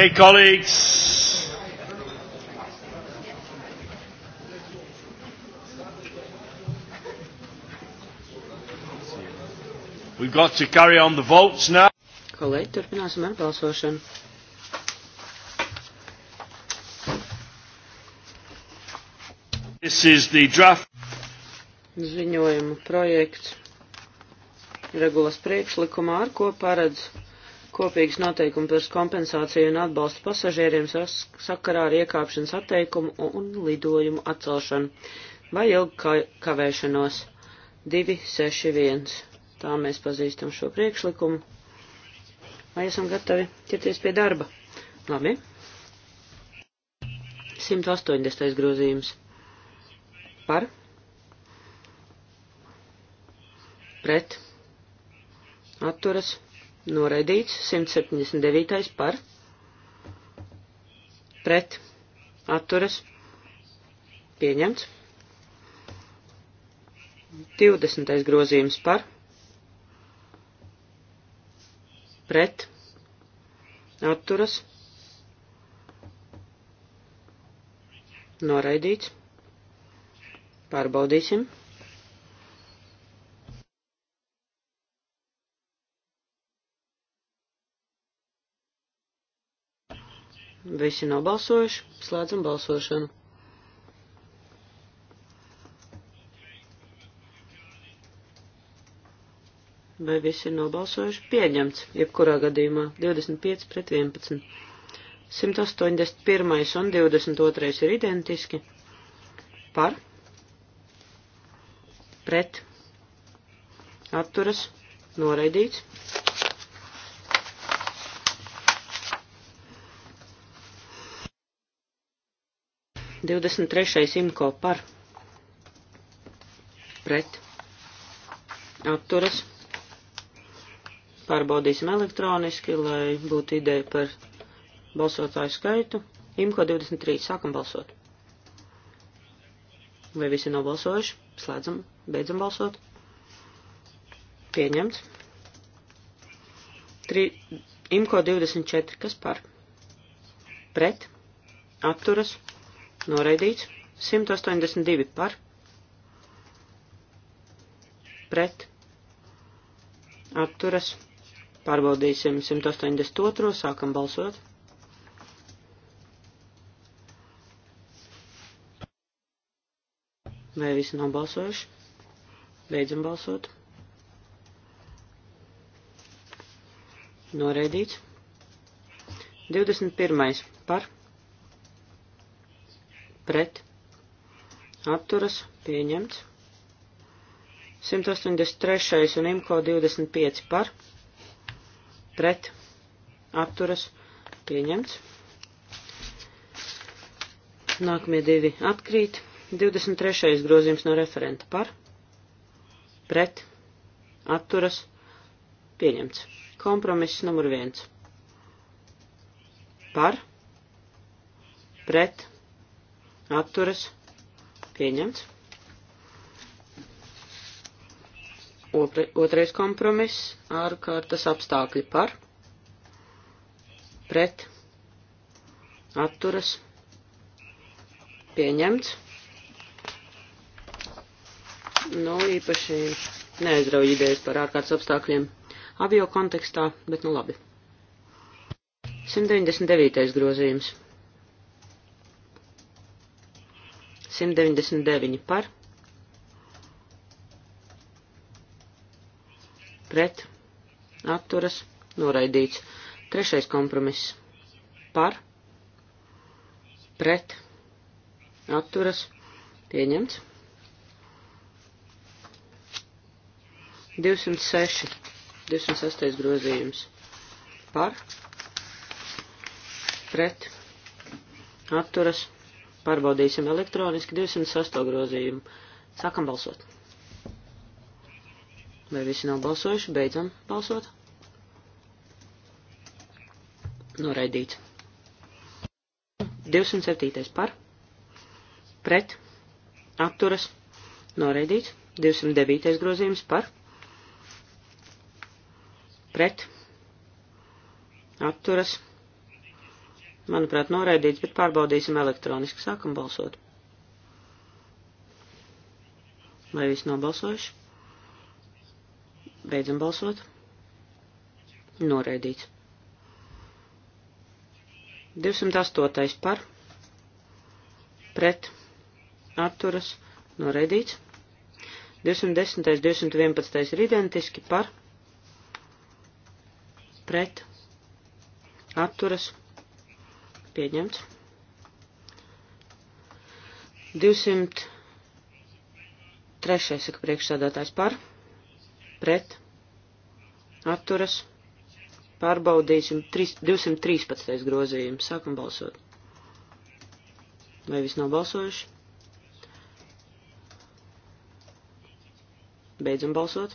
Okay, colleagues. We've got to carry on the votes now. Kolēģi, turpināsim ar balsošanu. This is the draft. Ziņojuma projekts regulas priekšlikumā, ar ko paredz kopīgas noteikumi par kompensāciju un atbalstu pasažieriem sakarā ar iekāpšanas atteikumu un lidojumu atcelšanu vai ilgkavēšanos 261. Tā mēs pazīstam šo priekšlikumu. Vai esam gatavi ķerties pie darba? Labi. 180. grozījums. Par. Pret. Atturas noraidīts, 179. par, pret, atturas, pieņemts, 20. grozījums par, pret, atturas, noraidīts, pārbaudīsim. Visi nobalsojuši, slēdzam balsošanu. Vai visi ir nobalsojuši? Pieņemts, jebkurā gadījumā 25 pret 11. 181 un 22 ir identiski. Par, pret, atturas, noraidīts. 23. imko par pret apturas. Pārbaudīsim elektroniski, lai būtu ideja par balsotāju skaitu. Imko 23. Sākam balsot. Vai visi nav balsojuši? Slēdzam, beidzam balsot. Pieņemts. Tri, imko 24. Kas par? Pret. Atturas noraidīts, 182 par, pret, atturas, pārbaudīsim 182, sākam balsot. Vai visi nav balsojuši? Beidzam balsot. Noraidīts. 21. par pret, atturas, pieņemts. 183. un imko 25 par, pret, atturas, pieņemts. Nākamie divi atkrīt. 23. grozījums no referenta par, pret, atturas, pieņemts. Kompromiss numur viens. Par, pret, atturas pieņemts. Otra, otrais kompromiss ārkārtas apstākļi par, pret, atturas pieņemts. Nu, īpaši neaizdrauj idejas par ārkārtas apstākļiem avio kontekstā, bet nu labi. 199. grozījums. 199 par, pret, atturas, noraidīts. Trešais kompromiss par, pret, atturas, pieņemts. 206, 206 grozījums par, pret, atturas, pieņemts Pārbaudīsim elektroniski 208 grozījumu. Sākam balsot. Vai visi nav balsojuši? Beidzam balsot. Noraidīts. 207. par. Pret. Apturas. Noraidīts. 209. grozījums par. Pret. Apturas Manuprāt, noraidīts, bet pārbaudīsim elektroniski. Sākam balsot. Vai viss nobalsojuši? Beidzam balsot. Noraidīts. 208. par. Pret. Atturas. Noraidīts. 210. 211. ir identiski par. Pret. Atturas. Noraidīts Pieņemts. 203. saka priekšsādātājs par, pret, atturas, pārbaudīsim 3, 213. grozījumu, sākam balsot. Vai viss nav balsojuši? Beidzam balsot.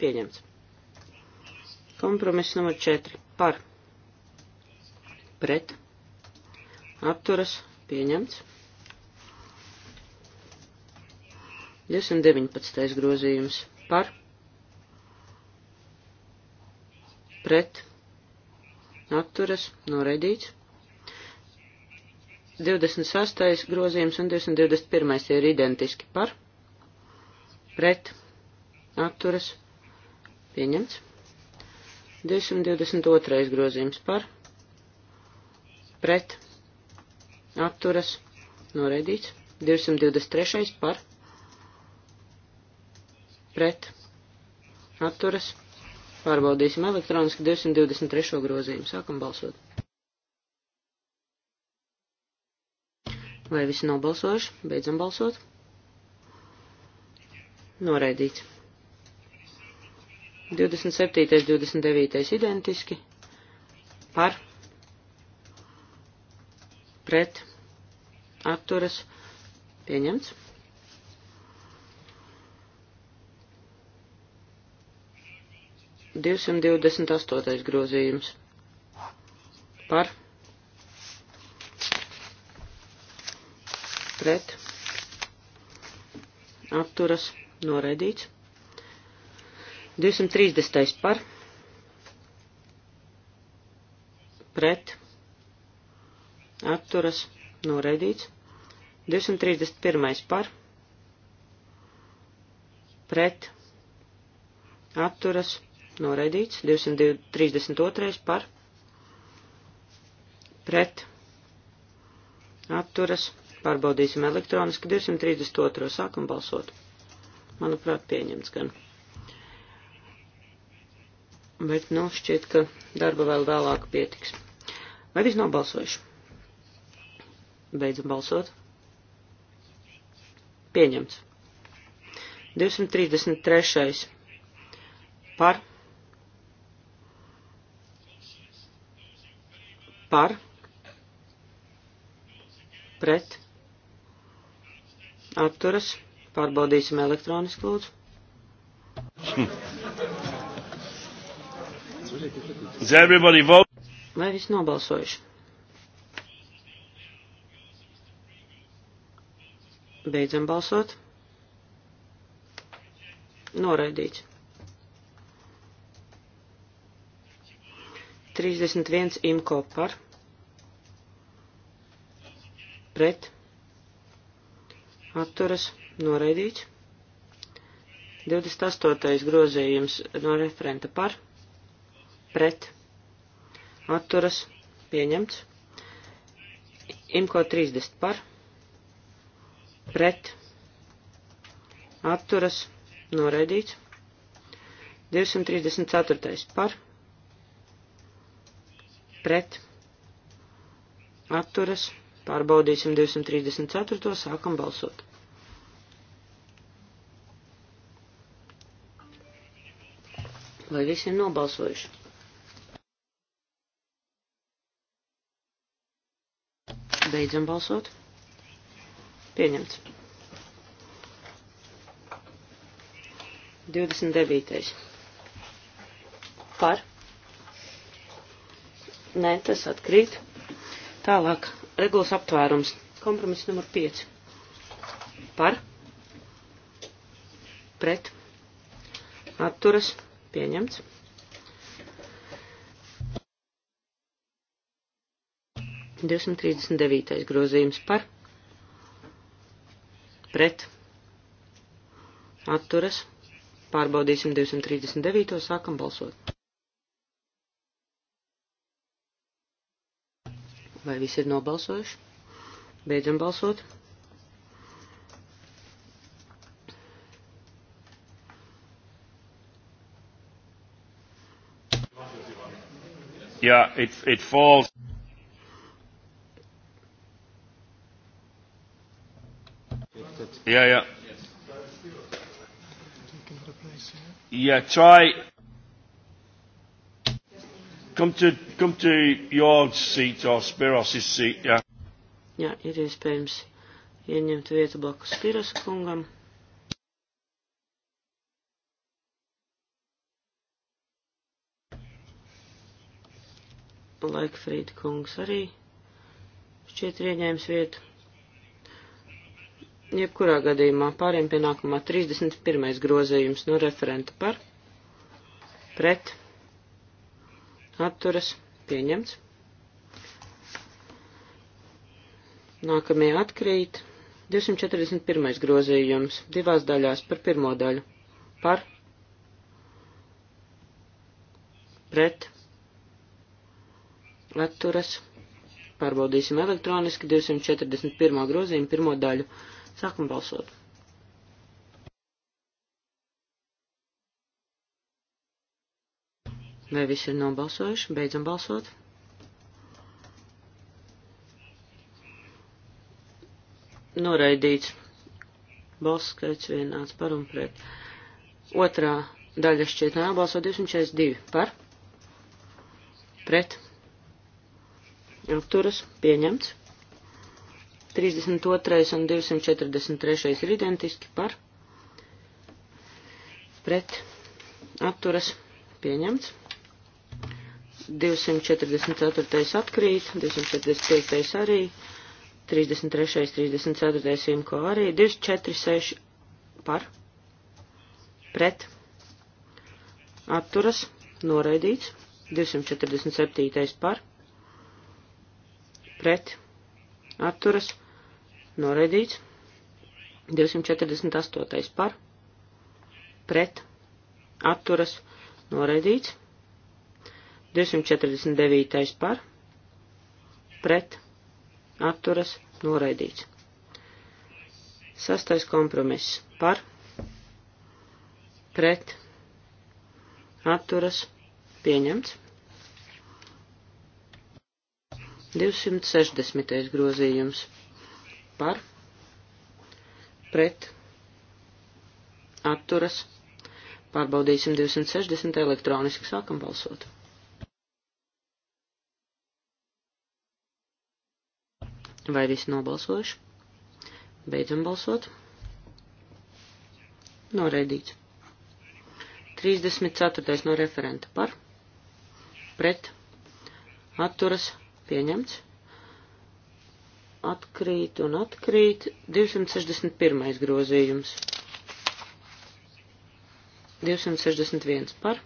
Pieņemts. Kompromiss numur 4. Par. Pret. Atturas. Pieņemts. 219. grozījums. Par. Pret. Atturas. Noraidīts. 26. grozījums un 221. ir identiski par, pret, atturas, pieņemts. 222. grozījums par, pret, apturas, noraidīts. 223. par, pret, apturas, pārbaudīsim elektroniski 223. grozījumu. Sākam balsot. Vai visi nav balsojuši? Beidzam balsot. Noraidīts. 27. 29. identiski par pret atturas pieņemts. Divsimt divdesmit astotais grozījums par pret atturas noraidīts. 230. par pret atturas noraidīts. 231. par pret atturas noraidīts. 232. par pret atturas pārbaudīsim elektroniski. 232. sākam balsot. Manuprāt, pieņemts gan bet, nu, šķiet, ka darba vēl vēlāk pietiks. Vai viss nav balsojuši? Beidzam balsot. Pieņemts. 233. Par. Par. Pret. Atturas. Pārbaudīsim elektroniski lūdzu. Vai viss nobalsojuši? Beidzam balsot. Noraidīts. 31 imko par. Pret. Atturas. Noraidīts. 28. grozījums no referenta par pret, atturas, pieņemts. Imko 30 par, pret, atturas, noraidīts. 234 par, pret, atturas, pārbaudīsim 234, sākam balsot. Vai visi ir nobalsojuši? Beidzam balsot. Pieņemts. 29. Par. Nē, tas atkrīt. Tālāk. Regulas aptvērums. Kompromiss numur 5. Par. Pret. Atturas. Pieņemts. 239. grozījums par pret atturas. Pārbaudīsim 239. sākam balsot. Vai visi ir nobalsojuši? Beidzam balsot. Yeah, it, it falls. Yeah, yeah. Yeah, try. Come to, come to your seat or Spiros' seat, yeah. Jā, ir iespējams ieņemt vietu blakus Spiros kungam. Laikfrīd kungs arī šķiet ir ieņēmis vietu. Jebkurā gadījumā pāriem pie nākamā 31. grozījums no referenta par pret atturas pieņemts. Nākamie atkrīt 241. grozījums divās daļās par pirmo daļu par pret atturas pārbaudīsim elektroniski 241. grozījumu pirmo daļu. Sākam balsot. Vai visi ir nobalsojuši? Beidzam balsot. Noraidīts. Balss skaits vienāds par un pret. Otrā daļa šķiet jābalso 242 par. Pret. Apturas pieņemts. 232 un 243 ir identiski par pret atturas pieņemts. 244. atkrīt, 245. arī, 33. 34. simko arī, 246 par pret atturas noraidīts, 247. par pret atturas noraidīts atturas Noraidīts. 248. par. Pret. Atturas. Noraidīts. 249. par. Pret. Atturas. Noraidīts. Sastais kompromiss. Par. Pret. Atturas. Pieņemts. 260. grozījums par pret atturas. Pārbaudīsim 260 elektroniski sākam balsot. Vai visi nobalsojuši? Beidzam balsot. Noraidīts. 34. no referenta par, pret, atturas, pieņemts atkrīt un atkrīt. 261. grozījums. 261 par,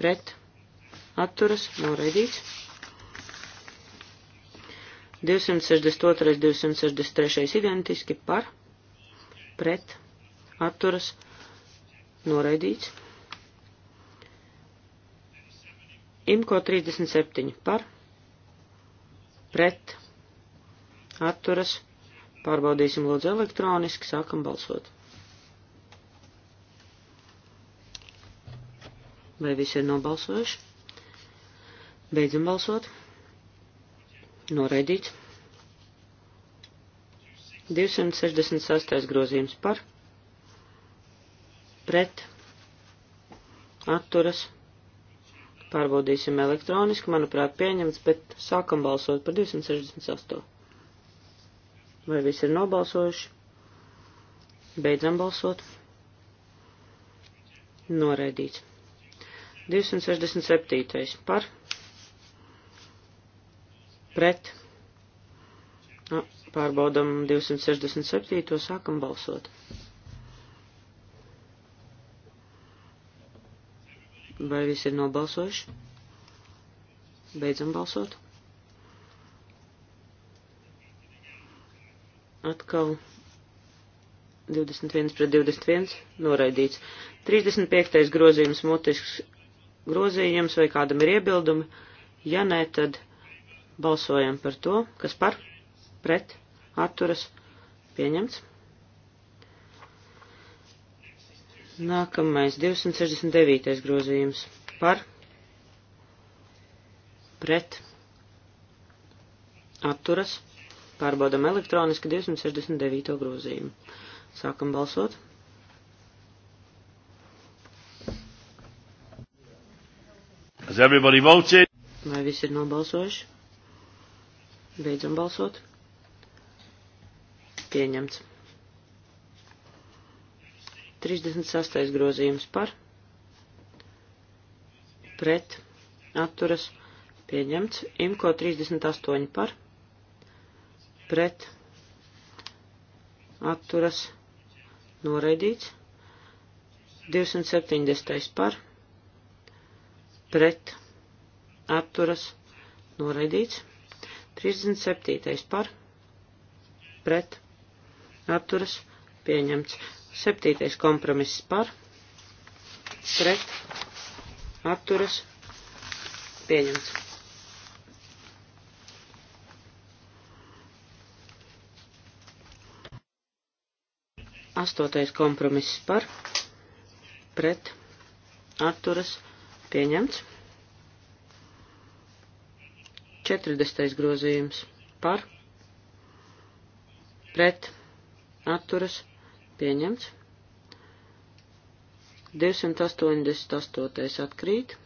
pret, atturas, noraidīts. 262, 263 identiski par, pret, atturas, noraidīts. Imko 37 par, pret, atturas, pārbaudīsim lūdzu elektroniski, sākam balsot. Vai visi ir nobalsojuši? Beidzam balsot. Noraidīts. 268. grozījums par, pret, atturas, pārbaudīsim elektroniski, manuprāt, pieņemts, bet sākam balsot par 268. Vai visi ir nobalsojuši? Beidzam balsot. Noraidīts. 267. par. Pret. Nu, pārbaudam 267. sākam balsot. Vai visi ir nobalsojuši? Beidzam balsot. atkal 21 pret 21 noraidīts. 35. grozījums mutisks grozījums vai kādam ir iebildumi. Ja nē, tad balsojam par to, kas par, pret, atturas, pieņemts. Nākamais 269. grozījums par, pret, atturas, pieņemts Pārbaudam elektroniski 269. grozījumu. Sākam balsot. Has everybody voted? Vai visi ir nobalsojuši? Beidzam balsot. Pieņemts. 36. grozījums par, pret, atturas, pieņemts, imko 38 par, pret atturas noraidīts. 270. par pret atturas noraidīts. 37. par pret atturas pieņemts. 7. kompromiss par pret atturas pieņemts. Astotais kompromiss par, pret, atturas, pieņemts. 40. grozījums par, pret, atturas, pieņemts. 288. atkrīt,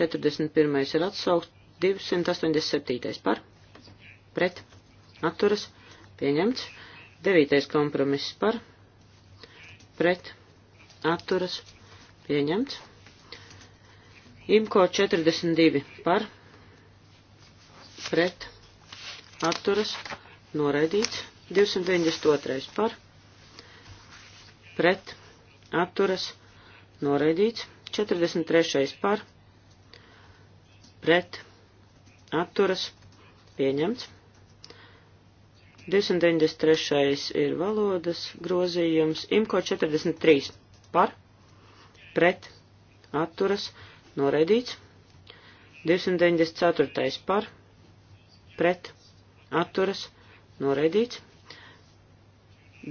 41. ir atsaukt, 287. par, pret, atturas, pieņemts. 9. kompromiss par, pret pret, atturas, pieņemts. Imko 42 par, pret, atturas, noraidīts. 292 par, pret, atturas, noraidīts. 43 par, pret, atturas, pieņemts. 293. ir valodas grozījums, imko 43 par, pret, atturas, noraidīts, 294. par, pret, atturas, noraidīts,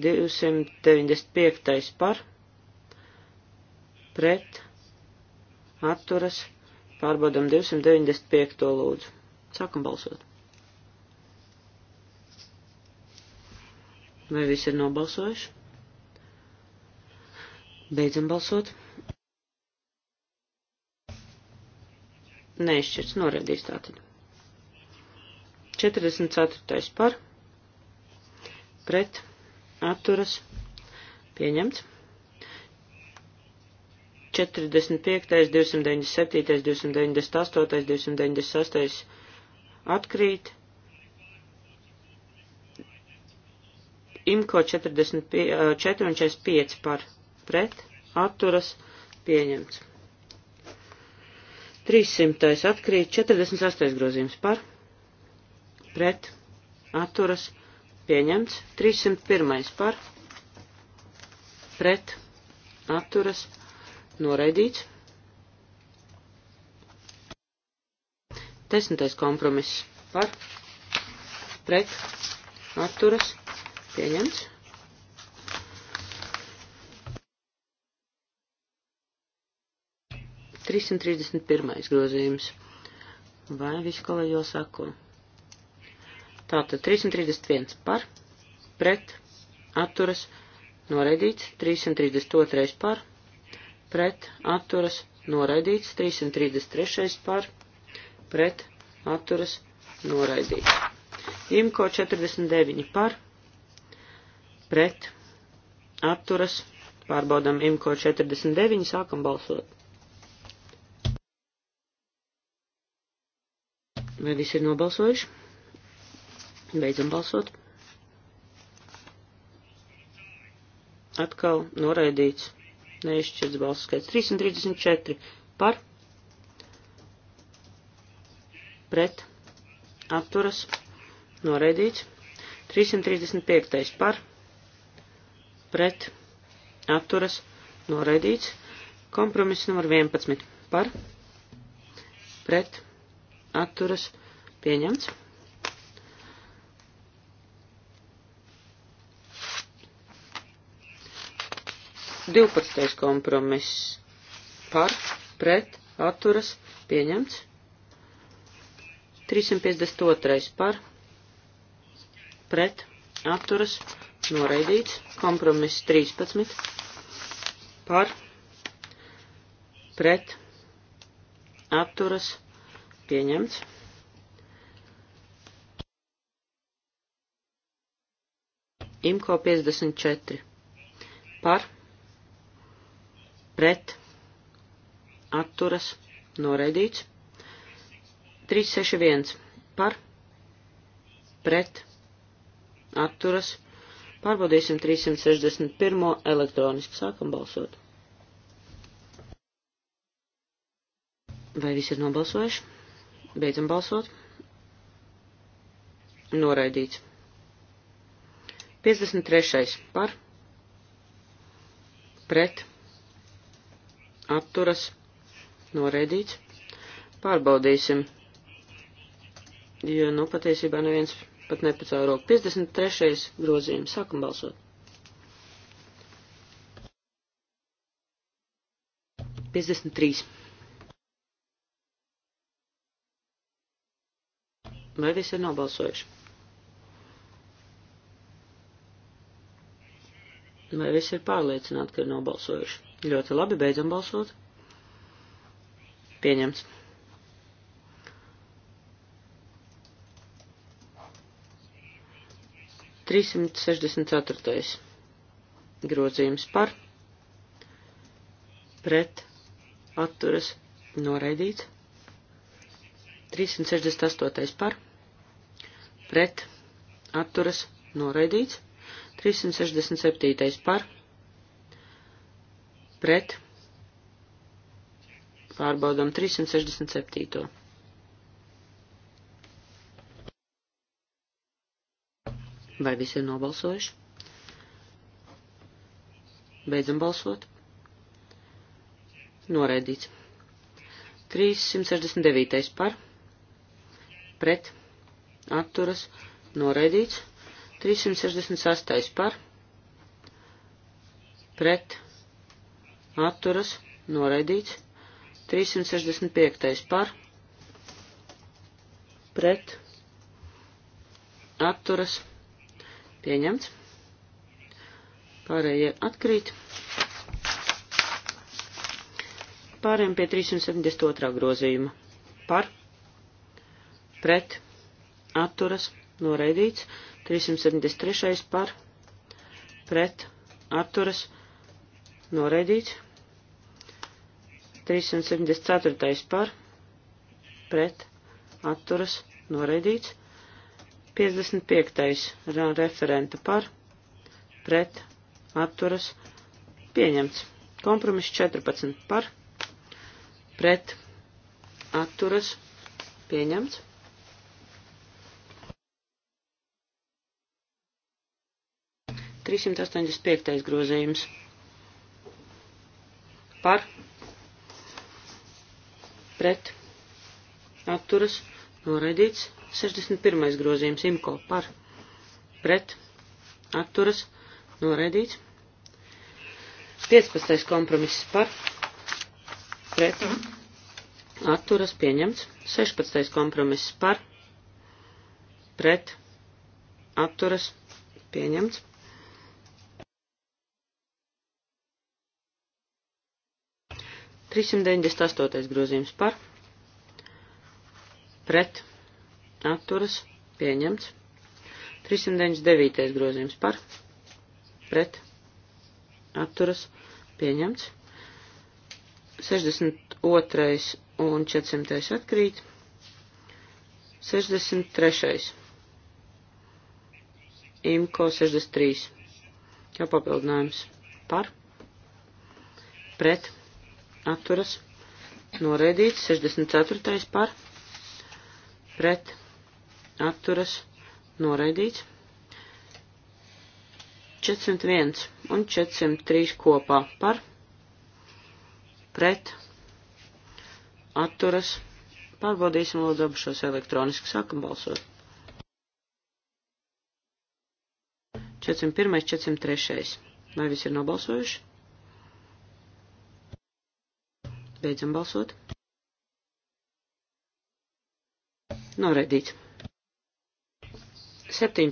295. par, pret, atturas, pārbaudam 295. lūdzu. Sākam balsot. Vai visi ir nobalsojuši? Beidzam balsot. Neizšķirts, norēdīs tātad. 44. par, pret, atturas, pieņemts. 45., 297., 298., 296. atkrīt. Imko 44 eh, un 45 par pret atturas pieņemts. 300. atkrīt 48. grozījums par pret atturas pieņemts. 301. par pret atturas noraidīts. Desmitais kompromiss par pret atturas pieņemts Pieņemts. Trīsimt trīsdesmit pirmais grozījums. Vai visi kolēģi jau sako? Tātad 331 par, pret, atturas, noraidīts, 332 par, pret, atturas, noraidīts, 333 par, pret, atturas, noraidīts. Imko 49 par, pret, atturas, pārbaudam imko 49, sākam balsot. Vai visi ir nobalsojuši? Beidzam balsot. Atkal noraidīts. Nešķirts balsu skaits. 334 par. Pret. Atturas. Noraidīts. 335 par pret, atturas, noraidīts. Kompromiss numur 11 par, pret, atturas, pieņemts. Divpadsmitais kompromiss par, pret, atturas, pieņemts. 352 par, pret, atturas, pieņemts noraidīts, kompromiss 13 par pret atturas pieņemts. Imko 54 par pret atturas noraidīts. 361 par pret atturas noraidīts Pārbaudīsim 361. elektroniski. Sākam balsot. Vai visi ir nobalsojuši? Beidzam balsot. Noraidīts. 53. par. Pret. Atturas. Noraidīts. Pārbaudīsim. Jo, nu, patiesībā neviens pat nepacēla roku. 53. grozījums. Sākam balsot. Piecdesmit trīs. Vai visi ir nobalsojuši? Vai visi ir pārliecināti, ka ir nobalsojuši? Ļoti labi, beidzam balsot. Pieņemts. 364. grozījums par pret atturas noraidīts. 368. par pret atturas noraidīts. 367. par pret pārbaudām 367. Vai visi ir nobalsojuši? Beidzam balsot. Noraidīts. 369. par. Pret. Atturas. Noraidīts. 368. par. Pret. Atturas. Noraidīts. 365. par. Pret. Atturas Pieņemts. Pārējie atkrīt. Pārējiem pie 372. grozījuma. Par, pret, atturas, noraidīts. 373. par, pret, atturas, noraidīts. 374. par, pret, atturas, noraidīts. 55. referenta par, pret, atturas, pieņemts. Kompromiss 14 par, pret, atturas, pieņemts. Trīsimt astoņdesmit piektais grozījums par pret atturas noraidīts 61. grozījums imko par pret atturas noraidīts. 15. kompromiss par pret atturas pieņemts. 16. kompromiss par pret atturas pieņemts. 398. grozījums par pret atturas, pieņemts. 399. grozījums par, pret, atturas, pieņemts. 62. un 400. atkrīt. 63. Imko 63. Jau papildinājums par, pret, atturas, noraidīts. 64. par, pret, atturas atturas noraidīts. 401 un 403 kopā par pret atturas. Pārbaudīsim lūdzu abu šos elektroniski sākam balsot. 401, 403. Vai visi ir nobalsojuši? Beidzam balsot. Noraidīts. 17.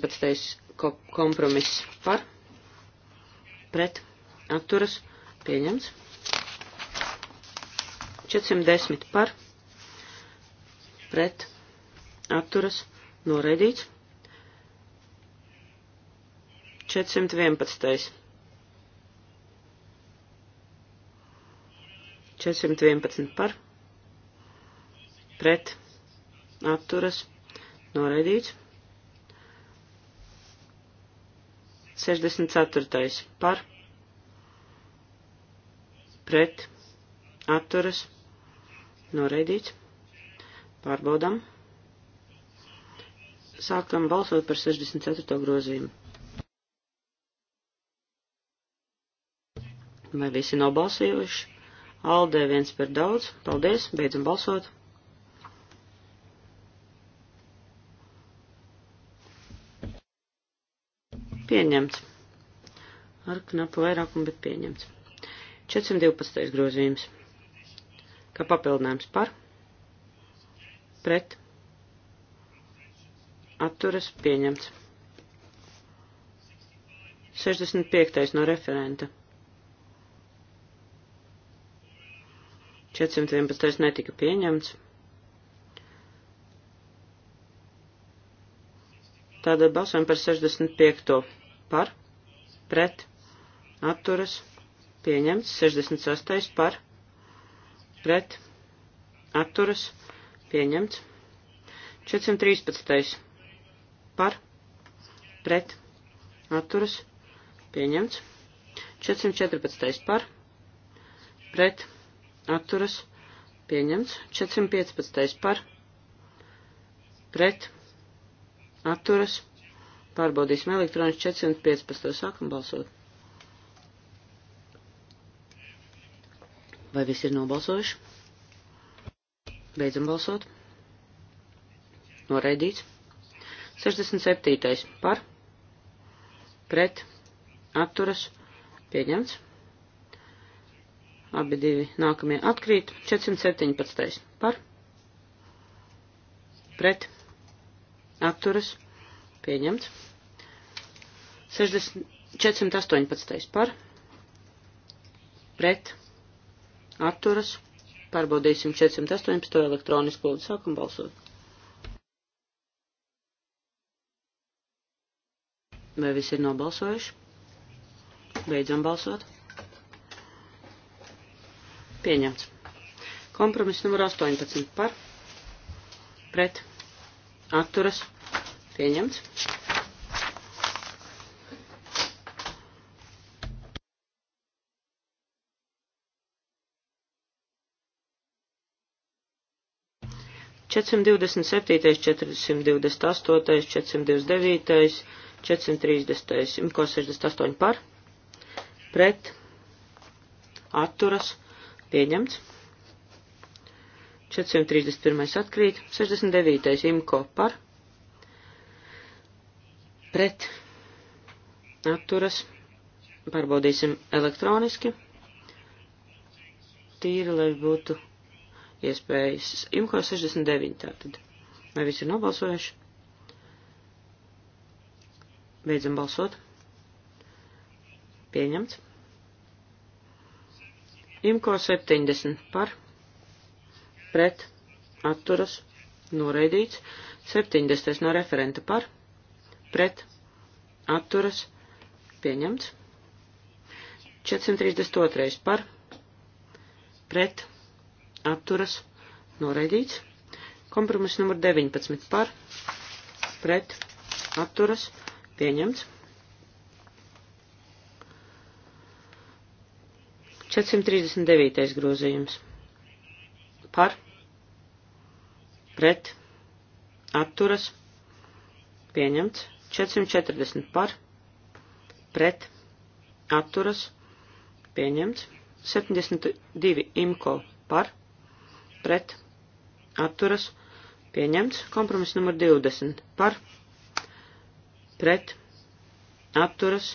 kompromiss par, pret, atturas, pieņemts. 410 par, pret, atturas, noraidīts. 411. 411 par, pret, atturas, noraidīts. 64. par, pret, atturas, noraidīts. Pārbaudam. Sākam balsot par 64. grozījumu. Vai visi nobalsījuši? Aldē viens par daudz. Paldies. Beidzam balsot. pieņemts. Ar knapu vairākumu, bet pieņemts. 412. grozījums. Kā papildinājums par, pret, atturas pieņemts. 65. no referenta. 411. netika pieņemts. Tātad balsojam par 65 par, pret, atturas, pieņemts, 66. par, pret, atturas, pieņemts, 413. par, pret, atturas, pieņemts, 414. par, pret, atturas, pieņemts, 415. par, pret, atturas, pieņemts, Pārbaudīsim elektroniski 415. Sākam balsot. Vai visi ir nobalsojuši? Beidzam balsot. Noraidīts. 67. par. Pret. Atturas. Pieņemts. Abi divi nākamie atkrīt. 417. par. Pret. Atturas. Pieņemts. 60, 418 par, pret, atturas, pārbaudīsim 418 elektronisko, lūdzu, sākam balsot. Vai visi ir nobalsojuši? Beidzam balsot. Pieņemts. Kompromiss numur 18 par, pret, atturas, pieņemts. 427, 428, 429, 430, imko 68 par, pret, atturas, pieņemts. 431 atkrīt, 69 imko par, pret, atturas, pārbaudīsim elektroniski, tīri, lai būtu iespējas. Imko 69 tātad. Vai visi ir nobalsojuši? Beidzam balsot. Pieņemts. Imko 70 par. Pret. Atturas. Noraidīts. 70 no referenta par. Pret. Atturas. Pieņemts. 432 par. Pret atturas noraidīts. Kompromiss numur 19 par pret atturas pieņemts. 439. grozījums par pret atturas pieņemts. 440 par pret atturas pieņemts. 72 imko par pret pret, atturas, pieņemts. Kompromiss numur 20 par, pret, atturas,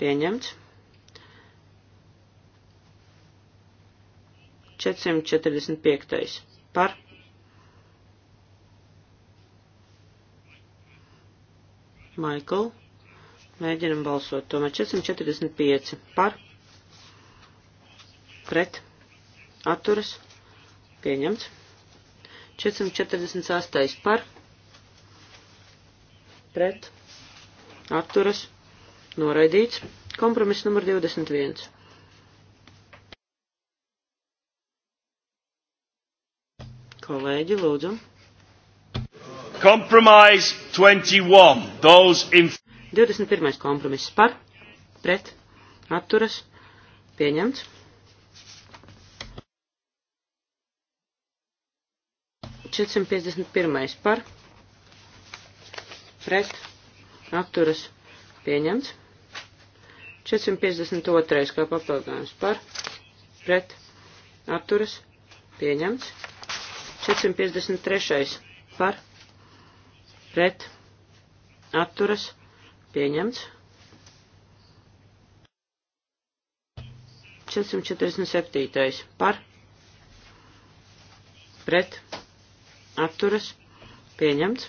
pieņemts. 445. par Michael. Mēģinam balsot. Tomēr 445 par pret atturas Pieņemts. 448 par. Pret. Atturas. Noraidīts. Kompromiss numur 21. Kolēģi, lūdzu. Compromise 21. Those in... 21. kompromiss par, pret, atturas, pieņemts. 451. par pret atturas pieņemts. 452. kā papildinājums par pret atturas pieņemts. 453. par pret atturas pieņemts. 447. par pret atturas, pieņemts.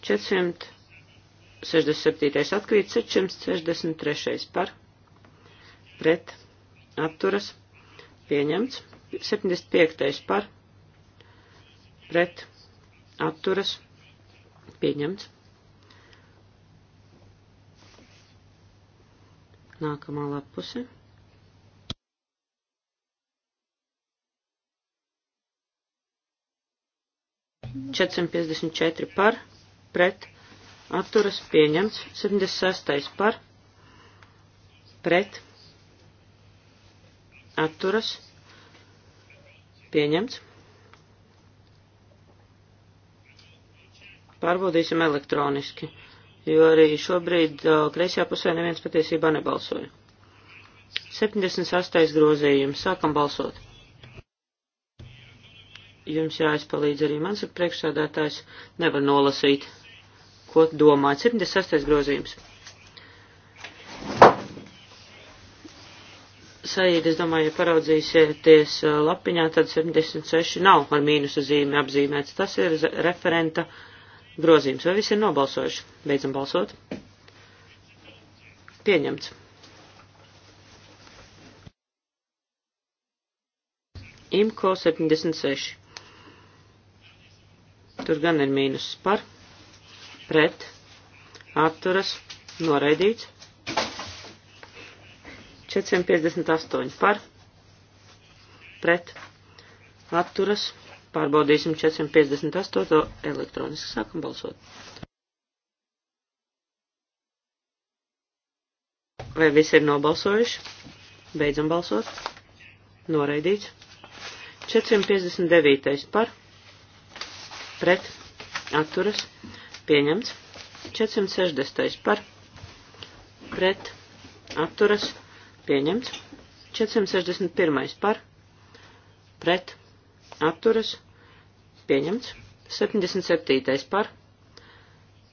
467. atkrīt, 663. par, pret, atturas, pieņemts. 75. par, pret, atturas, pieņemts. Nākamā lapuse. 454 par, pret, atturas pieņemts, 76 par, pret, atturas pieņemts. Pārbaudīsim elektroniski, jo arī šobrīd o, kreisajā pusē neviens patiesībā nebalsoja. 78. grozījums. Sākam balsot jums jāizpalīdz arī man, saka priekšsādātājs, nevar nolasīt, ko domāt. 76. grozījums. Saīd, es domāju, ja paraudzīsieties uh, lapiņā, tad 76 nav ar mīnusu zīmi apzīmēts. Tas ir referenta grozījums. Vai visi ir nobalsojuši? Beidzam balsot. Pieņemts. IMCO 76. Tur gan ir mīnus par, pret, atturas, noraidīts. 458 par, pret, atturas, pārbaudīsim 458 elektroniski sākam balsot. Vai visi ir nobalsojuši? Beidzam balsot. Noraidīts. 459 par, pret atturas pieņemts. 460. par pret atturas pieņemts. 461. par pret atturas pieņemts. 77. par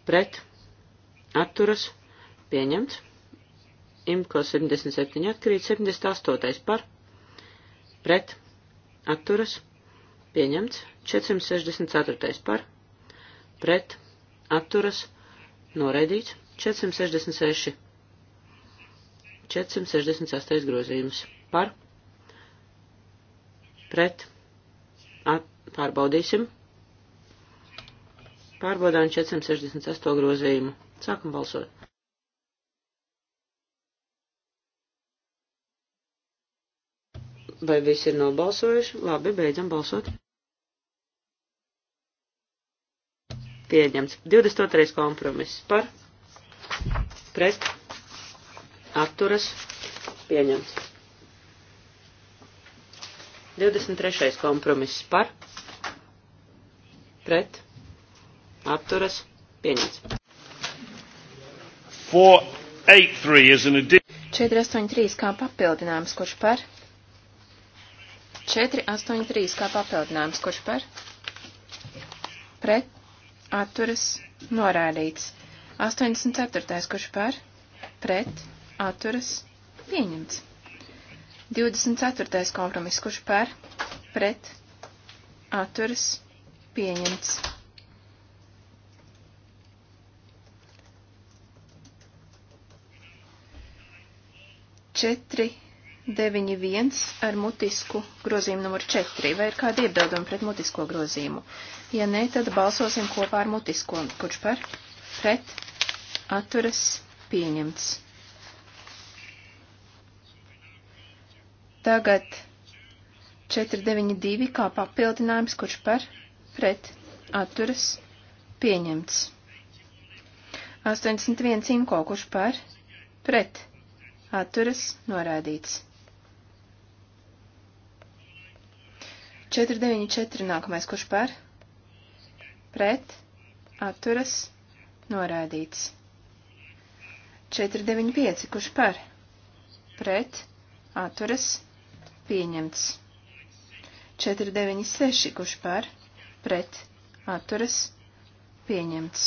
pret atturas pieņemts. Imko 77 atkrīt, 78. par pret atturas pieņemts 464. par, pret, atturas, noraidīts 466. 468. grozījums par, pret, at, pārbaudīsim, pārbaudām 468 grozījumu, sākam balsot. Vai visi ir nobalsojuši? Labi, beidzam balsot. Pieņemts. 22. kompromiss par, pret, atturas, pieņemts. 23. kompromiss par, pret, atturas, pieņemts. 483 kā papildinājums, kurš par 4, 8, 3 kā papildinājums, kurš par pret atturas norādīts. 84. kurš par pret atturas pieņemts. 24. kompromiss, kurš par pret atturas pieņemts. 4, 91 ar mutisku grozījumu numur 4. Vai ir kādi iebildumi pret mutisko grozījumu? Ja nē, tad balsosim kopā ar mutisko. Kurš par? Pret. Atturas. Pieņemts. Tagad 492 kā papildinājums, kurš par? Pret. Atturas. Pieņemts. 81 imko, kurš par? Pret. Atturas norādīts. 494 nākamais, kurš par? Pret, atturas, norādīts. 495, kurš par? Pret, atturas, pieņemts. 496, kurš par? Pret, atturas, pieņemts.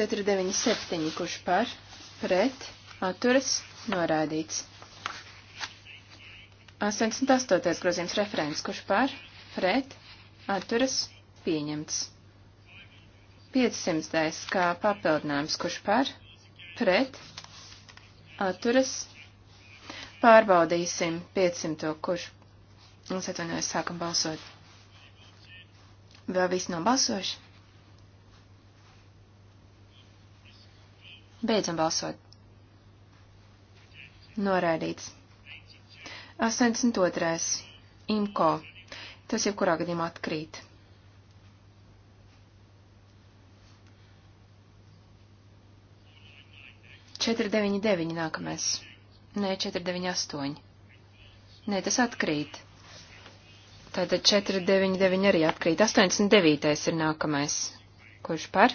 497, kurš par? Pret, atturas, norādīts. 88. grozījums referents, kurš par, pret, atturas, pieņemts. 500. kā papildinājums, kurš par, pret, atturas, pārbaudīsim 500. kurš, un atvainojos, sākam balsot. Vēl viss nav balsoši? Beidzam balsot. Noraidīts. 82. Imko. Tas jebkurā gadījumā atkrīt. Četri deviņi deviņi nākamais. Nē, četri deviņi astoņi. Nē, tas atkrīt. Tātad 499 arī atkrīt. 89 ir nākamais. Kurš par?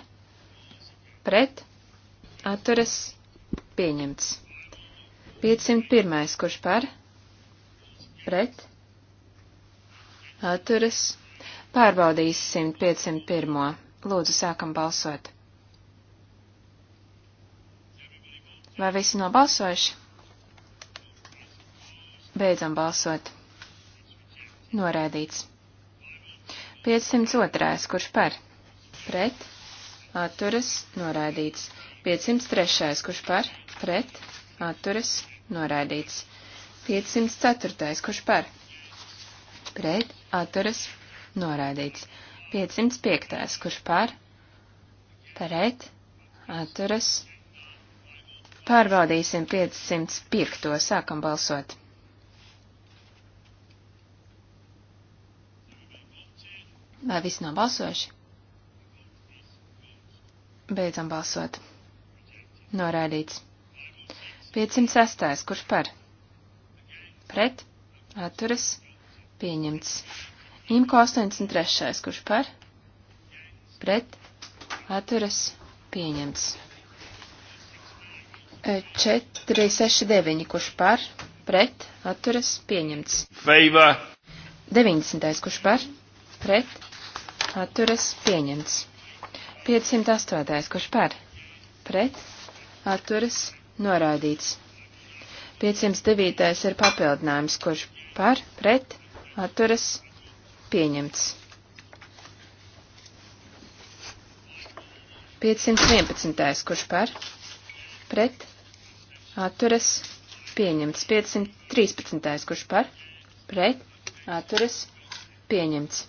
Pret? Atturas? Pieņemts. 501. Kurš par? pret, atturas, pārbaudīsim 501. Lūdzu, sākam balsot. Vai visi nobalsojuši? Beidzam balsot. Norēdīts. 502. Kurš par? Pret. Atturas. Norēdīts. 503. Kurš par? Pret. Atturas. Norēdīts. 504. Kurš par? Pret atturas norādīts. 505. Kurš par? Pret atturas. Pārbaudīsim 505. Sākam balsot. Vai viss nav balsojuši? Beidzam balsot. Norādīts. 506. Kurš par? pret, atturas, pieņemts. Imko 83. kurš par, pret, atturas, pieņemts. 469. E, kurš par, pret, atturas, pieņemts. Feiva. 90. kurš par, pret, atturas, pieņemts. 508. kurš par, pret, atturas, noraidīts. 509. ir papildinājums, kurš par, pret, atturas, pieņemts. 511. kurš par, pret, atturas, pieņemts. 513. kurš par, pret, atturas, pieņemts.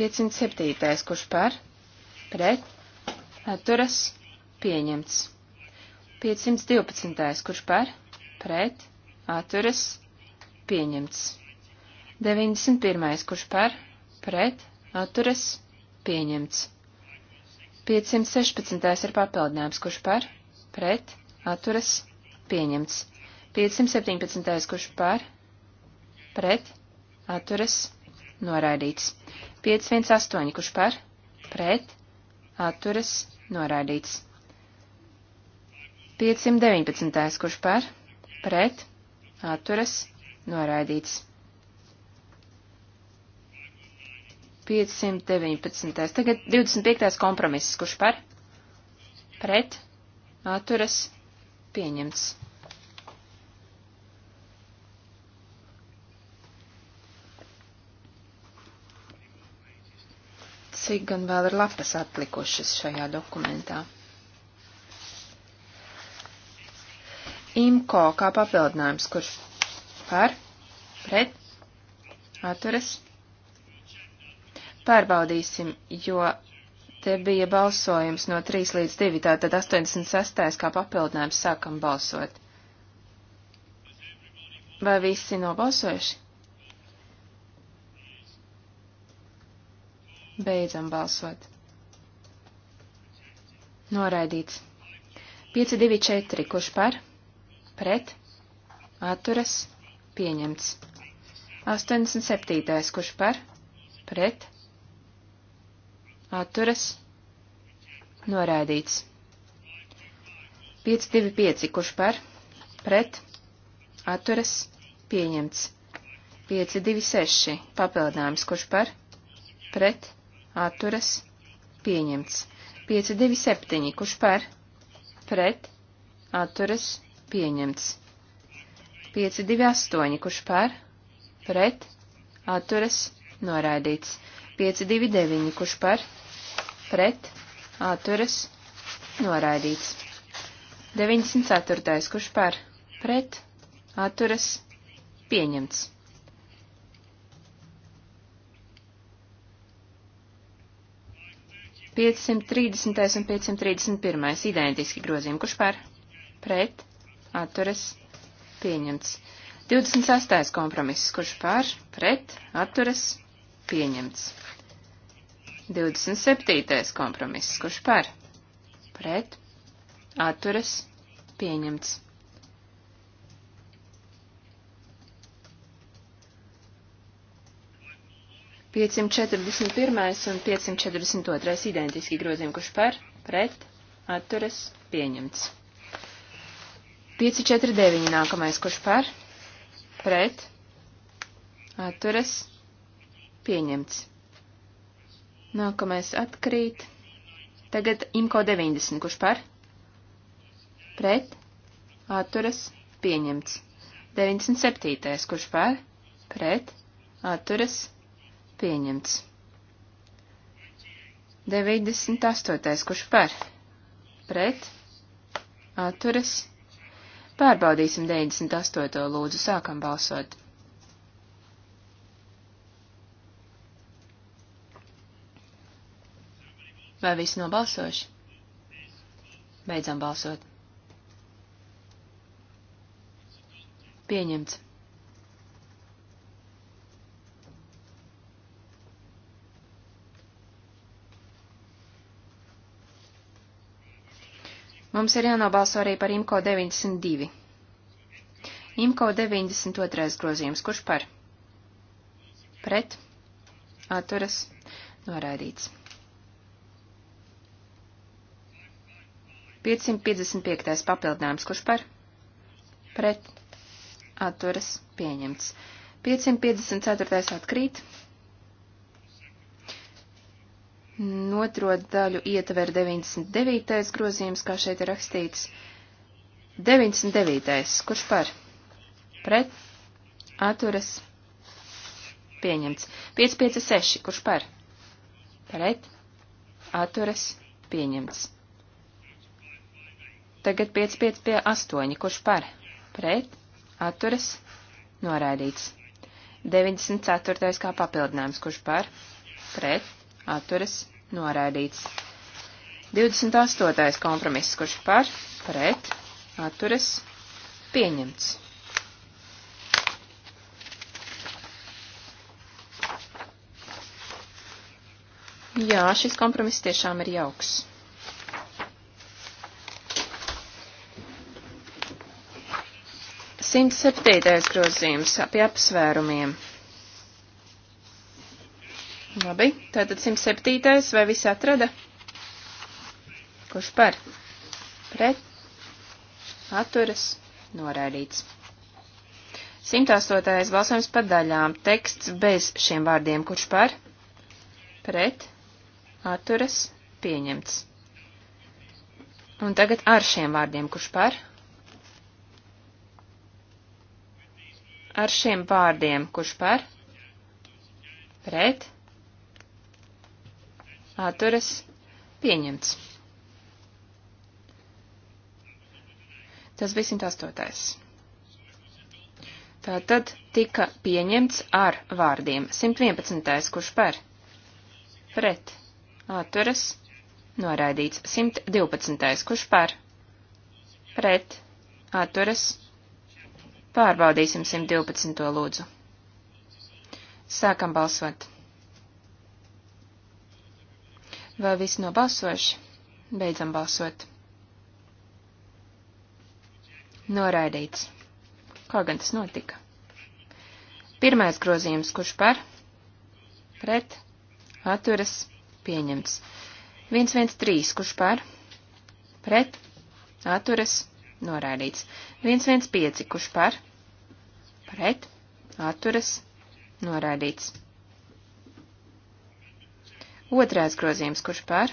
507. kurš par, pret, atturas, pieņemts. 512. kurš par, pret, atturas, pieņemts. 91. kurš par, pret, atturas, pieņemts. 516. ir papildinājums, kurš par, pret, atturas, pieņemts. 517. kurš par, pret, atturas, noraidīts. 518. kurš par, pret, atturas, noraidīts. 519. kurš par, pret, atturas, noraidīts. 519. Tagad 25. kompromiss, kurš par, pret, atturas, pieņemts. Cik gan vēl ir lapas atlikušas šajā dokumentā? imko kā papildinājums, kurš par, pret, atturas. Pārbaudīsim, jo te bija balsojums no 3 līdz 2, tātad 86. kā papildinājums sākam balsot. Vai visi nobalsojuši? Beidzam balsot. Noraidīts. 5, 2, 4, kurš par? pret, atturas, pieņemts. 87. kurš par, pret, atturas, noraidīts. 525. kurš par, pret, atturas, pieņemts. 526. papildinājums, kurš par, pret, atturas, pieņemts. 527. kurš par, pret, atturas, pieņemts pieņemts. 528, kurš par, pret, atturas, noraidīts. 529, kurš par, pret, atturas, noraidīts. 904, kurš par, pret, atturas, pieņemts. Piecsimt trīsdesmitais un piecsimt trīsdesmit pirmais identiski grozījumi, kurš par, pret, atturas pieņemts. 26. kompromiss, kurš pār, pret, atturas pieņemts. 27. kompromiss, kurš pār, pret, atturas pieņemts. 541 un 542 identiski grozījumi, kurš par, pret, atturas, pieņemts. 549 nākamais, kurš par, pret, atturas, pieņemts. Nākamais atkrīt. Tagad imko 90, kurš par, pret, atturas, pieņemts. 97. kurš par, pret, atturas, pieņemts. 98. kurš par, pret, atturas, pieņemts. Pārbaudīsim 98. lūdzu, sākam balsot. Vai viss nobalsoši? Beidzam balsot. Pieņemts. Mums ir jānobalso arī par IMCO 92. IMCO 92. grozījums. Kurš par? Pret? Atturas? Noraidīts. 555. papildinājums. Kurš par? Pret? Atturas? Pieņemts. 554. atkrīt. Notro daļu ietver 99. grozījums, kā šeit ir rakstīts. 99. Kurš par? Pret? Atturas? Pieņemts. 556. Kurš par? Pret? Atturas? Pieņemts. Tagad 558. Kurš par? Pret? Atturas? Noraidīts. 94. kā papildinājums. Kurš par? Pret? atturas noraidīts. 28. kompromiss, kurš par, pret, atturas pieņemts. Jā, šis kompromiss tiešām ir jauks. Simt septītais grozījums pie apsvērumiem. Labi, tātad 107. vai visi atrada? Kurš par? Pret? Atturas? Noraidīts. 108. balsojums par daļām. Teksts bez šiem vārdiem. Kurš par? Pret? Atturas? Pieņemts. Un tagad ar šiem vārdiem. Kurš par? Ar šiem vārdiem. Kurš par? Pret? atturas pieņemts. Tas bija 108. Tātad tika pieņemts ar vārdiem 111. kurš par pret atturas noraidīts 112. kurš par pret atturas pārbaudīsim 112. lūdzu. Sākam balsot. Vai visi nobalsojuši? Beidzam balsot. Noraidīts. Kā gan tas notika? Pirmais grozījums, kurš par? Pret. Atturas. Pieņemts. 113, kurš par? Pret. Atturas. Noraidīts. 115, kurš par? Pret. Atturas. Noraidīts. Otrais grozījums, kurš par,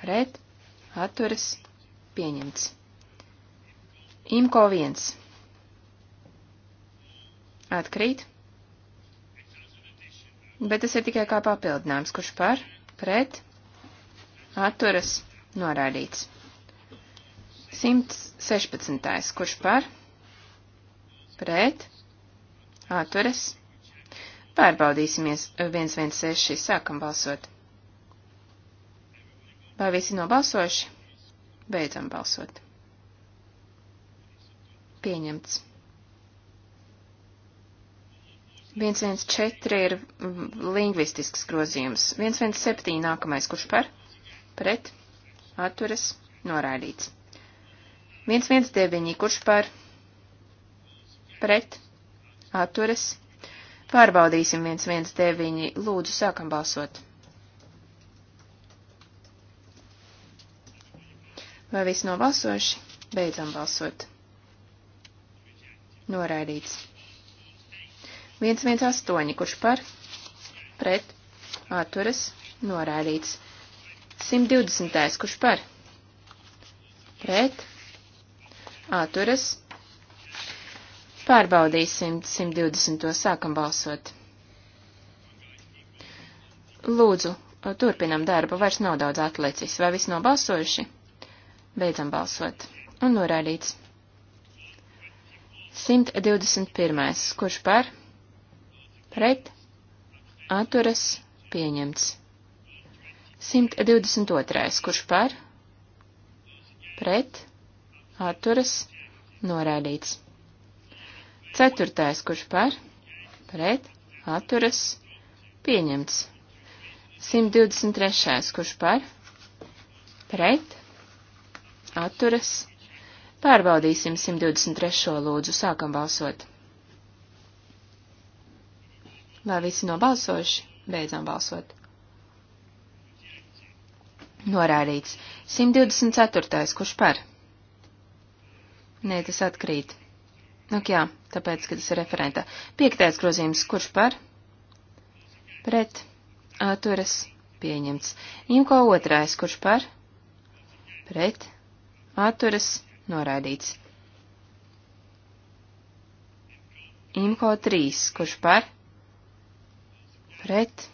pret, atturas, pieņemts. Imko 1. Atkrīt. Bet tas ir tikai kā papildinājums, kurš par, pret, atturas, norādīts. 116. kurš par, pret, atturas, Pārbaudīsimies 116, sākam balsot. Vai visi nobalsojuši? Beidzam balsot. Pieņemts. 114 ir lingvistisks grozījums. 117 nākamais, kurš par? Pret? Atturas? Noraidīts. 119, kurš par? Pret? Atturas? Noraidīts Pārbaudīsim 119. Lūdzu, sākam balsot. Vai viss nobalsojuši? Beidzam balsot. Noraidīts. 118, kurš par, pret, atturas, noraidīts. 120, kurš par, pret, atturas, noraidīts Pārbaudīsim 120. sākam balsot. Lūdzu, turpinam darbu, vairs nav daudz atlicis. Vai viss nobalsojuši? Beidzam balsot. Un norādīts. 121. Kurš par? Pret? Atturas? Pieņemts. 122. Kurš par? Pret? Atturas? Norādīts. Ceturtais, kurš par, pret, atturas, pieņemts. 123. kurš par, pret, atturas, pārbaudīsim 123. lūdzu, sākam balsot. Vai visi nobalsojuši? Beidzam balsot. Norādīts. 124. kurš par? Nē, tas atkrīt. Nu, jā, tāpēc, ka tas ir referenta. Piektais grozījums, kurš par? Pret. Atturas. Pieņemts. Imko otrais, kurš par? Pret. Atturas. Noraidīts. Imko 3, kurš par? Pret.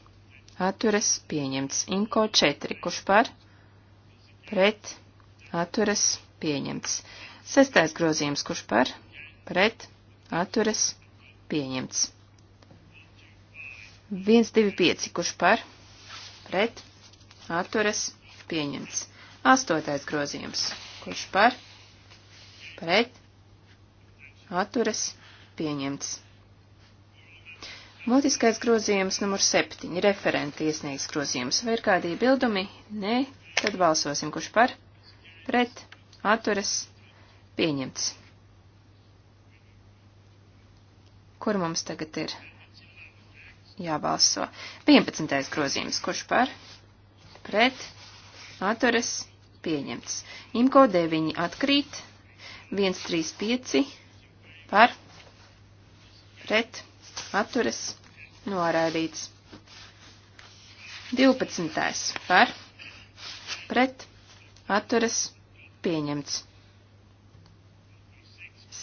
Atturas pieņemts. Imko 4, kurš par? Pret. Atturas pieņemts. Sestais grozījums, kurš par? pret, atturas, pieņemts. 1, 2, 5, kurš par, pret, atturas, pieņemts. 8. grozījums, kurš par, pret, atturas, pieņemts. Motiskais grozījums numur 7, referenti iesniegs grozījums. Vai ir kādi iebildumi? Nē, tad balsosim, kurš par, pret, atturas, pieņemts. Kur mums tagad ir jābalso? 11. grozījums. Kurš par? Pret. Atturas. Pieņemts. Imko 9 atkrīt. 135 par. Pret. Atturas. Noraidīts. 12. par. Pret. Atturas. Pieņemts.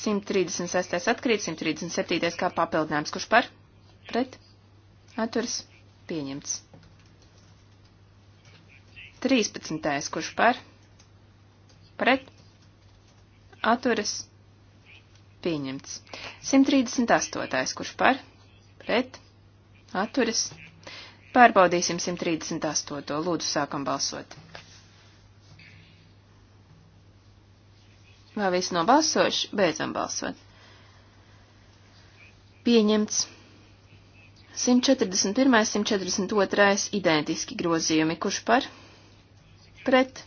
136. atkrīt, 137. kā papildinājums. Kurš par? Pret? Atturs? Pieņemts. 13. Kurš par? Pret? Atturs? Pieņemts. 138. Kurš par? Pret? Atturs? Pārbaudīsim 138. Lūdzu, sākam balsot. Vai visi nobalsojuši? Beidzam balsot. Pieņemts. 141, 142 identiski grozījumi, kurš par, pret,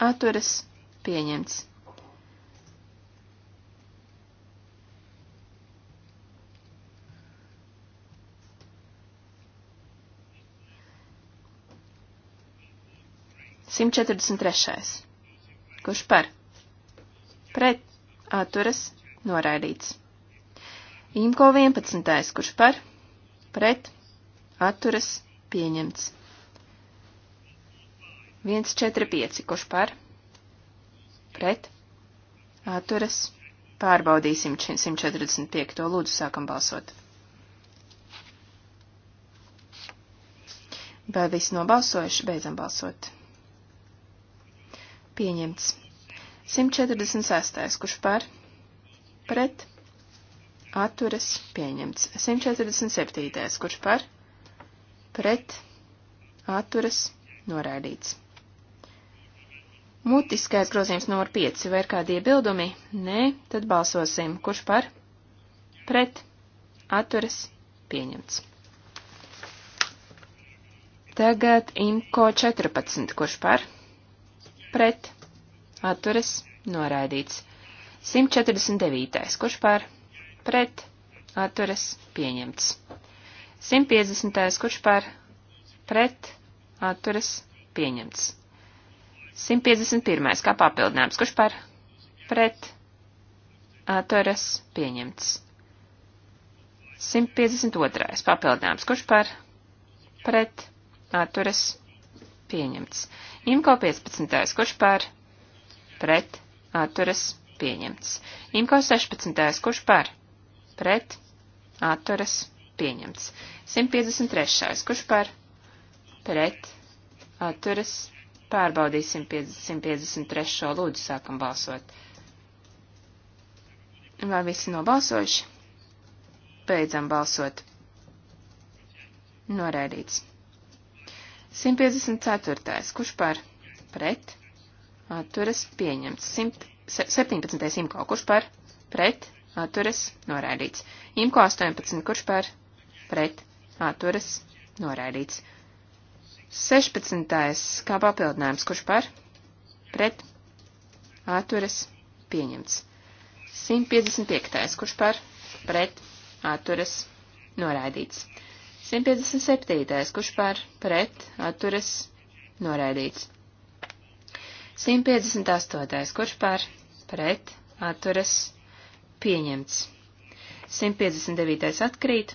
atturas, pieņemts. Simt četrdesmit trešais. Kurš par? pret atturas noraidīts. Imko 11. kurš par pret atturas pieņemts. 145. kurš par pret atturas pārbaudīsim 145. lūdzu sākam balsot. Vai visi nobalsojuši? Beidzam balsot. Pieņemts. 146. kurš par pret atturas pieņemts. 147. kurš par pret atturas noraidīts. Mutiskais grozījums numur 5. Vai ir kādi iebildumi? Nē, tad balsosim. Kurš par pret atturas pieņemts. Tagad imko 14. Kurš par pret atturas pieņemts atturas, noraidīts. 149. Kurš par? Pret, atturas, pieņemts. 150. Kurš par? Pret, atturas, pieņemts. 151. Kā papildinājums. Kurš par? Pret, atturas, pieņemts. 152. papildinājums, kurš par pret atturas pieņemts. Imko 15. kurš par pret, atturas, pieņemts. Imko 16. kurš par, pret, atturas, pieņemts. 153. kurš par, pret, atturas, pārbaudīsim 153. lūdzu sākam balsot. Vai visi nobalsojuši? Beidzam balsot. Noraidīts. 154. Kurš par? Pret? atturas pieņemts. 117. imko, kurš par pret atturas noraidīts. Imko 18, kurš par pret atturas noraidīts. 16. kā papildinājums, kurš par pret atturas pieņemts. 155. kurš par pret atturas noraidīts. 157. kurš par pret atturas noraidīts. 158. Kurš pār? Pret. Atturas. Pieņemts. 159. atkrīt.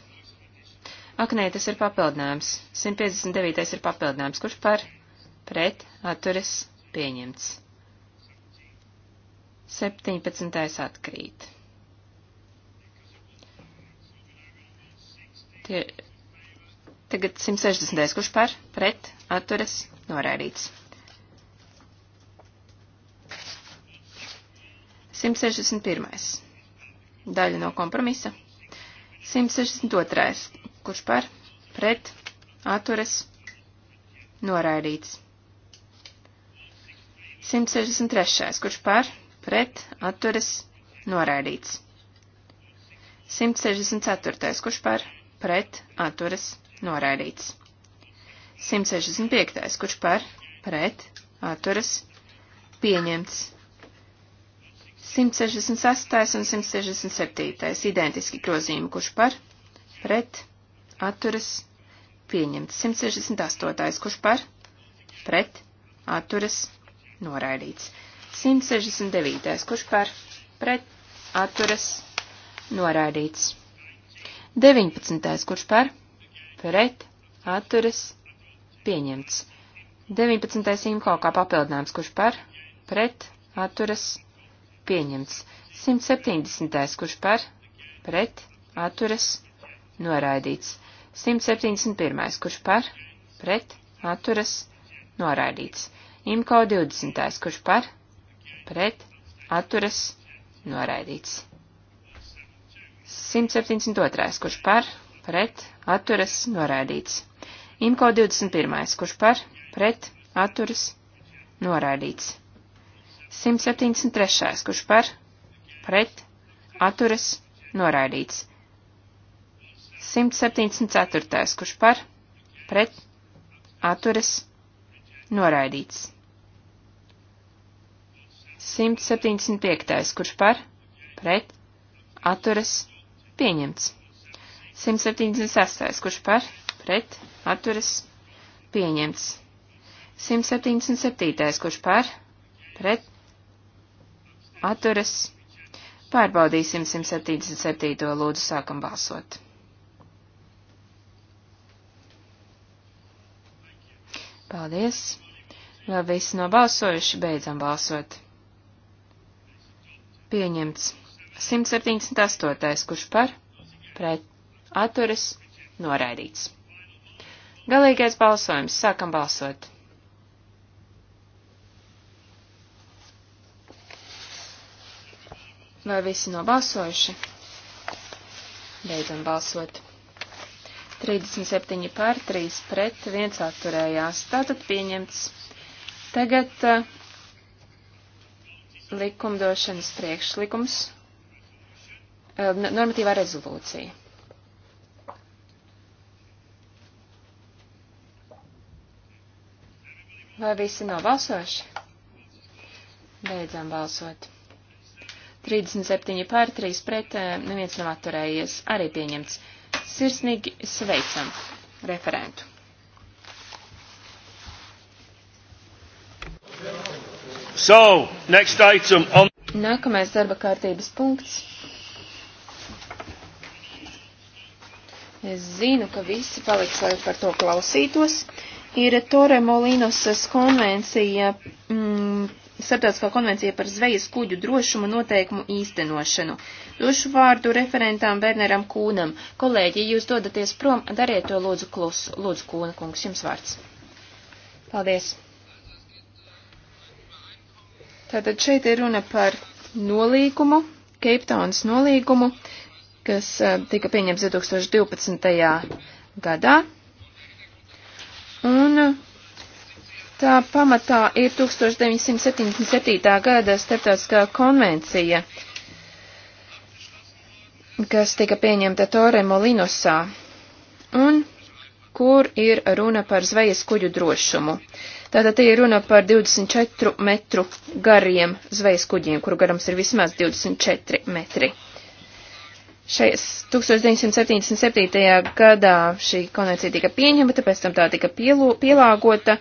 Ak, nē, tas ir papildinājums. 159. ir papildinājums. Kurš pār? Pret. Atturas. Pieņemts. 17. atkrīt. Tie, tagad 160. kurš par, pret, atturas, noraidīts. 161. Daļa no kompromisa. 162. Kurš par, pret, atturas, noraidīts. 163. Kurš par, pret, atturas, noraidīts. 164. Kurš par, pret, atturas, noraidīts. 165. Kurš par, pret, atturas, pieņemts. 168. un 167. identiski grozījumi, kurš par, pret, atturas, pieņemts. 168. kurš par, pret, atturas, noraidīts. 169. kurš par, pret, atturas, noraidīts. 19. kurš par, pret, atturas, pieņemts. 19. imko kā papildinājums, kurš par, pret, atturas, noraidīts pieņemts. 170. kurš par, pret, atturas, noraidīts. 171. kurš par, pret, atturas, noraidīts. Imko 20. kurš par, pret, atturas, noraidīts. 172. kurš par, pret, atturas, noraidīts. Imko 21. kurš par, pret, atturas, noraidīts. 173. kurš par, pret, atturas, noraidīts. 174. kurš par, pret, atturas, noraidīts. 175. kurš par, pret, atturas, pieņemts. 176. kurš par, pret, atturas, pieņemts. 177. kurš par, pret, atturas. Pārbaudīsim 177. lūdzu sākam balsot. Paldies! Vēl visi nobalsojuši, beidzam balsot. Pieņemts. 178. kurš par, pret, atturas, noraidīts. Galīgais balsojums. Sākam balsot. Vai visi nobalsojuši? Beidzam balsot. 37 pār 3 pret, 1 atturējās. Tātad pieņemts. Tagad uh, likumdošanas priekšlikums, uh, normatīvā rezolūcija. Vai visi nav balsojuši? Beidzam balsot. 37 pār 3 pret, eh, neviens nav atturējies, arī pieņemts. Sirsnīgi sveicam referentu. So, next item on... Nākamais darba kārtības punkts. Es zinu, ka visi paliks, lai par to klausītos. Ir Tore Molinosas konvencija. Mm, Startautiskā konvencija par zvejas kuģu drošumu noteikumu īstenošanu. Došu vārdu referentām Werneram Kūnam. Kolēģi, ja jūs dodaties prom, dariet to lūdzu klusu. Lūdzu, Kūna kungs, jums vārds. Paldies. Tātad šeit ir runa par nolīgumu, Keiptaunas nolīgumu, kas tika pieņemts 2012. gadā. Un Tā pamatā ir 1977. gada starptautiskā konvencija, kas tika pieņemta Tore Molinosā, un kur ir runa par zvejas kuģu drošumu. Tātad te ir runa par 24 metru gariem zvejas kuģiem, kuru garums ir vismaz 24 metri. Šais 1977. gadā šī konvencija tika pieņemta, pēc tam tā tika pielāgota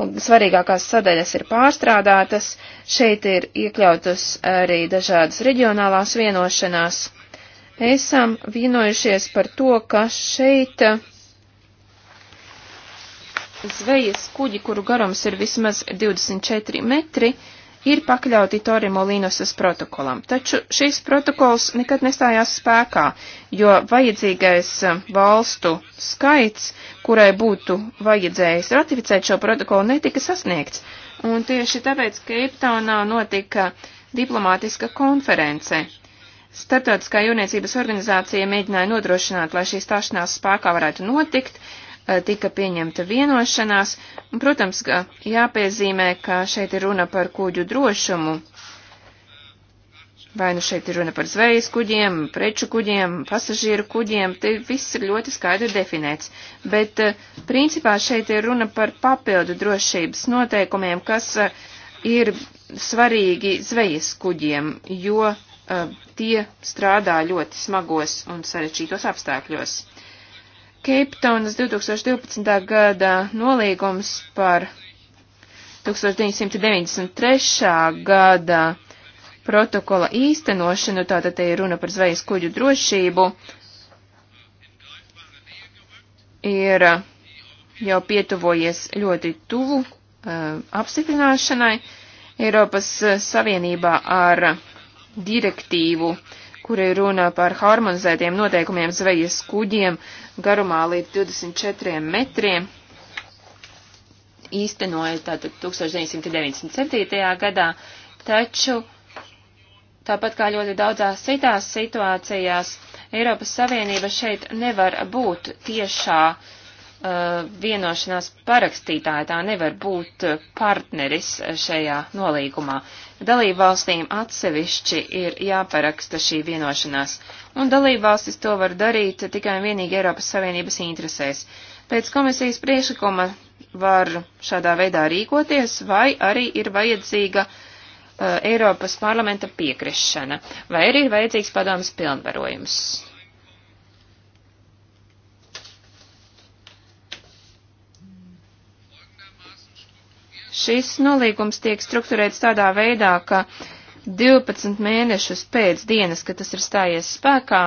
svarīgākās sadaļas ir pārstrādātas, šeit ir iekļautas arī dažādas reģionālās vienošanās. Esam vienojušies par to, ka šeit zvejas kuģi, kuru garums ir vismaz 24 metri, uh, ir pakļauti Torimo Līnusas protokolam, taču šis protokols nekad nestājās spēkā, jo vajadzīgais eh, valstu skaits, kurai būtu vajadzējis ratificēt šo protokolu, netika sasniegts. Un tieši tāpēc Keiptaunā notika diplomātiska konference. Startautiskā jūrniecības organizācija mēģināja nodrošināt, lai šī stāšanās spēkā varētu notikt, Eh, tika pieņemta vienošanās, un, protams, ka jāpiezīmē, ka šeit ir runa par kuģu drošumu. Vai nu šeit ir runa par zvejas kuģiem, preču kuģiem, pasažieru kuģiem, te viss ir ļoti skaidri definēts. Bet eh, principā šeit ir runa par papildu drošības noteikumiem, kas eh, ir svarīgi zvejas kuģiem, jo tie strādā ļoti smagos un sarežģītos apstākļos. Keiptaunas 2012. gada nolīgums par 1993. gada protokola īstenošanu, tātad te ir runa par zvejas kuģu drošību, ir jau pietuvojies ļoti tuvu uh, apstiprināšanai Eiropas Savienībā ar direktīvu uh, kur ir runa par harmonizētiem noteikumiem zvejas kuģiem garumā līdz 24 metriem. Īstenoja tātad 1997. gadā, taču tāpat kā ļoti daudzās citās situācijās, Eiropas Savienība šeit nevar būt tiešā uh, vienošanās parakstītāja, tā nevar būt partneris šajā nolīgumā. Dalībvalstīm atsevišķi ir jāparaksta šī vienošanās, un dalībvalstis to var darīt tikai un vienīgi Eiropas Savienības interesēs. Pēc komisijas priekšlikuma var šādā veidā rīkoties, vai arī ir vajadzīga uh, Eiropas parlamenta piekrišana, vai arī ir vajadzīgs padomas pilnvarojums. Šis nolīgums tiek strukturēts tādā veidā, ka 12 mēnešus pēc dienas, kad tas ir stājies spēkā,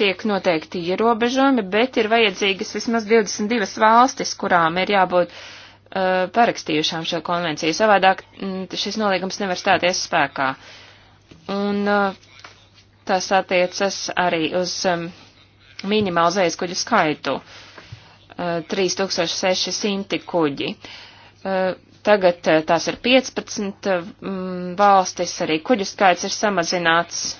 tiek noteikti ierobežojumi, bet ir vajadzīgas vismaz 22 valstis, kurām ir jābūt uh, parakstījušām šo konvenciju. Savādāk mm, šis nolīgums nevar stāties spēkā. Un uh, tas attiecas arī uz um, minimālu zvejas skaitu. 3600 eh, kuģi. Eh, tagad eh, tās ir 15 valstis, arī kuģu skaits ir samazināts.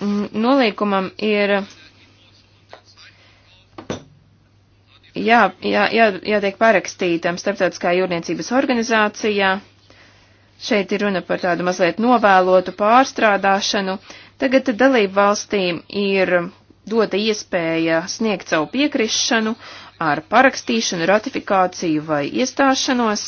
Nolīkumam ir jā, jā, jā, jātiek parakstītam starptautiskā jūrniecības organizācijā. Šeit ir runa par tādu mazliet novēlotu pārstrādāšanu, Tagad dalību valstīm ir dota iespēja sniegt savu piekrišanu ar parakstīšanu, ratifikāciju vai iestāšanos.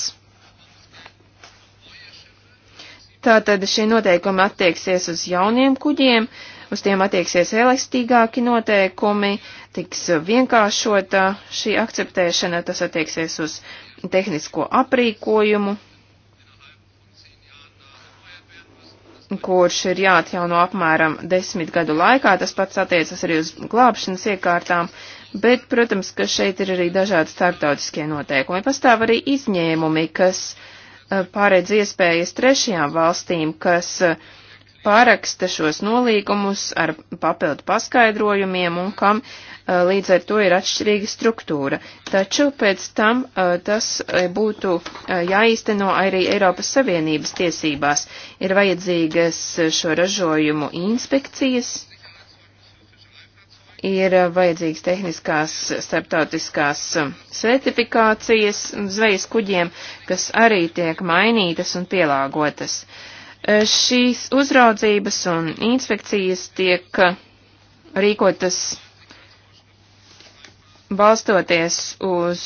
Tātad šie noteikumi attieksies uz jauniem kuģiem, uz tiem attieksies elastīgāki noteikumi, tiks vienkāršota šī akceptēšana, tas attieksies uz tehnisko aprīkojumu, kurš ir jāatjauno apmēram desmit gadu laikā. Tas pats attiecas arī uz glābšanas iekārtām, bet, protams, ka šeit ir arī dažādi starptautiskie noteikumi. Pastāv arī izņēmumi, kas eh, pārēdz iespējas trešajām valstīm, kas eh, pāraksta šos nolīgumus ar papildu paskaidrojumiem un kam uh, Eh, līdz ar to ir atšķirīga struktūra. Taču pēc tam eh, tas eh, būtu jāīsteno arī Eiropas Savienības tiesībās. Ir vajadzīgas šo ražojumu inspekcijas, ir vajadzīgas tehniskās starptautiskās certifikācijas zvejas kuģiem, kas arī tiek mainītas un pielāgotas. Šīs uzraudzības un inspekcijas tiek rīkotas Balstoties uz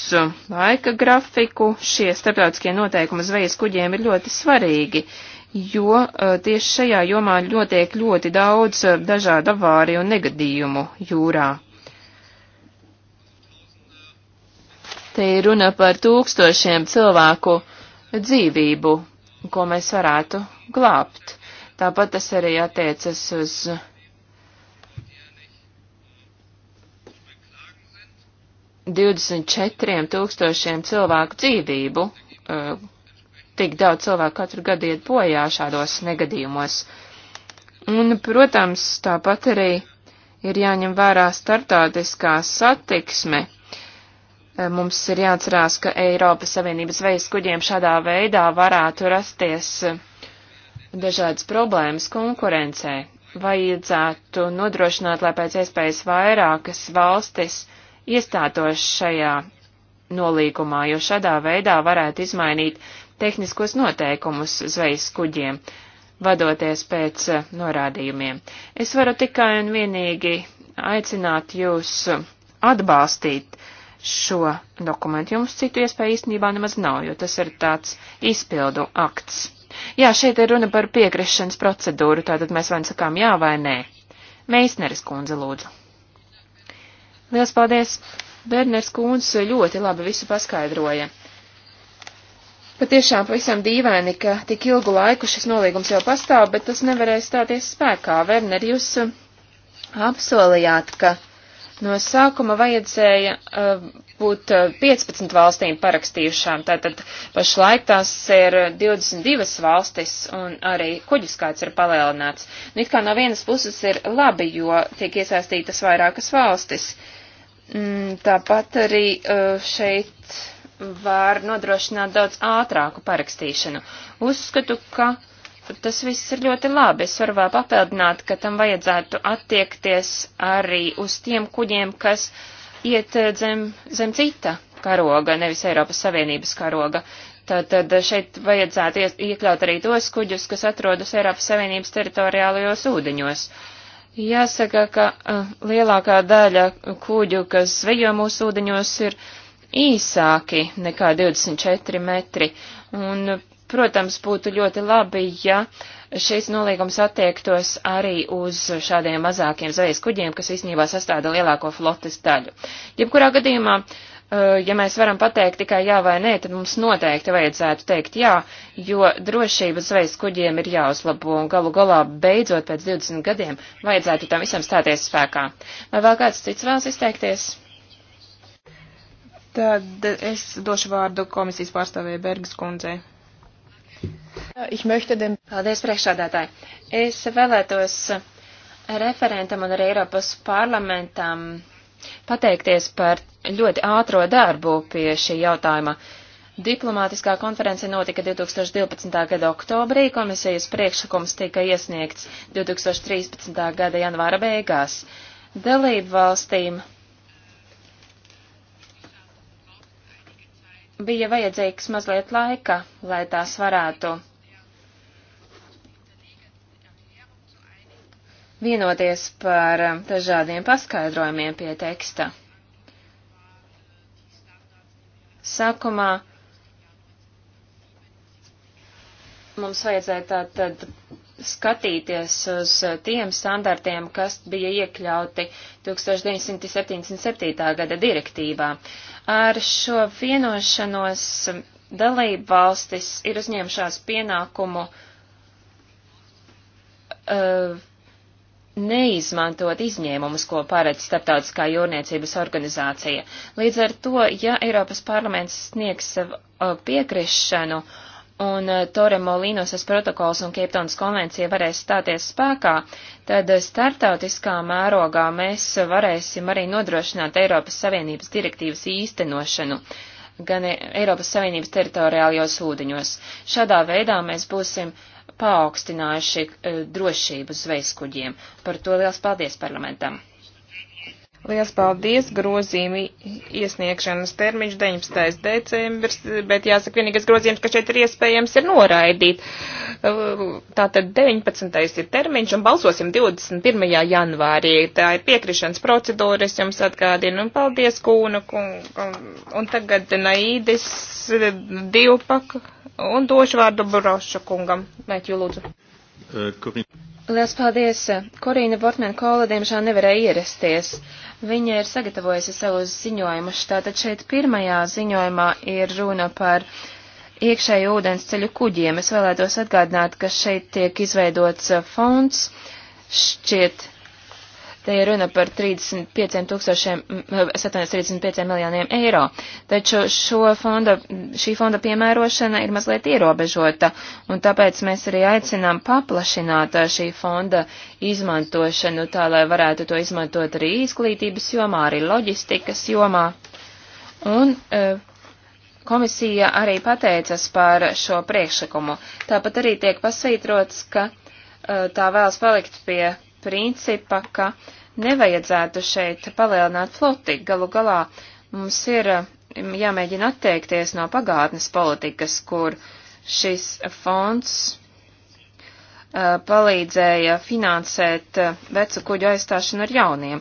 laika grafiku, šie starptautiskie noteikumi zvejas kuģiem ir ļoti svarīgi, jo eh, tieši šajā jomā notiek ļoti daudz eh, dažādu avāriju un negadījumu jūrā. Te ir runa par tūkstošiem cilvēku dzīvību, ko mēs varētu glābt. Tāpat tas arī attiecas uz 24 tūkstošiem cilvēku dzīvību. Eh, tik daudz cilvēku katru gadu iet bojā šādos negadījumos. Un, protams, tāpat arī ir jāņem vērā startautiskā satiksme. Eh, mums ir jāatcerās, ka Eiropas Savienības vejas kuģiem šādā veidā varētu rasties eh, dažādas problēmas konkurencē. Vajadzētu nodrošināt, lai pēc iespējas vairākas valstis iestātos šajā nolīgumā, jo šādā veidā varētu izmainīt tehniskos noteikumus zvejas kuģiem, vadoties pēc eh, norādījumiem. Es varu tikai un vienīgi aicināt jūs atbalstīt šo dokumentu. Jums citu iespēju īstenībā nemaz nav, jo tas ir tāds izpildu akts. Jā, šeit ir runa par piekrišanas procedūru, tātad mēs vai sakām jā vai nē. Meisneris kundze lūdzu. Liels paldies! Berners Kūns ļoti labi visu paskaidroja. Pat tiešām pavisam dīvaini, ka tik ilgu laiku šis nolīgums jau pastāv, bet tas nevarēja stāties spēkā. Werner, jūs uh, apsolījāt, ka no sākuma vajadzēja uh, būt 15 eh, valstīm parakstījušām. Tātad pašlaik tās ir 22 valstis un arī kuģu skaits ir palielināts. Nu, it kā no vienas puses ir labi, jo tiek iesaistītas vairākas valstis. Mm, tāpat arī eh, šeit var nodrošināt daudz ātrāku parakstīšanu. Uzskatu, ka tas viss ir ļoti labi. Es varu vēl papildināt, ka tam vajadzētu attiekties arī uz tiem kuģiem, kas uh, iet eh, zem, zem cita karoga, nevis Eiropas Savienības karoga. Tātad šeit vajadzētu iekļaut arī tos kuģus, kas atrodas Eiropas Savienības teritoriālajos ūdeņos. Jāsaka, ka uh, lielākā daļa kuģu, kas zvejo mūsu ūdeņos, ir īsāki nekā 24 metri, un Protams, būtu ļoti labi, ja šis nolīgums attiektos arī uz šādiem mazākiem zvejas kuģiem, kas īstenībā sastāda lielāko flotes daļu. Jebkurā gadījumā, eh, ja mēs varam pateikt tikai jā vai nē, tad mums noteikti vajadzētu teikt jā, jo drošība zvejas kuģiem ir jāuzlabo un galu galā beidzot pēc 20 gadiem vajadzētu tam visam stāties spēkā. Vai vēl kāds cits vēlas izteikties? Tad es došu vārdu komisijas pārstāvēja Bergas kundzei. Dem... Paldies, priekšādātāji. Es vēlētos referentam un arī Eiropas parlamentam pateikties par ļoti ātro darbu pie šī jautājuma. Diplomātiskā konference notika 2012. gada oktobrī, komisijas priekšlikums tika iesniegts 2013. gada janvāra beigās. Dalību valstīm bija vajadzīgs mazliet laika, lai tās varētu vienoties par um, dažādiem paskaidrojumiem pie teksta. Sākumā mums vajadzēja tātad skatīties uz eh, tiem standartiem, kas bija iekļauti 1977. gada direktīvā. Ar šo vienošanos dalību valstis ir uzņemšās pienākumu uh, neizmantot izņēmumus, ko paredz Startautiskā jūrniecības organizācija. Līdz ar to, ja Eiropas parlaments sniegs savu eh, piekrišanu un eh, Tore Molīnosas protokols un Keiptons konvencija varēs stāties spēkā, tad startautiskā mērogā mēs varēsim arī nodrošināt Eiropas Savienības direktīvas īstenošanu gan e- Eiropas Savienības teritoriālajos ūdeņos. Šādā veidā mēs būsim paaugstinājuši eh, drošību zvejskuģiem. Par to liels paldies parlamentam! Liels paldies! Grozījumi iesniegšanas termiņš 19. decembris, bet jāsaka, vienīgais grozījums, kas šeit ir iespējams, ir noraidīt. Tātad 19. ir termiņš un balsosim 21. janvārī. Tā ir piekrišanas procedūra, es jums atgādinu un paldies, Kūnu, un, un tagad Naīdis divpak un došu vārdu Broša kungam. Mēķi, lūdzu. Uh, Lielas paldies! Korīna Bortmēnkola diemžēl nevarēja ierasties. Viņa ir sagatavojusi savus ziņojumus. Tātad šeit pirmajā ziņojumā ir runa par iekšēju ūdens ceļu kuģiem. Es vēlētos atgādināt, ka šeit tiek izveidots fonds šķiet Te ir runa par 35 tūkstošiem, es atvainojos 35 miljoniem eiro, taču šo fonda, šī fonda piemērošana ir mazliet ierobežota, un tāpēc mēs arī aicinām paplašināt šī fonda izmantošanu, tā lai varētu to izmantot arī izglītības jomā, arī loģistikas jomā. Un, e, Komisija arī pateicas par šo priekšlikumu. Tāpat arī tiek pasvītrots, ka e, tā vēlas palikt pie principa, ka nevajadzētu šeit palielināt floti. Galu galā mums ir mm, jāmēģina atteikties no pagātnes politikas, kur šis fonds palīdzēja finansēt vecu kuģu aizstāšanu ar jauniem,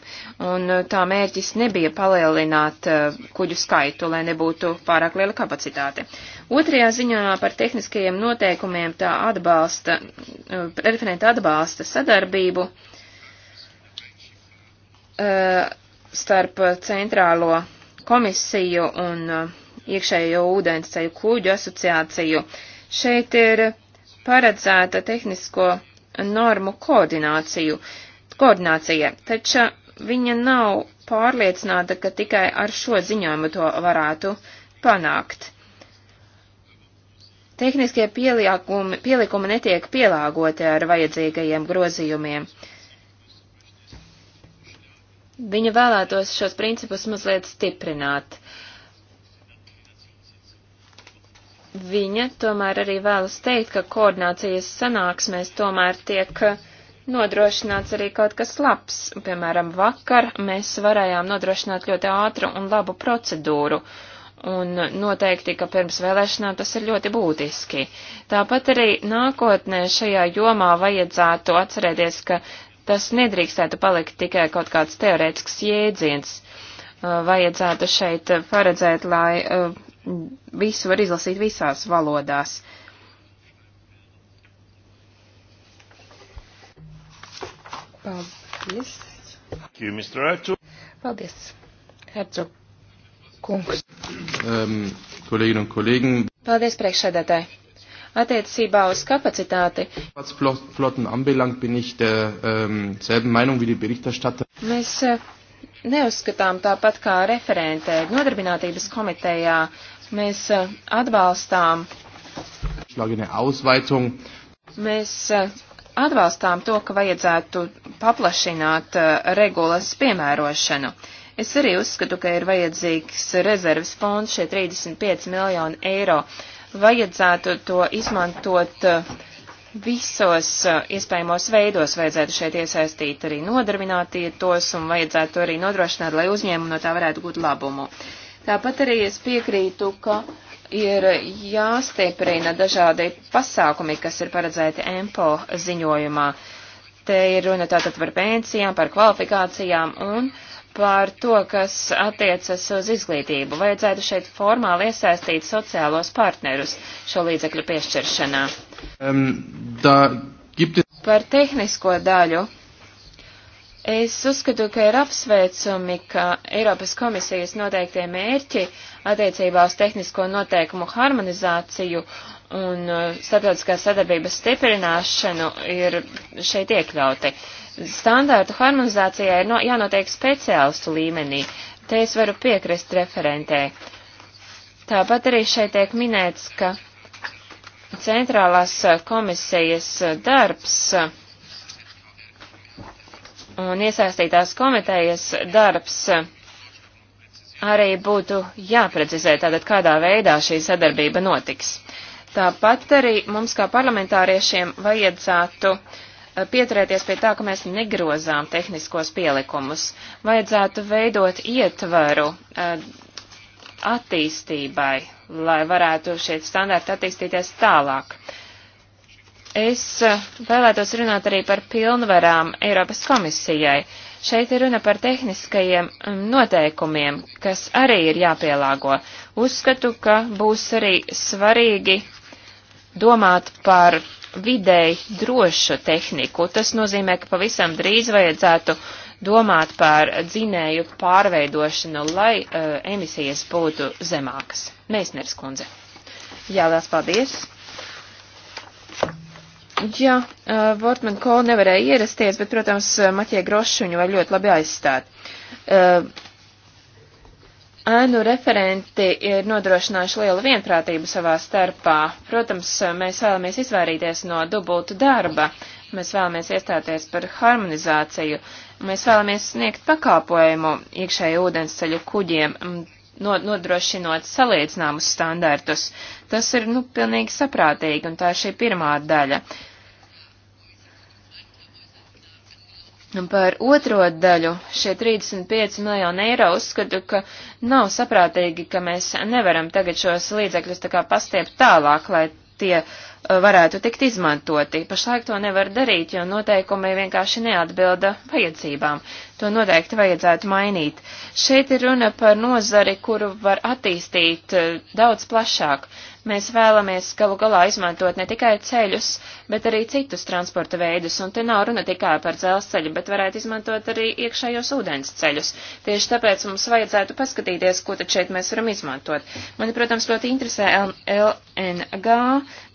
un tā mērķis nebija palielināt kuģu skaitu, lai nebūtu pārāk liela kapacitāte. Uh, Otrajā ziņā par tehniskajiem noteikumiem tā atbalsta, eh, referenta atbalsta sadarbību eh, starp centrālo komisiju un eh, iekšējo ūdensceļu kuģu asociāciju. Šeit ir paredzēta tehnisko normu koordināciju, koordinācija, taču viņa nav pārliecināta, ka tikai ar šo ziņojumu to varētu panākt. Tehniskie pielikumi netiek pielāgoti ar vajadzīgajiem grozījumiem. Viņa vēlētos šos principus mazliet stiprināt. Viņa tomēr arī vēlas teikt, ka koordinācijas sanāksmēs tomēr tiek nodrošināts arī kaut kas labs. Piemēram, vakar mēs varējām nodrošināt ļoti ātru un labu procedūru. Uh, Un noteikti, ka pirms vēlēšanām tas ir ļoti būtiski. Tāpat arī nākotnē šajā jomā vajadzētu atcerēties, ka tas nedrīkstētu palikt tikai kaut kāds teorētisks jēdziens. Uh, vajadzētu šeit paredzēt, lai uh, visu var izlasīt visās valodās. Paldies. Paldies, Herzog kungs. Um, kolēģi un kolēģi. Paldies priekšsēdētāji. Attiecībā uz kapacitāti. Flotten anbelangt bin ich der ähm, selben Meinung wie die Berichterstatter. Mēs eh, neuzskatām tāpat kā referente nodarbinātības komitejā. Mēs eh, atbalstām. Schlagene Ausweitung. Mēs eh, atbalstām to, ka vajadzētu paplašināt regulas piemērošanu. Uh, Es arī uzskatu, ka ir vajadzīgs rezerves fonds šie 35 miljoni eiro. Vajadzētu to izmantot eh, visos eh, iespējamos veidos, vajadzētu šeit iesaistīt arī nodarbinātietos un vajadzētu arī nodrošināt, lai uzņēmumi no tā varētu gūt labumu. Tāpat arī es piekrītu, ka ir jāstieprina dažādi pasākumi, kas ir paredzēti EMPO ziņojumā. Te ir runa tātad par pensijām, par kvalifikācijām un uh, par to, kas attiecas uz izglītību. Vajadzētu šeit formāli iesaistīt sociālos partnerus šo līdzekļu piešķiršanā. Um, da, gibti... Par tehnisko daļu. Es uzskatu, ka ir apsveicumi, ka Eiropas komisijas noteiktie mērķi attiecībā uz tehnisko noteikumu harmonizāciju un uh, starptautiskās sadarbības stiprināšanu ir šeit iekļauti. Uh, standārtu harmonizācijai ir no, jānotiek speciālistu līmenī. Te es varu piekrist referentē. Tāpat arī šeit tiek minēts, ka centrālās komisijas darbs un iesaistītās komitejas darbs arī būtu jāprecizē, tātad kādā veidā šī sadarbība notiks. Tāpat arī mums kā parlamentāriešiem vajadzētu uh, pieturēties pie tā, ka mēs negrozām tehniskos pielikumus. Vajadzētu veidot ietvaru eh, attīstībai, lai varētu šie standarti attīstīties tālāk. Es eh, vēlētos runāt arī par pilnvarām Eiropas komisijai. Šeit ir runa par tehniskajiem mm, noteikumiem, kas arī ir jāpielāgo. Uzskatu, ka būs arī svarīgi domāt par vidēji drošu tehniku. Tas nozīmē, ka pavisam drīz vajadzētu domāt par dzinēju pārveidošanu, lai uh, emisijas būtu zemākas. Meisners kundze. Jā, liels paldies. Jā, uh, eh, Vortman Kola nevarēja ierasties, bet, protams, Maķie Grošu viņu var ļoti labi aizstāt. Uh, Ēnu referenti ir nodrošinājuši lielu vienprātību savā starpā. Protams, mēs vēlamies izvairīties no dubultu darba, mēs vēlamies iestāties par harmonizāciju, mēs vēlamies sniegt pakāpojumu iekšēju ūdensceļu kuģiem, nodrošinot salīdzināmus standartus. Tas ir, nu, pilnīgi saprātīgi, un tā ir šī pirmā daļa. Par otro daļu, šie 35 miljoni eiro, uzskatu, ka nav saprātīgi, ka mēs nevaram tagad šos līdzekļus tā kā pastiept tālāk, lai tie varētu tikt izmantoti. Pašlaik to nevar darīt, jo noteikumi vienkārši neatbilda vajadzībām. To noteikti vajadzētu mainīt. Šeit ir runa par nozari, kuru var attīstīt eh, daudz plašāk. Mēs vēlamies galu galā izmantot ne tikai ceļus, bet arī citus transporta veidus, un te nav runa tikai par dzelzceļu, bet varētu izmantot arī iekšējos ūdens ceļus. Tieši tāpēc mums vajadzētu paskatīties, ko tad šeit mēs varam izmantot. Mani, protams, ļoti interesē LNG.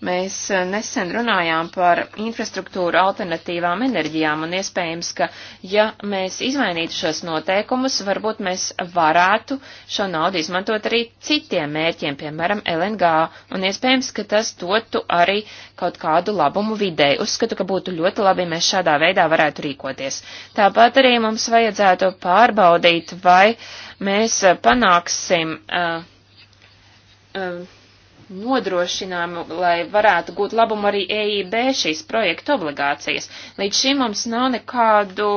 Mēs Eh, nesen runājām par infrastruktūru alternatīvām enerģijām un iespējams, ka ja mēs izmainītu šos noteikumus, varbūt mēs varētu šo naudu izmantot arī citiem mērķiem, piemēram, LNG, un iespējams, ka tas dotu arī kaut kādu labumu videi. Uzskatu, ka būtu ļoti labi, ja mēs šādā veidā varētu rīkoties. Tāpat arī mums vajadzētu pārbaudīt, vai mēs eh, panāksim. Uh, uh, nodrošinām, lai varētu gūt labumu arī EIB šīs projektu obligācijas. Līdz šim mums nav nekādu,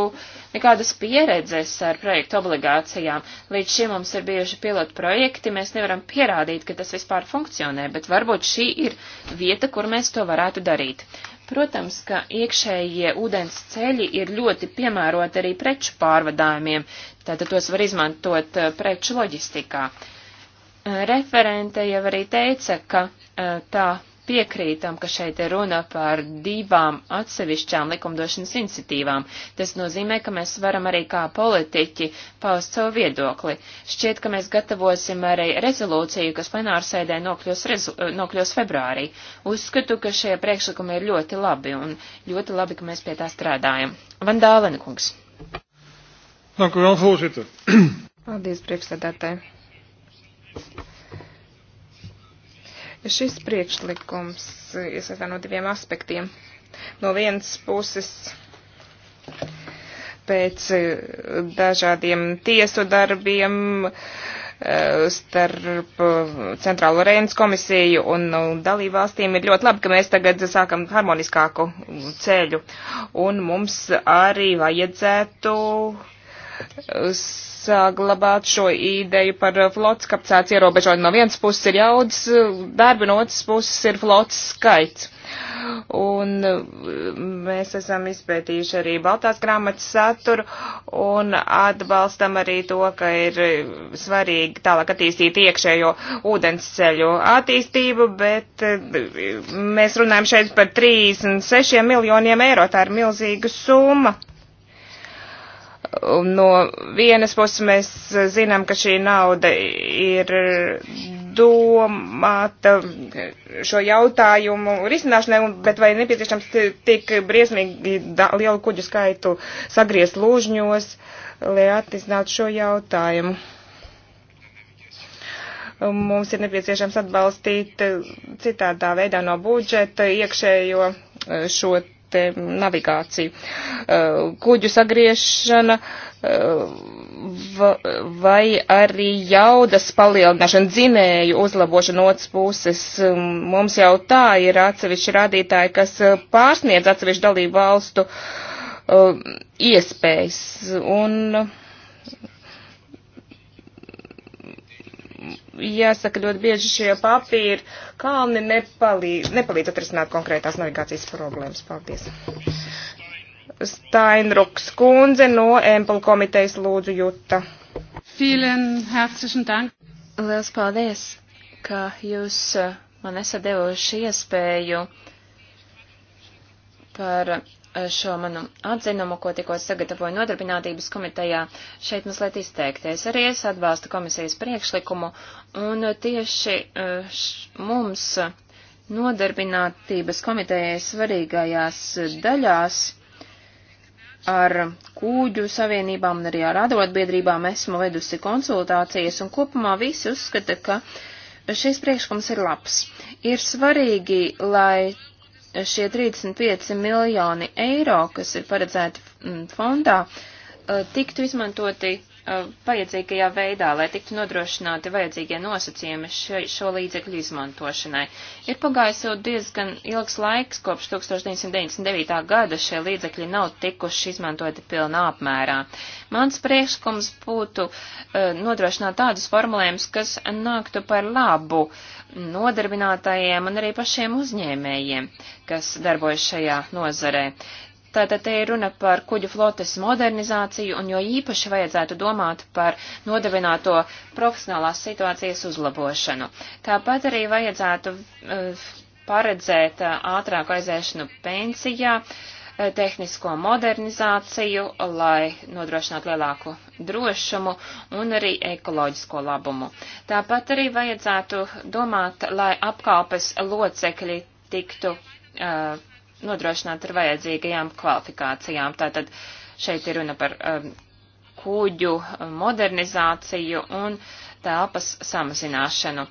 nekādas pieredzes ar projektu obligācijām. Līdz šim mums ir bieži pilotu projekti, mēs nevaram pierādīt, ka tas vispār funkcionē, bet varbūt šī ir vieta, kur mēs to varētu darīt. Protams, ka iekšējie ūdens ceļi ir ļoti piemēroti arī preču pārvadājumiem, tātad tos var izmantot eh, preču loģistikā. Uh, Referente jau arī teica, ka e, tā piekrītam, ka šeit ir runa par divām atsevišķām likumdošanas iniciatīvām. Tas nozīmē, ka mēs varam arī kā politiķi paust savu viedokli. Šķiet, ka mēs gatavosim arī rezolūciju, kas plenārsēdē nokļūs, rezu, e, nokļūs februārī. Uzskatu, ka šie priekšlikumi ir ļoti labi un ļoti labi, ka mēs pie tā strādājam. Vandālena kungs. Dank u wel, voorzitter. Paldies, priekšsēdētāji. Šis priekšlikums iesaistā no diviem aspektiem. No vienas puses pēc eh, dažādiem tiesu darbiem eh, starp eh, Centrālo Rēnas komisiju un nu, dalībvalstīm ir ļoti labi, ka mēs tagad sākam harmoniskāku ceļu. Un mums arī vajadzētu saglabāt šo ideju par flotas kapacitātes ierobežojumu. No vienas puses ir jaudas darbi, no otras puses ir flotas skaits. Un mēs esam izpētījuši arī Baltās grāmatas saturu un atbalstam arī to, ka ir svarīgi tālāk attīstīt iekšējo ūdensceļu attīstību, bet mēs runājam šeit par 36 miljoniem eiro. Tā ir milzīga summa. No vienas puses mēs zinām, ka šī nauda ir domāta šo jautājumu risināšanai, bet vai nepieciešams tik briesmīgi lielu kuģu skaitu sagriezt lūžņos, lai atrisinātu šo jautājumu? mums ir nepieciešams atbalstīt citādā veidā no budžeta iekšējo eh, šo te navigāciju. Uh, kuģu sagriešana uh, vai arī jaudas palielināšana, dzinēju uzlabošana no otras puses. Um, mums jau tā ir atsevišķi rādītāji, kas uh, pārsniedz atsevišķu dalību valstu iespējas. Un jāsaka, ļoti bieži šie papīri kalni nepalīdz, nepalīdz atrisināt konkrētās navigācijas problēmas. Paldies. Steinruks kundze no Empel komitejas lūdzu Juta. Vielen herzlichen Dank. Liels paldies, ka jūs uh, man esat devuši iespēju par Eh, šo manu atzinumu, ko tikko sagatavoju nodarbinātības komitejā, šeit mazliet izteikties. Arī es atbalstu komisijas priekšlikumu, un tieši eh, š, mums nodarbinātības komitejai svarīgajās daļās ar kūģu savienībām un arī ar adotbiedrībām esmu vedusi konsultācijas, un kopumā visi uzskata, ka šis priekšlikums ir labs. Ir svarīgi, lai šie 35 miljoni eiro, kas ir paredzēti mm, fondā, eh, tiktu izmantoti Uh, vajadzīgajā veidā, lai tiktu nodrošināti vajadzīgie nosacījumi šo, šo līdzekļu izmantošanai. Ir pagājis jau diezgan ilgs laiks, kopš 1999. gada šie līdzekļi nav tikuši izmantoti pilnā apmērā. Mans priekšlikums būtu uh, nodrošināt tādus formulējumus, kas nāktu par labu nodarbinātājiem un arī pašiem uzņēmējiem, kas darbojas šajā nozarē. Tātad te ir runa par kuģu flotes modernizāciju un jo īpaši vajadzētu domāt par nodevināto profesionālās situācijas uzlabošanu. Tāpat arī vajadzētu uh, paredzēt uh, ātrāku aiziešanu pensijā, uh, tehnisko modernizāciju, lai nodrošinātu lielāku drošumu un arī ekoloģisko labumu. Tāpat arī vajadzētu domāt, lai apkalpes locekļi tiktu uh, nodrošināt ar vajadzīgajām kvalifikācijām. Tātad šeit ir runa par um, kūģu um, modernizāciju un telpas samazināšanu.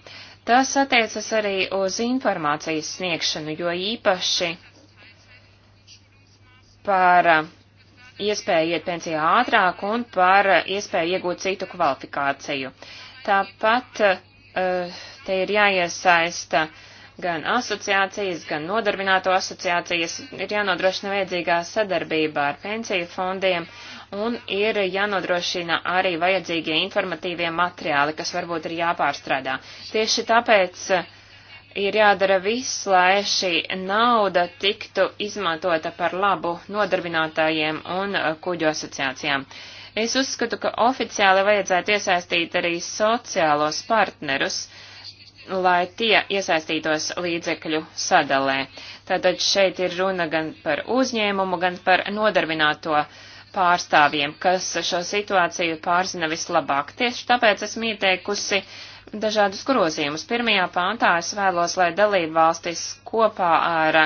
Tas attiecas arī uz informācijas sniegšanu, jo īpaši par um, iespēju iet pensijā ātrāk un par uh, iespēju iegūt citu kvalifikāciju. Tāpat uh, te ir jāiesaista uh, gan asociācijas, gan nodarbināto asociācijas ir jānodrošina vajadzīgā sadarbība ar pensiju fondiem un ir jānodrošina arī vajadzīgie informatīvie materiāli, kas varbūt ir jāpārstrādā. Tieši tāpēc eh, ir jādara viss, lai šī nauda tiktu izmantota par labu nodarbinātājiem un eh, kuģu asociācijām. Es uzskatu, ka oficiāli vajadzētu iesaistīt arī sociālos partnerus, uh, lai tie iesaistītos līdzekļu sadalē. Tātad šeit ir runa gan par uzņēmumu, gan par nodarbināto pārstāvjiem, kas šo situāciju pārzina vislabāk. Tieši tāpēc esmu ieteikusi dažādus grozījumus. Pirmajā pāntā es vēlos, lai dalību valstis kopā ar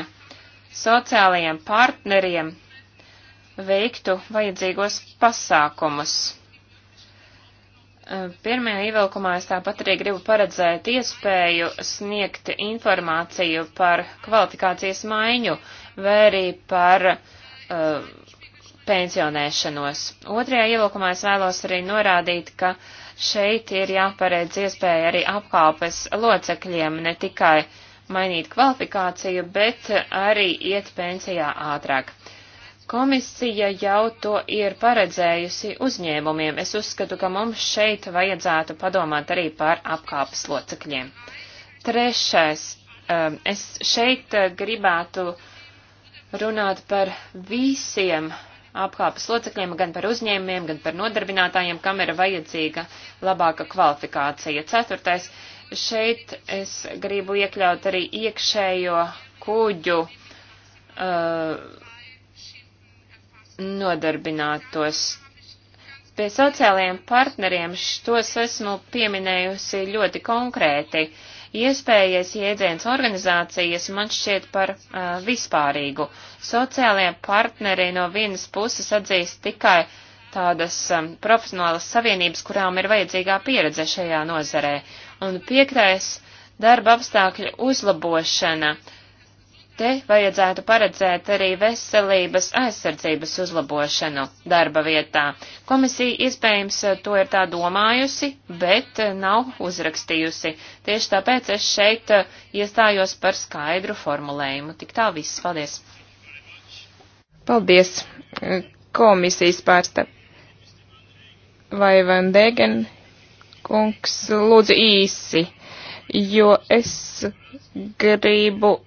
sociālajiem partneriem veiktu vajadzīgos pasākumus Eh, pirmajā ievilkumā es tāpat arī gribu paredzēt iespēju sniegt informāciju par kvalifikācijas maiņu vai arī par uh, pensionēšanos. Otrajā ievilkumā es vēlos arī norādīt, ka šeit ir jāparedz iespēja arī apkalpes locekļiem ne tikai mainīt kvalifikāciju, bet arī iet pensijā ātrāk. Komisija jau to ir paredzējusi uzņēmumiem. Es uzskatu, ka mums šeit vajadzētu padomāt arī par apkāpes locekļiem. Trešais. Um, es šeit uh, gribētu runāt par visiem apkāpes locekļiem, gan par uzņēmumiem, gan par nodarbinātājiem, kam ir vajadzīga labāka kvalifikācija. Ceturtais. Šeit es gribu iekļaut arī iekšējo kuģu. Uh, nodarbinātos. Pie sociālajiem partneriem tos esmu pieminējusi ļoti konkrēti. Iespējas jēdziens organizācijas man šķiet par uh, vispārīgu. Sociālajie partneri no vienas puses atzīst tikai tādas um, profesionālas savienības, kurām ir vajadzīgā pieredze šajā nozarē. Un piektais - darba apstākļu uzlabošana. Uh, Te vajadzētu paredzēt arī veselības aizsardzības uzlabošanu darba vietā. Komisija iespējams eh, to ir tā domājusi, bet eh, nav uzrakstījusi. Tieši tāpēc es šeit eh, iestājos par skaidru formulējumu. Tik tā viss. Paldies! Paldies! Komisijas pārstāv. Vai Van Degen kungs lūdzu īsi, jo es gribu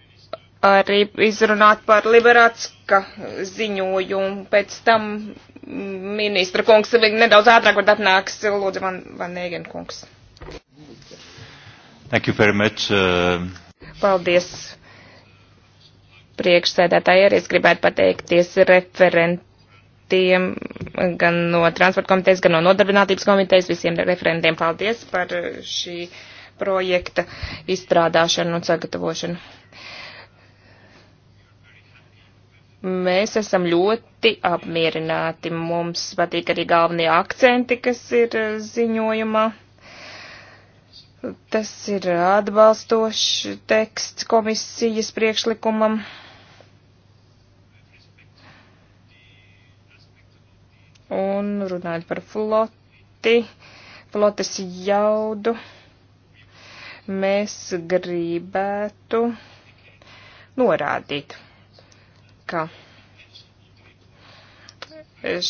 arī izrunāt par Liberatska ziņojumu. Pēc tam ministra kungs nedaudz ātrāk var atnāks. Lūdzu, man, man Nēgen kungs. Thank you very much. Uh... Paldies. Priekšsēdētāji arī es gribētu pateikties referentiem gan no transporta komitejas, gan no nodarbinātības komitejas. Visiem referentiem paldies par šī projekta izstrādāšanu un sagatavošanu. mēs esam ļoti apmierināti. Mums patīk arī galvenie akcenti, kas ir eh, ziņojumā. Tas ir atbalstošs teksts komisijas priekšlikumam. Un runājot par floti, flotes jaudu, mēs gribētu norādīt ka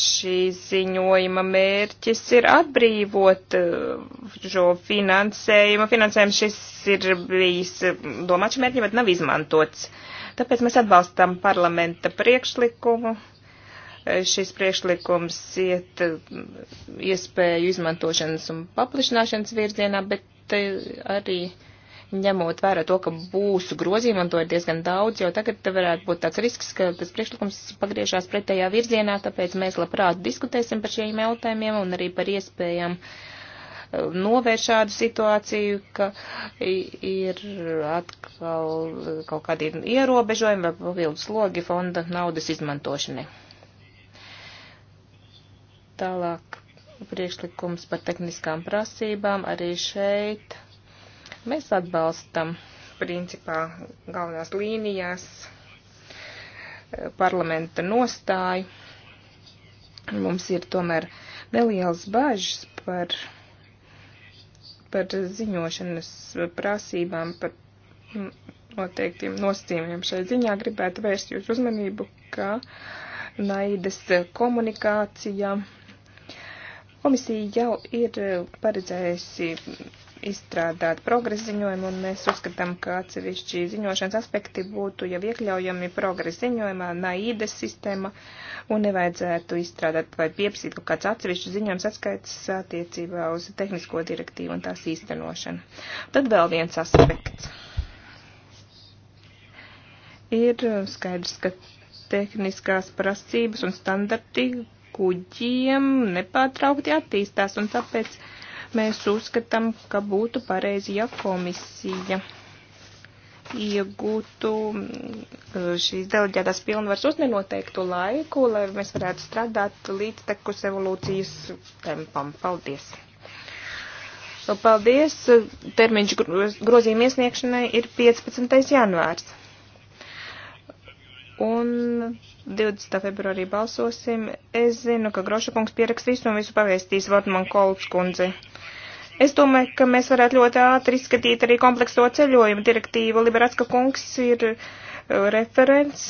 šī ziņojuma mērķis ir atbrīvot uh, šo finansējumu. Finansējums šis ir bijis uh, domāts mērķi, bet nav izmantots. Tāpēc mēs atbalstam parlamenta priekšlikumu. Uh, šis priekšlikums iet iespēju izmantošanas un paplašināšanas virzienā, bet arī ņemot vērā to, ka būs grozījumi, un to ir diezgan daudz, jo tagad varētu būt tāds risks, ka tas priekšlikums pagriežās pretējā virzienā, tāpēc mēs labprāt diskutēsim par šiem jautājumiem un arī par iespējām eh, novērst šādu situāciju, ka ir atkal kaut kādi ierobežojumi vai papildus logi fonda naudas izmantošanai. Tālāk priekšlikums par tehniskām prasībām arī šeit Mēs atbalstam principā galvenās līnijās eh, parlamenta nostāju. Mums ir tomēr neliels bažas par, par ziņošanas prasībām, par noteiktiem nosacījumiem šai ziņā. Gribētu vērst jūs uzmanību, ka naidas komunikācija komisija jau ir paredzējusi izstrādāt progresa ziņojumu, un mēs uzskatām, ka atsevišķi ziņošanas aspekti būtu jau iekļaujami progresa ziņojumā, naides sistēma, un nevajadzētu izstrādāt vai pieprasīt kaut kāds atsevišķi ziņojums atskaits attiecībā uz tehnisko direktīvu un tās īstenošanu. Tad vēl viens aspekts. Ir skaidrs, ka tehniskās prasības un standarti kuģiem nepārtraukti attīstās, un tāpēc Mēs uzskatām, ka būtu pareizi, ja komisija iegūtu mm, eh, šīs deleģētās pilnvaras uz nenoteiktu laiku, lai mēs varētu strādāt līdz tekus evolūcijas tempam. Paldies! Paldies! Termiņš grozījuma iesniegšanai ir 15. janvārs. Un 20. februārī balsosim. Es zinu, ka Groša kungs pierakstīs un visu pavēstīs Vortman Kolbs kundzi. Es domāju, ka mēs varētu ļoti ātri izskatīt arī komplekso ceļojumu direktīvu. Liberatska kungs ir uh, referents.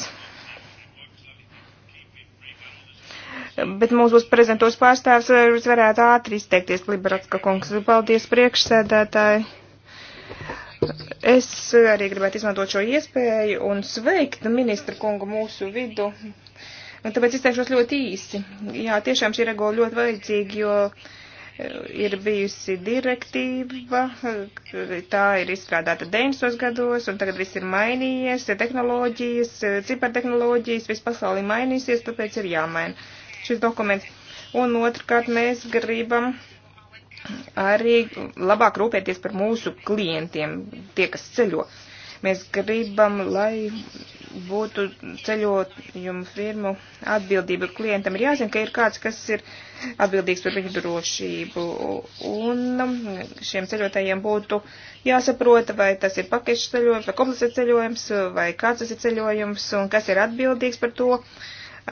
Bet mums būs prezentos pārstāvs, kurš varētu ātri izteikties, Liberatska kungs. Paldies priekšsēdētāji. Es arī gribētu izmantot šo iespēju un sveikt ministru kungu mūsu vidu. Un tāpēc izteikšos ļoti īsi. Jā, tiešām šī regula ļoti vajadzīga, jo ir bijusi direktīva, tā ir izstrādāta 90. gados, un tagad viss ir mainījies, tehnoloģijas, cibertehnoloģijas, viss pasaulī mainīsies, tāpēc ir jāmaina šis dokuments. Un otrkārt, mēs gribam arī labāk rūpēties par mūsu klientiem, tie, kas ceļo. Uh, Mēs gribam, lai būtu ceļojumu firmu atbildība. Klientam ir jāzina, ka ir kāds, kas ir atbildīgs par viņu drošību. Un um, šiem ceļotājiem būtu jāsaprota, vai tas ir pakešs ceļojums, vai komplicēts ceļojums, vai kāds tas ir ceļojums, un kas ir atbildīgs par to.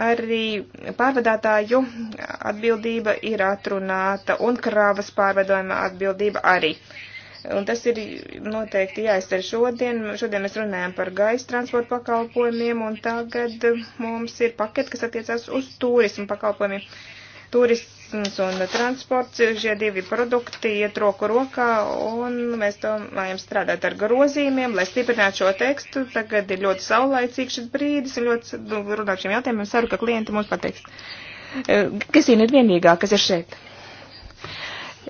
Arī pārvadātāju atbildība ir atrunāta, un krāvas pārvadājuma atbildība arī. Uh, Un tas ir noteikti jāizcer šodien. Šodien mēs runājam par gaisa transportu pakalpojumiem, un tagad mums ir paketi, kas attiecās uz turismu pakalpojumiem. Turisms un transports, šie divi produkti iet roku rokā, un mēs domājam strādāt ar grozīmiem, lai stiprinātu šo tekstu. Tagad ir ļoti saulaicīgs šis brīdis, un ļoti nu, runāt šiem jautājumiem, ceru, ka klienti mums pateiks. Eh, Kristīna ir vienīgā, kas ir šeit.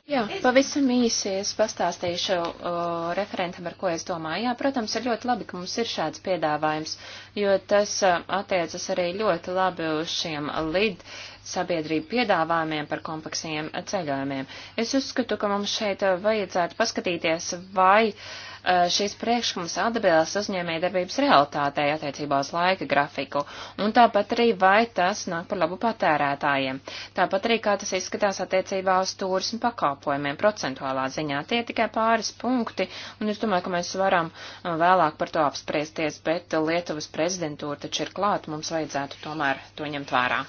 Jā, pavisam īsi es pastāstīšu uh, referentam, ar ko es domāju. Jā, protams, ir ļoti labi, ka mums ir šāds piedāvājums, jo tas uh, attiecas arī ļoti labi uz šiem lid sabiedrību piedāvājumiem par kompleksiem ceļojumiem. Es uzskatu, ka mums šeit vajadzētu paskatīties, vai uh, Eh, šīs priekšlikums atbilst uzņēmējdarbības realitātei attiecībā uz laika grafiku, un tāpat arī vai tas nāk par labu patērētājiem. Tāpat arī kā tas izskatās attiecībā uz turismu pakalpojumiem procentuālā ziņā. Tie tikai pāris punkti, un es domāju, ka mēs varam eh, vēlāk par to apspriesties, bet Lietuvas prezidentūra taču ir klāt, mums vajadzētu tomēr to ņemt vērā.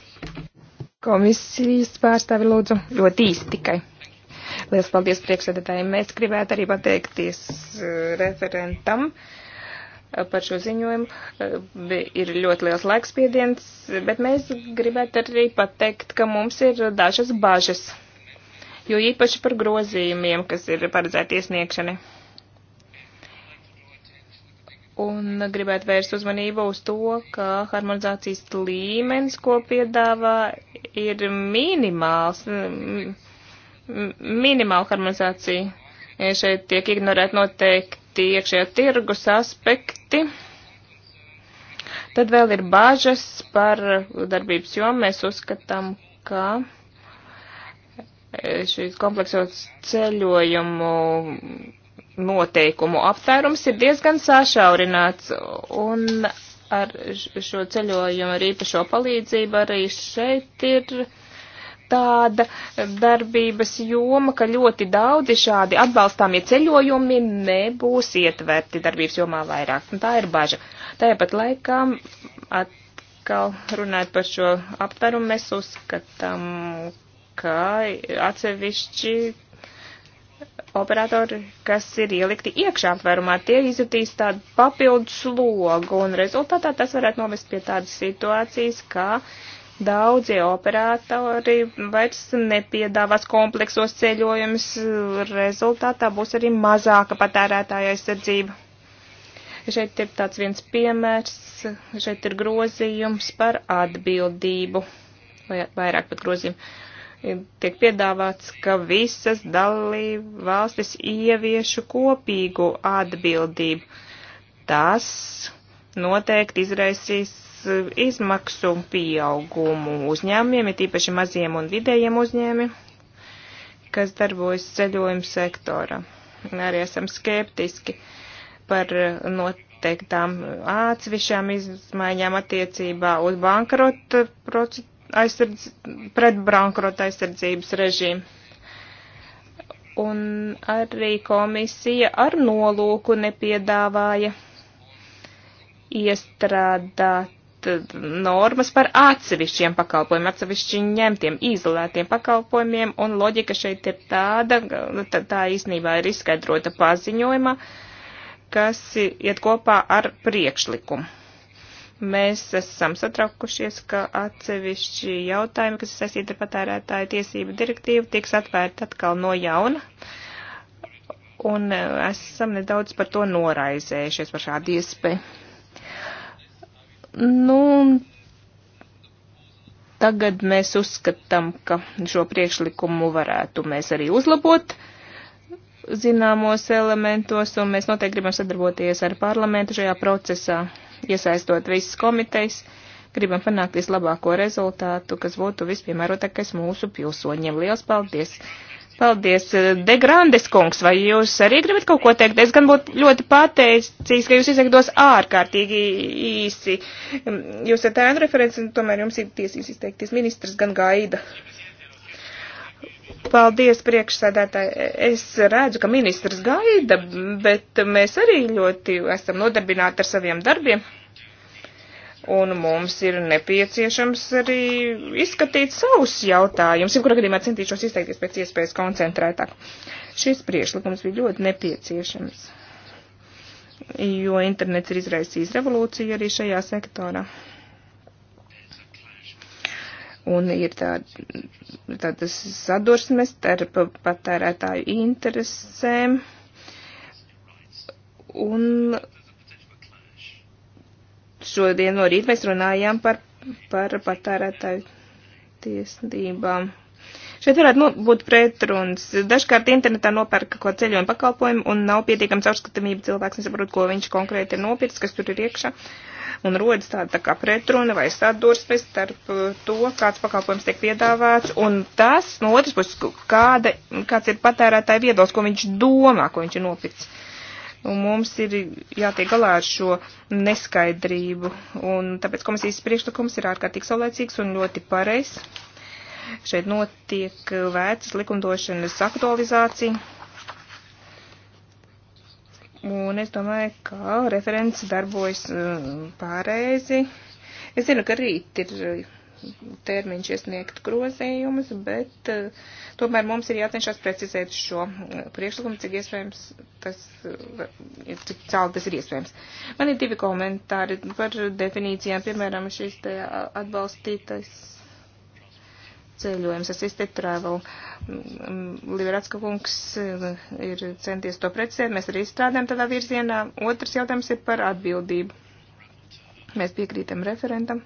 Komisijas pārstāvi lūdzu ļoti īsti tikai. Liels paldies priekšsēdētāji. Mēs gribētu arī pateikties eh, referentam eh, par šo ziņojumu. Eh, ir ļoti liels laikspiediens, bet mēs gribētu arī pateikt, ka mums ir dažas bažas, jo īpaši par grozījumiem, kas ir paredzēti iesniegšanai. Un gribētu vērst uzmanību uz to, ka harmonizācijas līmenis, ko piedāvā, ir minimāls. M minimāla harmonizācija. E, šeit tiek ignorēt noteikti iekšējā tirgus aspekti. Tad vēl ir bāžas par darbības jomu. Mēs uzskatām, ka e, šīs kompleksos ceļojumu noteikumu aptvērums ir diezgan sašaurināts. Un ar šo ceļojumu, ar īpašo palīdzību arī šeit ir tāda eh, darbības joma, ka ļoti daudzi šādi atbalstāmie ceļojumi nebūs ietverti darbības jomā vairāk. Un tā ir baža. Tāpat laikā atkal runājot par šo aptverumu, mēs uzskatām, ka atsevišķi operatori, kas ir ielikti iekšā apvērumā, tie izjutīs tādu papildu slogu, un rezultātā tas varētu novest pie tādas situācijas, kā Daudzie operatori vairs nepiedāvās kompleksos ceļojumus, rezultātā būs arī mazāka patērētāja aizsardzība. Šeit ir tāds viens piemērs, šeit ir grozījums par atbildību, vai vairāk pat grozījumu tiek piedāvāts, ka visas dalība valstis ieviešu kopīgu atbildību. Tas noteikti izraisīs izmaksu pieaugumu uzņēmumiem, ir tīpaši maziem un vidējiem uzņēmumiem, kas darbojas ceļojuma sektora. Arī esam skeptiski par noteiktām atsevišķām izmaiņām attiecībā uz bankrota aizsardz, pret bankrota aizsardzības režīmu un arī komisija ar nolūku nepiedāvāja iestrādāt normas par atsevišķiem pakalpojumiem, atsevišķi ņemtiem, izolētiem pakalpojumiem, un loģika šeit ir tāda, tā īstenībā ir izskaidrota paziņojumā, kas iet kopā ar priekšlikumu. Mēs esam satraukušies, ka atsevišķi jautājumi, kas saistīti ar patērētāju tiesību direktīvu, tiks atvērti atkal no jauna un e, esam nedaudz par to noraizējušies par šādu iespēju. Nu, tagad mēs uzskatām, ka šo priekšlikumu varētu mēs arī uzlabot zināmos elementos, un mēs noteikti gribam sadarboties ar parlamentu šajā procesā, iesaistot visas komitejas, gribam panākt vislabāko rezultātu, kas būtu vispiemērotākais mūsu pilsoņiem. Liels paldies! Paldies, eh, Degrandes kungs, vai jūs arī gribat kaut ko teikt? Es gan būtu ļoti pateicīgs, ka jūs izteiktos ārkārtīgi īsi. Mm, jūs esat ēnu referents, un tomēr jums ir tiesības izteikties ministrs gan gaida. Paldies, priekšsēdētāji. Es redzu, ka ministrs gaida, bet mēs arī ļoti esam nodarbināti ar saviem darbiem un mums ir nepieciešams arī izskatīt savus jautājumus. Jebkurā gadījumā centīšos izteikties pēc iespējas koncentrētāk. Šis priešlikums bija ļoti nepieciešams, jo internets ir izraisījis revolūciju arī šajā sektorā. Un ir tāda, tāda sadursme starp patērētāju interesēm un šodien no rīta mēs runājām par, par patērētāju tiesībām. Šeit varētu nu, būt pretruns. Dažkārt internetā nopērk kaut ko ceļojumu pakalpojumu un nav pietiekams caurskatāmība. Cilvēks nesaprot, ko viņš konkrēti ir nopircis, kas tur ir iekšā. Un rodas tāda tā kā pretruna vai sadursme starp uh, to, kāds pakalpojums tiek piedāvāts un tas, no otras puses, kāda, kāds ir patērētāja viedoklis, ko viņš domā, ko viņš ir nopircis un mums ir jātiek galā ar šo neskaidrību. Un tāpēc komisijas priekšlikums ir ārkārtīgi saulēcīgs un ļoti pareizs. Šeit notiek vērts likumdošanas aktualizācija. Un es domāju, ka referents darbojas uh, pārreizi. Es zinu, ka rīt ir termiņš iesniegt grozījumus, bet eh, tomēr mums ir jācenšas precizēt šo eh, priekšlikumu, cik iespējams tas, eh, cik cāli tas ir iespējams. Man ir divi komentāri par definīcijām, piemēram, šīs te atbalstītais ceļojums, assisted travel. Mm, mm, Liberatska kungs ir centies to precizēt, mēs arī strādājam tādā virzienā. Otrs jautājums ir par atbildību. Mēs piekrītam referentam.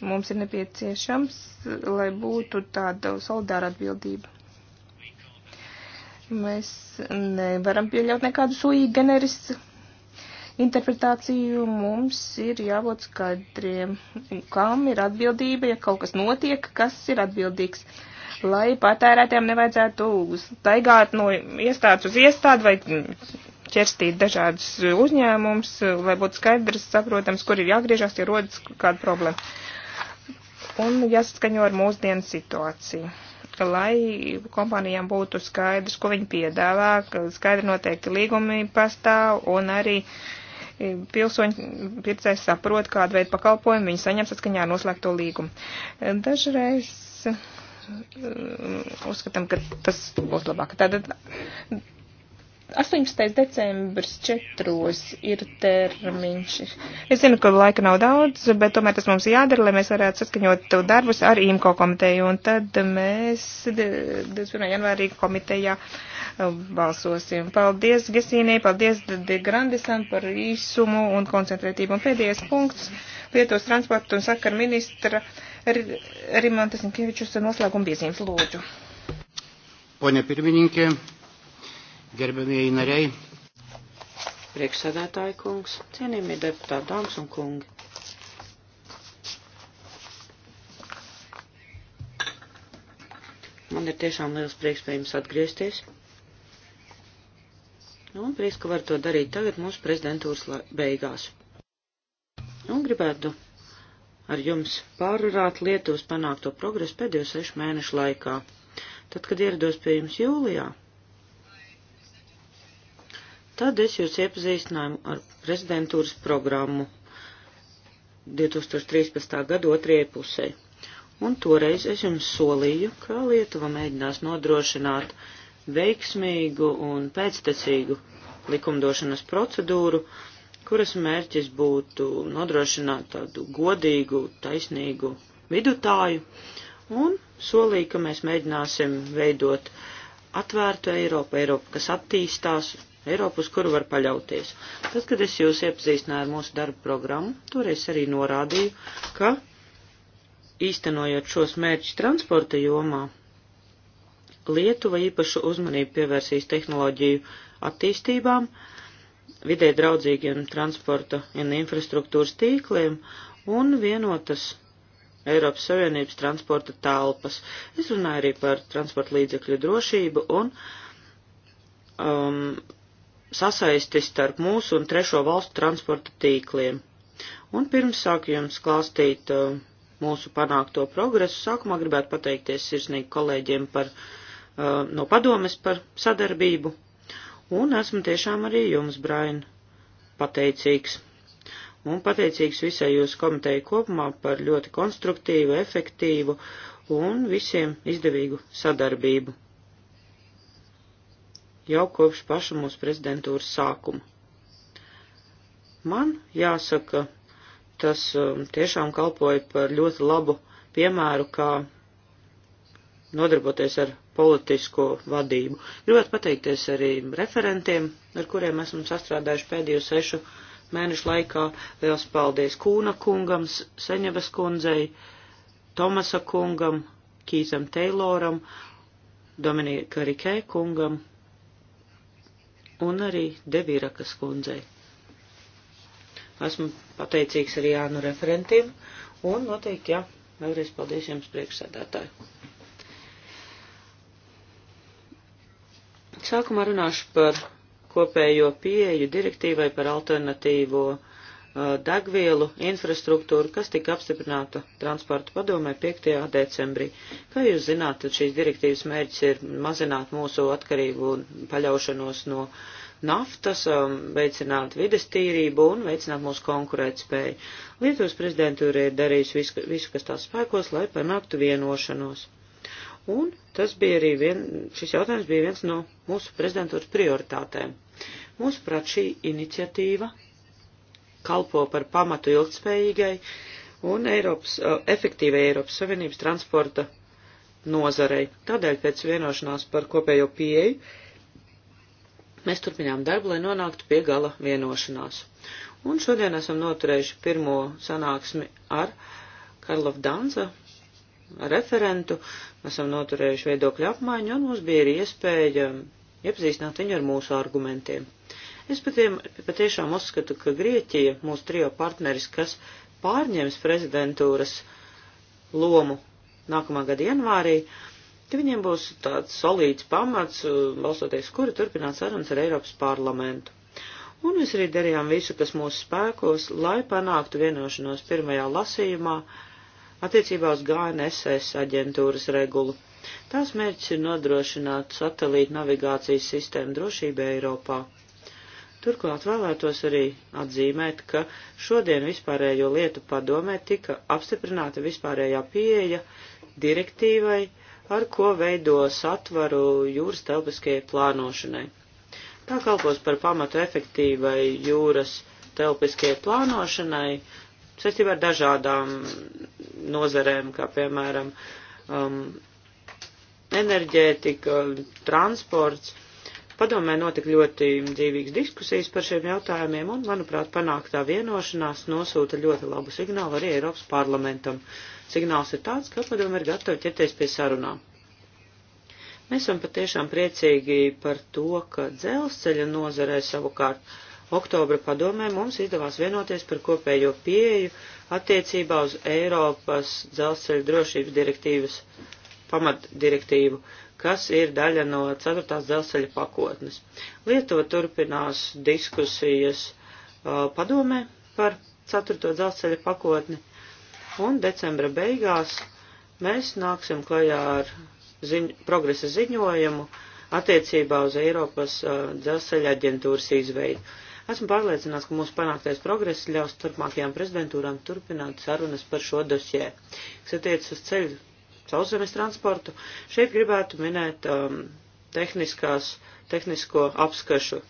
Mums ir nepieciešams, lai būtu tāda solidāra atbildība. Mēs nevaram pieļaut nekādu sui generis interpretāciju. Mums ir jābūt skaidriem, kam ir atbildība, ja kaut kas notiek, kas ir atbildīgs lai patērētiem nevajadzētu staigāt no iestādes uz iestādi vai ķerstīt dažādus uzņēmumus, lai būtu skaidrs, saprotams, kur ir jāgriežas, ja rodas kāda problēma un jāsaskaņo ar mūsdienu situāciju. Lai kompānijām būtu skaidrs, ko viņi piedāvā, skaidri noteikti līgumi pastāv un arī e, pilsoņi pircēs saprot, kādu veidu pakalpojumu viņi saņem saskaņā ar noslēgto līgumu. Dažreiz e, uzskatām, ka tas būs labāk. Tātad 18. decembris 4. ir termiņš. Es zinu, ka laika nav daudz, bet tomēr tas mums jādara, lai mēs varētu saskaņot darbus ar IMCO komiteju. Un tad mēs 21. janvārī komitejā um, balsosim. Paldies Gesīnī, paldies De Grandisam par īsumu un koncentrētību. Un pēdējais punkts - Lietuvas transporta un sakara ministra Rimantas Nikievičus noslēguma piezīmes. Lūdzu. Poņa pirmininkē gerbamieji nariai. Priekšsēdētāji kungs, cienījamie deputāti, dāmas un kungi. Man ir tiešām liels prieks pie jums atgriezties. Nu, un prieks, ka var to darīt tagad mūsu prezidentūras beigās. Nu, un gribētu ar jums pārrunāt Lietuvas panākto progresu pēdējo sešu mēnešu laikā. Tad, kad ierados pie jums jūlijā, Tad es jūs iepazīstināju ar prezidentūras programmu 2013. gada otrajai pusē. Un toreiz es jums solīju, ka Lietuva mēģinās nodrošināt veiksmīgu un pēctecīgu likumdošanas procedūru, kuras mērķis būtu nodrošināt tādu godīgu, taisnīgu vidutāju, un solīja, ka mēs mēģināsim veidot atvērtu Eiropu, Eiropu, kas attīstās, Eiropu, uz kuru var paļauties. Tad, kad es jūs iepazīstināju ar mūsu darbu programmu, toreiz arī norādīju, ka īstenojot šos mērķus transporta jomā, Lietuva īpašu uzmanību pievērsīs tehnoloģiju attīstībām, vidē draudzīgiem transporta un infrastruktūras tīkliem un vienotas Eiropas Savienības transporta telpas. Es runāju arī par transporta līdzekļu drošību un um, sasaisti starp mūsu un trešo valstu transporta tīkliem. Un pirms sāku jums klāstīt uh, mūsu panākto progresu, sākumā gribētu pateikties sirsnīgi kolēģiem par, uh, no padomes par sadarbību. Un esmu tiešām arī jums, Brain, pateicīgs. Un pateicīgs visai jūsu komiteju kopumā par ļoti konstruktīvu, efektīvu un visiem izdevīgu sadarbību jau kopš paša mūsu prezidentūras sākuma. Man jāsaka, tas um, tiešām kalpoja par ļoti labu piemēru, kā nodarboties ar politisko vadību. Gribētu pateikties arī referentiem, ar kuriem esam sastrādājuši pēdējo sešu mēnešu laikā. Liels paldies Kūna kungam, Seņevas kundzei, Tomasa kungam, Kīzam Teiloram, Dominika Rikē kungam un arī Devirakas kundzei. Esmu pateicīgs arī Jānu referentiem un noteikti, jā, vēlreiz paldies jums priekšsēdētāju. Sākumā runāšu par kopējo pieeju direktīvai par alternatīvo Uh, degvielu infrastruktūru, kas tika apstiprināta transporta padomē 5. decembrī. Kā jūs zināt, tad šīs direktīvas mērķis ir mazināt mūsu atkarību un paļaušanos no naftas, um, veicināt vides tīrību un veicināt mūsu konkurētspēju. Lietuvas prezidentūra ir darījusi visu, visu, kas tās spēkos, lai panāktu vienošanos. Un tas bija arī vien, šis jautājums bija viens no mūsu prezidentūras prioritātēm. Mūsuprāt, šī iniciatīva kalpo par pamatu ilgtspējīgai un Eiropas, efektīvai Eiropas Savienības transporta nozarei. Tādēļ pēc vienošanās par kopējo pieeju mēs turpinām darbu, lai nonāktu pie gala vienošanās. Un šodien esam noturējuši pirmo sanāksmi ar Karlov Danza referentu, mēs esam noturējuši viedokļu apmaiņu un mums bija arī iespēja iepazīstināt viņu ar mūsu argumentiem. Es patiem, patiešām uzskatu, ka Grieķija, mūsu trio partneris, kas pārņems prezidentūras lomu nākamā gada janvārī, ka viņiem būs tāds solīts pamats, uh, balstoties kura turpināt sarunas ar Eiropas parlamentu. Un mēs arī darījām visu, kas mūsu spēkos, lai panāktu vienošanos pirmajā lasījumā attiecībā uz GNSS aģentūras regulu. Tās mērķis ir nodrošināt satelīta navigācijas sistēmu drošību Eiropā. Turklāt vēlētos arī atzīmēt, ka šodien vispārējo lietu padomē tika apstiprināta vispārējā pieeja direktīvai, ar ko veido satvaru jūras telpiskajai plānošanai. Tā kalpos par pamatu efektīvai jūras telpiskajai plānošanai, saistībā ar dažādām nozarēm, kā piemēram um, enerģētika, transports Padomē notika ļoti dzīvīgas diskusijas par šiem jautājumiem, un, manuprāt, panāktā vienošanās nosūta ļoti labu signālu arī Eiropas parlamentam. Signāls ir tāds, ka padomē ir gatava ķerties pie sarunām. Mēs esam patiešām priecīgi par to, ka dzelzceļa nozarē savukārt oktobra padomē mums izdevās vienoties par kopējo pieeju attiecībā uz Eiropas dzelzceļa drošības direktīvas pamatdirektīvu kas ir daļa no 4. dzelzceļa pakotnes. Lietuva turpinās diskusijas uh, padomē par 4. dzelzceļa pakotni, un decembra beigās mēs nāksim klajā ar ziņ progresa ziņojumu attiecībā uz Eiropas uh, dzelzceļa aģentūras izveidu. Esmu pārliecināts, ka mūsu panāktais progress ļaus turpmākajām prezidentūrām turpināt sarunas par šo dosjē, kas attiec uz ceļu sauszemes transportu. Šeit gribētu minēt um, tehniskās, tehnisko apskašu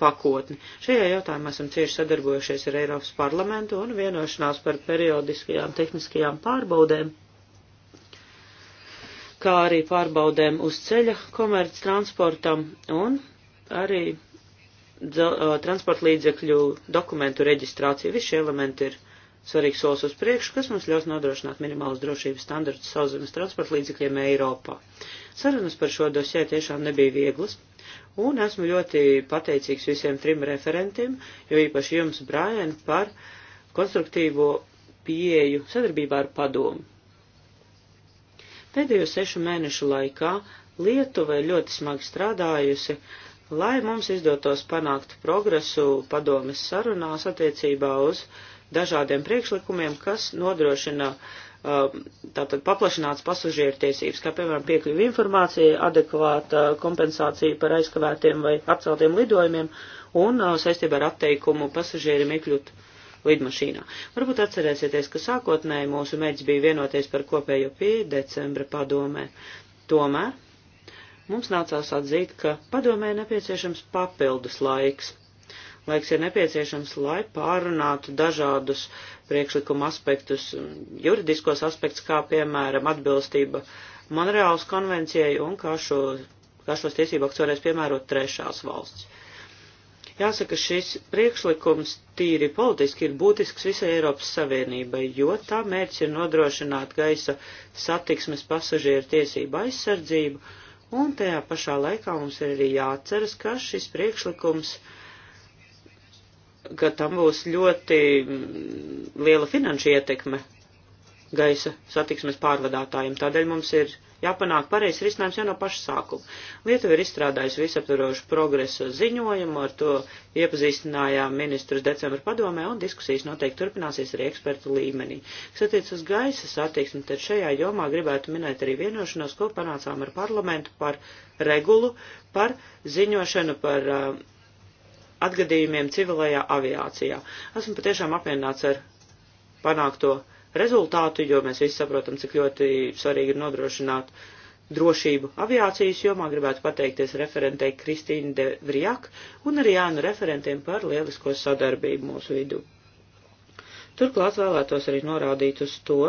pakotni. Šajā jautājumā esam cieši sadarbojušies ar Eiropas parlamentu un vienošanās par periodiskajām tehniskajām pārbaudēm, kā arī pārbaudēm uz ceļa komerc transportam un arī uh, transporta līdzekļu dokumentu reģistrācija. Visi šie elementi ir svarīgs solis uz priekšu, kas mums ļaus nodrošināt minimālus drošības standartus sauszemes transporta līdzekļiem Eiropā. Sarunas par šo dosē tiešām nebija vieglas, un esmu ļoti pateicīgs visiem trim referentiem, jo īpaši jums, Brian, par konstruktīvo pieeju sadarbībā ar padomu. Pēdējo sešu mēnešu laikā Lietuva ir ļoti smagi strādājusi, lai mums izdotos panākt progresu padomes sarunās attiecībā uz uh, dažādiem priekšlikumiem, kas nodrošina uh, tātad paplašināts pasažieru tiesības, kā piemēram piekļuva informācija, adekvāta kompensācija par aizkavētiem vai atceltiem lidojumiem un uh, saistībā ar atteikumu pasažierim iekļūt lidmašīnā. Varbūt atcerēsieties, ka sākotnēji mūsu mēģis bija vienoties par kopējo pieeju decembra padomē. Tomēr mums nācās atzīt, ka padomē nepieciešams papildus laiks Laiks ir nepieciešams, lai pārunātu dažādus priekšlikuma aspektus, juridiskos aspektus, kā piemēram atbilstība Monreāls konvencijai un kā, šo, kā šos tiesību aktus varēs piemērot trešās valsts. Jāsaka, šis priekšlikums tīri politiski ir būtisks visai Eiropas Savienībai, jo tā mērķis ir nodrošināt gaisa satiksmes pasažieru tiesību aizsardzību, un tajā pašā laikā mums ir arī jāatceras, ka šis priekšlikums uh, ka tam būs ļoti liela finanšu ietekme gaisa satiksmes pārvadātājiem. Tādēļ mums ir jāpanāk pareizs risinājums jau no paša sākuma. Lietuva ir izstrādājusi visaptvarošu progresa ziņojumu, ar to iepazīstinājām ministrus decembra padomē, un diskusijas noteikti turpināsies arī ekspertu līmenī. Kas attiec uz gaisa satiksmi, tad šajā jomā gribētu minēt arī vienošanos, ko panācām ar parlamentu par regulu, par ziņošanu par uh, atgadījumiem civilajā aviācijā. Esmu patiešām apmierināts ar panākto rezultātu, jo mēs visi saprotam, cik ļoti svarīgi ir nodrošināt drošību aviācijas jomā. Gribētu pateikties referentei Kristīne de Vrijak un arī Jānu referentiem par lielisko sadarbību mūsu vidu. Turklāt vēlētos arī norādīt uz to,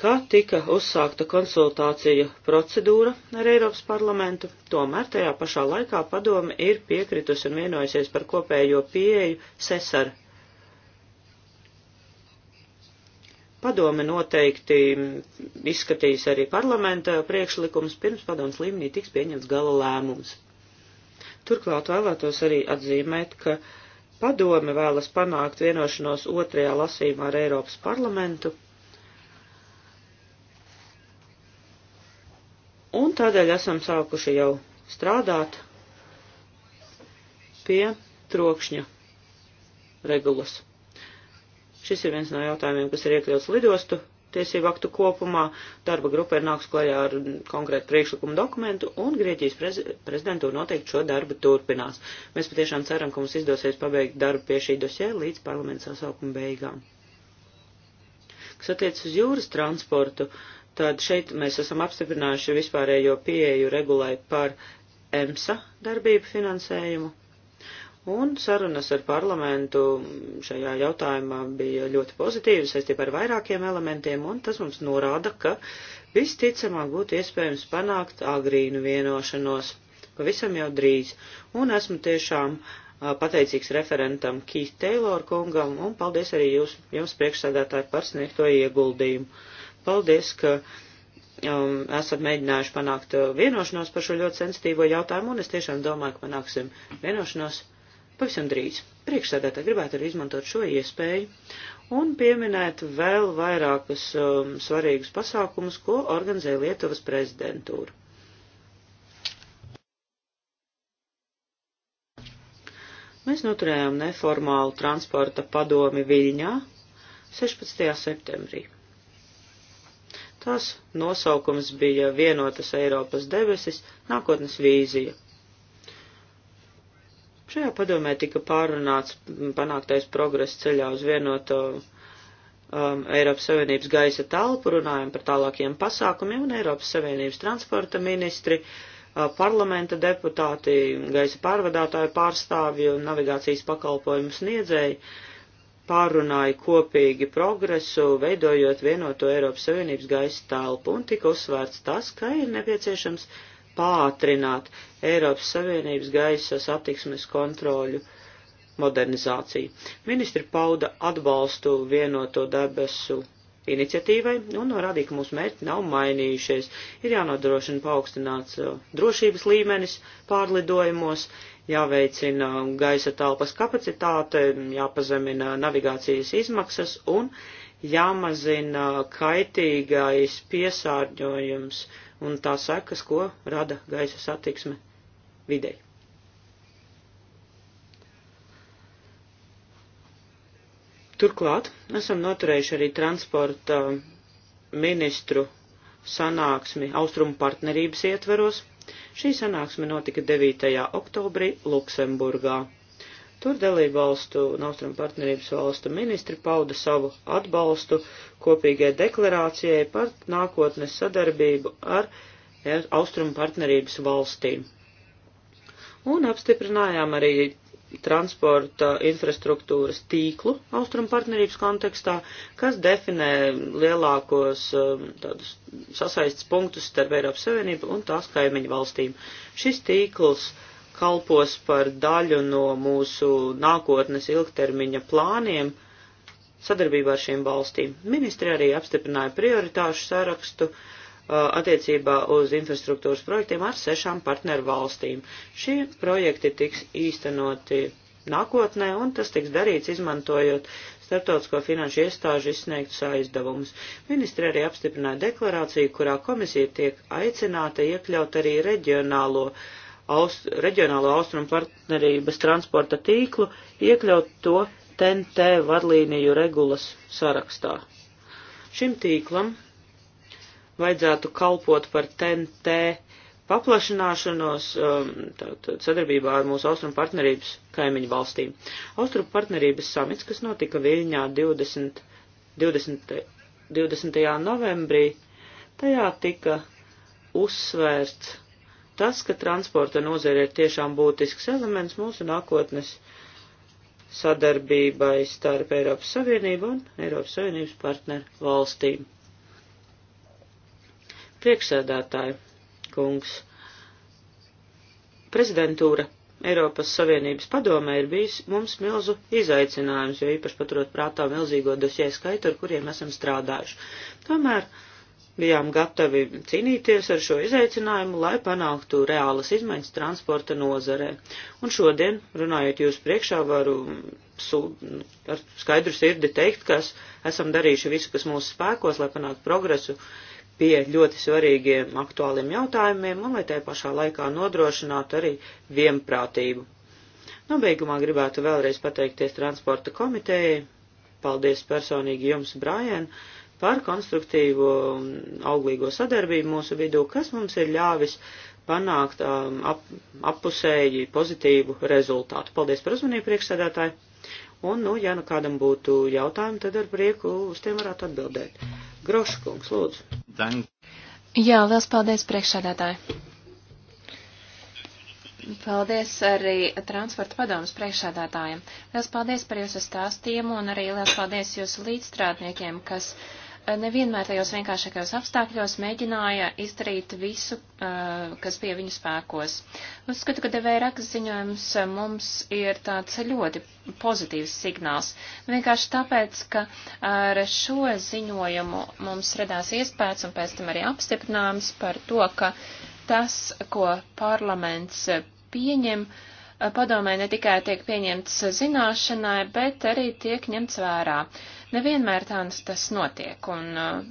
ka tika uzsākta konsultācija procedūra ar Eiropas parlamentu, tomēr tajā pašā laikā padome ir piekritusi un vienojusies par kopējo pieeju sesar. Padome noteikti izskatīs arī parlamenta priekšlikums, pirms padomas līmenī tiks pieņemts gala lēmums. Turklāt vēlētos arī atzīmēt, ka padome vēlas panākt vienošanos otrajā lasīmā ar Eiropas parlamentu Un tādēļ esam sākuši jau strādāt pie trokšņa regulas. Šis ir viens no jautājumiem, kas ir iekļauts lidostu tiesību aktu kopumā. Darba grupa ir nāks klajā ar konkrētu priekšlikumu dokumentu, un Grieķijas prez prezidentūra noteikti šo darbu turpinās. Mēs patiešām ceram, ka mums izdosies pabeigt darbu pie šī dosē līdz parlamenta sasaukuma beigām. Kas attiec uz jūras transportu, Tad šeit mēs esam apstiprinājuši vispārējo pieeju regulai par EMSA darbību finansējumu. Un sarunas ar parlamentu šajā jautājumā bija ļoti pozitīvas saistībā ar vairākiem elementiem, un tas mums norāda, ka visticamāk būtu iespējams panākt agrīnu vienošanos pavisam jau drīz. Un esmu tiešām pateicīgs referentam Keith Taylor kungam, un paldies arī jūs, jums priekšsādātāji par sniegto ieguldījumu. Paldies, ka um, esat mēģinājuši panākt uh, vienošanos par šo ļoti sensitīvo jautājumu, un es tiešām domāju, ka panāksim vienošanos pavisam drīz. Priekšsēdētāji gribētu arī izmantot šo iespēju un pieminēt vēl vairākus um, svarīgus pasākumus, ko organizē Lietuvas prezidentūra. Mēs noturējām neformālu transporta padomi Viļņā 16. septembrī. Tās nosaukums bija Vienotas Eiropas debesis, nākotnes vīzija. Šajā padomē tika pārunāts panāktais progress ceļā uz vienoto um, Eiropas Savienības gaisa telpu, runājam par tālākiem pasākumiem, un Eiropas Savienības transporta ministri, uh, parlamenta deputāti, gaisa pārvadātāju pārstāvji un navigācijas pakalpojumu sniedzēji uh, pārunāja kopīgi progresu, veidojot vienoto Eiropas Savienības gaisa telpu, un tika uzsvērts tas, ka ir nepieciešams pātrināt Eiropas Savienības gaisa satiksmes kontroļu modernizāciju. Ministri pauda atbalstu vienoto debesu iniciatīvai un norādīja, ka mūsu mērķi nav mainījušies. Ir jānodrošina paaugstināts uh, drošības līmenis pārlidojumos, jāveicina gaisa telpas kapacitāte, jāpazemina navigācijas izmaksas un jāmazina kaitīgais piesārņojums un tā sekas, ko rada gaisa satiksme videi. Turklāt esam noturējuši arī transporta ministru sanāksmi austrumu partnerības ietveros, Šī sanāksme notika 9. oktobrī Luksemburgā. Tur dalību valstu un austrumu partnerības valstu ministri pauda savu atbalstu kopīgai deklarācijai par nākotnes sadarbību ar austrumu partnerības valstīm. Un apstiprinājām arī transporta infrastruktūras tīklu austrumu partnerības kontekstā, kas definē lielākos um, tādus sasaistes punktus starp Eiropas Savienību un tās kaimiņu valstīm. Šis tīkls kalpos par daļu no mūsu nākotnes ilgtermiņa plāniem sadarbībā ar šīm valstīm. Ministri arī apstiprināja prioritāšu sarakstu, uh, Uh, attiecībā uz infrastruktūras projektiem ar sešām partneru valstīm. Šie projekti tiks īstenoti nākotnē, un tas tiks darīts izmantojot starptautisko finanšu iestāžu izsniegtus aizdevumus. Ministri arī apstiprināja deklarāciju, kurā komisija tiek aicināta iekļaut arī reģionālo, aust, reģionālo austrumu partnerības transporta tīklu, iekļaut to TNT vadlīniju regulas sarakstā. Šim tīklam vajadzētu kalpot par TNT paplašināšanos um, sadarbībā ar mūsu austrumu partnerības kaimiņu valstīm. Austrumu partnerības samits, kas notika Viļņā 20, 20, 20. novembrī, tajā tika uzsvērts tas, ka transporta nozare ir tiešām būtisks elements mūsu nākotnes sadarbībai starp Eiropas Savienību un Eiropas Savienības partneru valstīm. Priekšsēdētāji, kungs, prezidentūra Eiropas Savienības padomē ir bijis mums milzu izaicinājums, jo īpaši paturot prātā milzīgo dosie skaitu, ar kuriem esam strādājuši. Tomēr bijām gatavi cīnīties ar šo izaicinājumu, lai panāktu reālas izmaiņas transporta nozarē. Un šodien, runājot jūs priekšā, varu ar skaidru sirdi teikt, ka esam darījuši visu, kas mūsu spēkos, lai panāktu progresu pie ļoti svarīgiem aktuāliem jautājumiem un lai tai pašā laikā nodrošinātu arī vienprātību. Nobeigumā gribētu vēlreiz pateikties transporta komitejai. Paldies personīgi jums, Brian, par konstruktīvo un auglīgo sadarbību mūsu vidū, kas mums ir ļāvis panākt um, ap, appusēji pozitīvu rezultātu. Paldies par uzmanību, priekšsēdētāji! Un, nu, ja nu kādam būtu jautājumi, tad ar prieku uz tiem varētu atbildēt. Groškungs, lūdzu! Dank. Jā, liels paldies priekšsēdētāji. Paldies arī transporta padomus priekšsēdētājiem. Liels paldies par jūsu stāstījumu un arī liels paldies jūsu līdzstrādniekiem, kas nevienmēr tajos vienkāršākajos apstākļos mēģināja izdarīt visu, eh, kas bija viņu spēkos. Uzskatu, ka devēja rakas ziņojums eh, mums ir tāds ļoti pozitīvs signāls. Vienkārši tāpēc, ka eh, ar šo ziņojumu mums radās iespējas un pēc tam arī apstiprinājums par to, ka tas, ko parlaments pieņem, uh, padomē ne tikai tiek pieņemts zināšanai, bet arī tiek ņemts vērā. Nevienmēr tā nu tas notiek, un uh,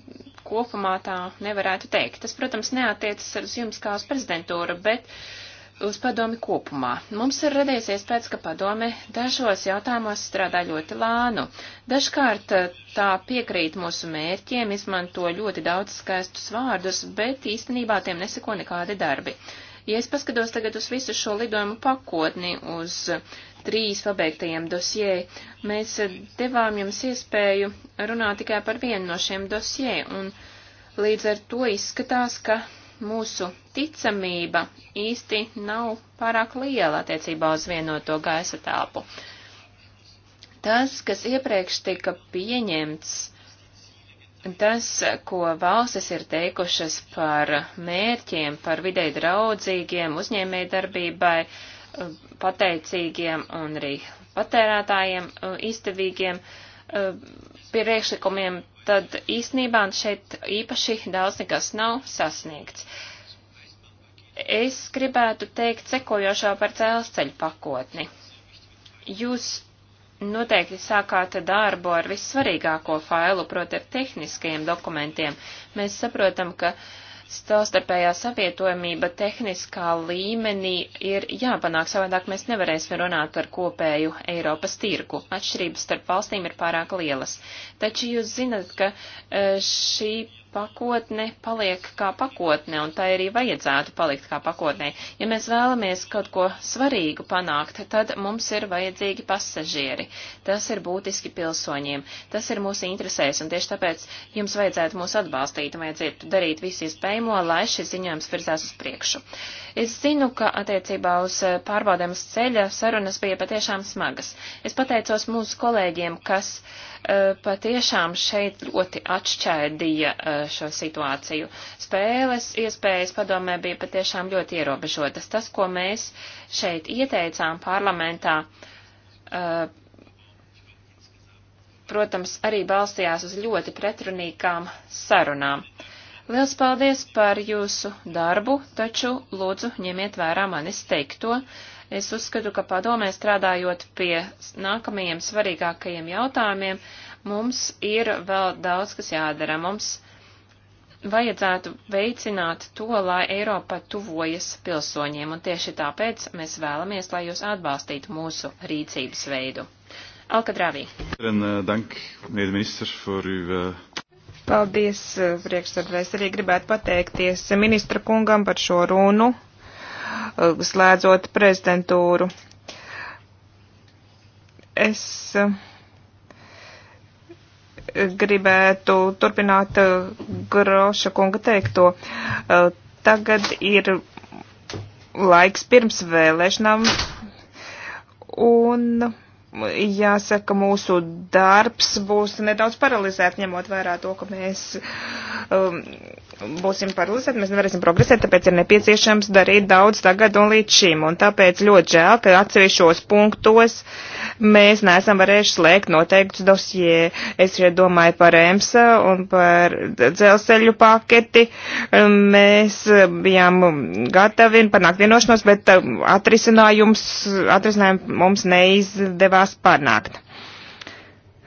kopumā tā nevarētu teikt. Tas, protams, neatiecas uz jums kā uz prezidentūru, bet uz padomi kopumā. Mums ir radies iespējas, ka padome dažos jautājumos strādā ļoti lānu. Dažkārt uh, tā piekrīt mūsu mērķiem, izmanto ļoti daudz skaistus vārdus, bet īstenībā tiem neseko nekādi darbi. Ja es paskatos tagad uz visu šo lidojumu pakotni, uz trīs pabeigtajiem dosjē, mēs devām jums iespēju runāt tikai par vienu no šiem dosjē, un līdz ar to izskatās, ka mūsu ticamība īsti nav pārāk liela attiecībā uz vienoto gaisa tāpu. Tas, kas iepriekš tika pieņemts, tas, ko valstis ir teikušas par mērķiem, par videi draudzīgiem uzņēmējdarbībai, pateicīgiem un arī patērētājiem e, izdevīgiem e, priekšlikumiem, tad īsnībā šeit īpaši daudz nekas nav sasniegts. Es gribētu teikt sekojošo par cēlsceļu pakotni. Jūs noteikti sākāt darbu ar vissvarīgāko failu, proti ar tehniskajiem dokumentiem. Mēs saprotam, ka stāvstarpējā savietojamība tehniskā līmenī ir jāpanāk, savādāk mēs nevarēsim runāt par kopēju Eiropas tirgu. Atšķirības starp valstīm ir pārāk lielas. Taču jūs zinat, ka eh, šī pakotne paliek kā pakotne, un tā arī vajadzētu palikt kā pakotnē. Ja mēs vēlamies kaut ko svarīgu panākt, tad mums ir vajadzīgi pasažieri. Tas ir būtiski pilsoņiem, tas ir mūsu interesēs, un tieši tāpēc jums vajadzētu mūs atbalstīt, un vajadzētu darīt visu iespējamo, lai šis ziņojums virzās uz priekšu. Es zinu, ka attiecībā uz pārbaudēm uz ceļa sarunas bija patiešām smagas. Es pateicos mūsu kolēģiem, kas uh, patiešām šeit ļoti atšķaidīja uh, šo situāciju. Spēles iespējas padomē bija patiešām ļoti ierobežotas. Tas, ko mēs šeit ieteicām parlamentā, eh, protams, arī balstījās uz ļoti pretrunīgām sarunām. Liels paldies par jūsu darbu, taču lūdzu ņemiet vērā manis teikto. Es uzskatu, ka padomē strādājot pie nākamajiem svarīgākajiem jautājumiem, mums ir vēl daudz, kas jādara. Mums vajadzētu veicināt to, lai Eiropa tuvojas pilsoņiem, un tieši tāpēc mēs vēlamies, lai jūs atbalstītu mūsu rīcības veidu. Alkadrāvī. Uh, uh, Paldies, uh, priekšsēdētājs. Arī gribētu pateikties ministra kungam par šo runu, slēdzot prezidentūru. Es. Uh, gribētu turpināt uh, Groša kunga teikto. Uh, tagad ir laiks pirms vēlēšanām un jāsaka, mūsu darbs būs nedaudz paralizēts, ņemot vērā to, ka mēs um, būsim paralizēti, mēs nevarēsim progresēt, tāpēc ir nepieciešams darīt daudz tagad un līdz šim. Un tāpēc ļoti žēl, ka atsevišķos punktos mēs neesam varējuši slēgt noteiktus dosie. Es šeit domāju par EMSA un par dzelzceļu paketi. Mēs bijām gatavi panākt vienošanos, bet uh, atrisinājums, atrisinājumu mums neizdevās panākt.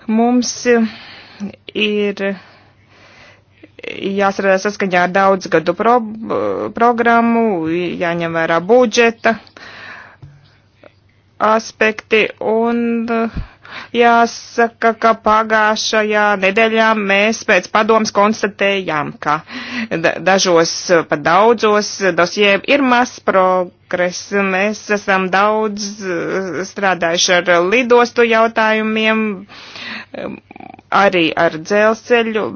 Mums ir jāsarā saskaņā ar daudz gadu pro, programmu, jāņem vērā budžeta aspekti un jāsaka, ka pagājušajā nedēļā mēs pēc padoms konstatējām, ka dažos pat daudzos dosjē ir maz progress. Mēs esam daudz strādājuši ar lidostu jautājumiem, arī ar dzelzceļu,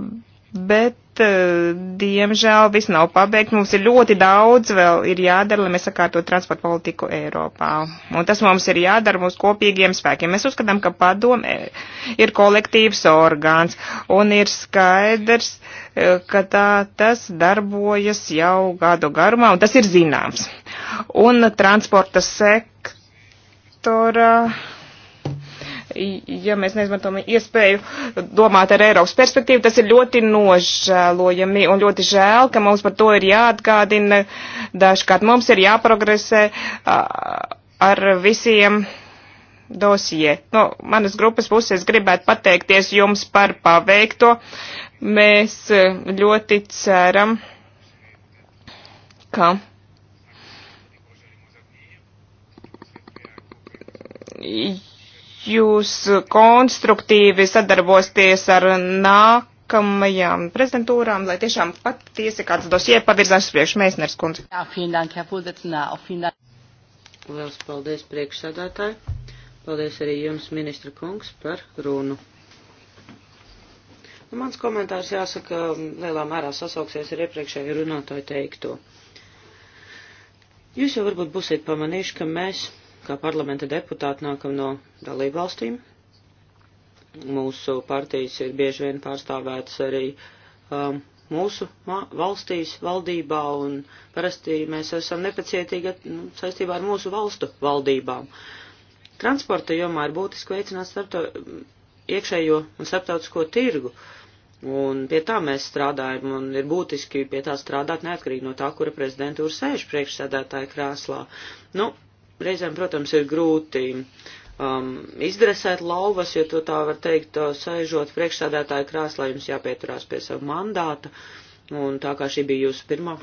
bet Eh, diemžēl, viss nav pabeigts. Mums ir ļoti daudz vēl ir jādara, lai mēs sakārtotu transporta politiku Eiropā. Un tas mums ir jādara mūsu kopīgiem spēkiem. Mēs uzskatām, ka padome eh, ir kolektīvs orgāns un ir skaidrs, eh, ka tā tas darbojas jau gadu garumā un tas ir zināms. Un transporta sektora ja mēs neizmantojam iespēju domāt ar Eiropas perspektīvu, tas ir ļoti nožēlojami un ļoti žēl, ka mums par to ir jāatgādina dažkārt. Mums ir jāprogresē ar visiem dosie. No manas grupas puses gribētu pateikties jums par paveikto. Mēs e, ļoti ceram, ka jūs konstruktīvi sadarbosties ar nākamajām prezidentūrām, lai tiešām patiesi kāds dosie pavirzās uz priekšu Mēsners kundze. Jā, fīndāk, jā, pūdēcinā, fīndāk. Liels paldies priekšsādātāji. Paldies arī jums, ministra kungs, par runu. Nu, mans komentārs jāsaka lielā mērā sasauksies ar iepriekšēju runātāju teikto. Jūs jau varbūt būsiet pamanījuši, ka mēs kā parlamenta deputāti nākam no dalību valstīm. Mūsu partijas ir bieži vien pārstāvētas arī um, mūsu valstīs, valdībā, un parasti mēs esam nepacietīgi nu, saistībā ar mūsu valstu valdībām. Transporta jomā ir būtiski veicināt starpto, iekšējo un starptautisko tirgu, un pie tā mēs strādājam, un ir būtiski pie tā strādāt neatkarīgi no tā, kura prezidentūra sēž priekšsēdētāja krēslā. Nu, reizēm, protams, ir grūti um, izdresēt lauvas, ja to tā var teikt, uh, sēžot priekšsādātāju krāslā, jums jāpieturās pie sava mandāta. Un tā kā šī bija jūsu pirmā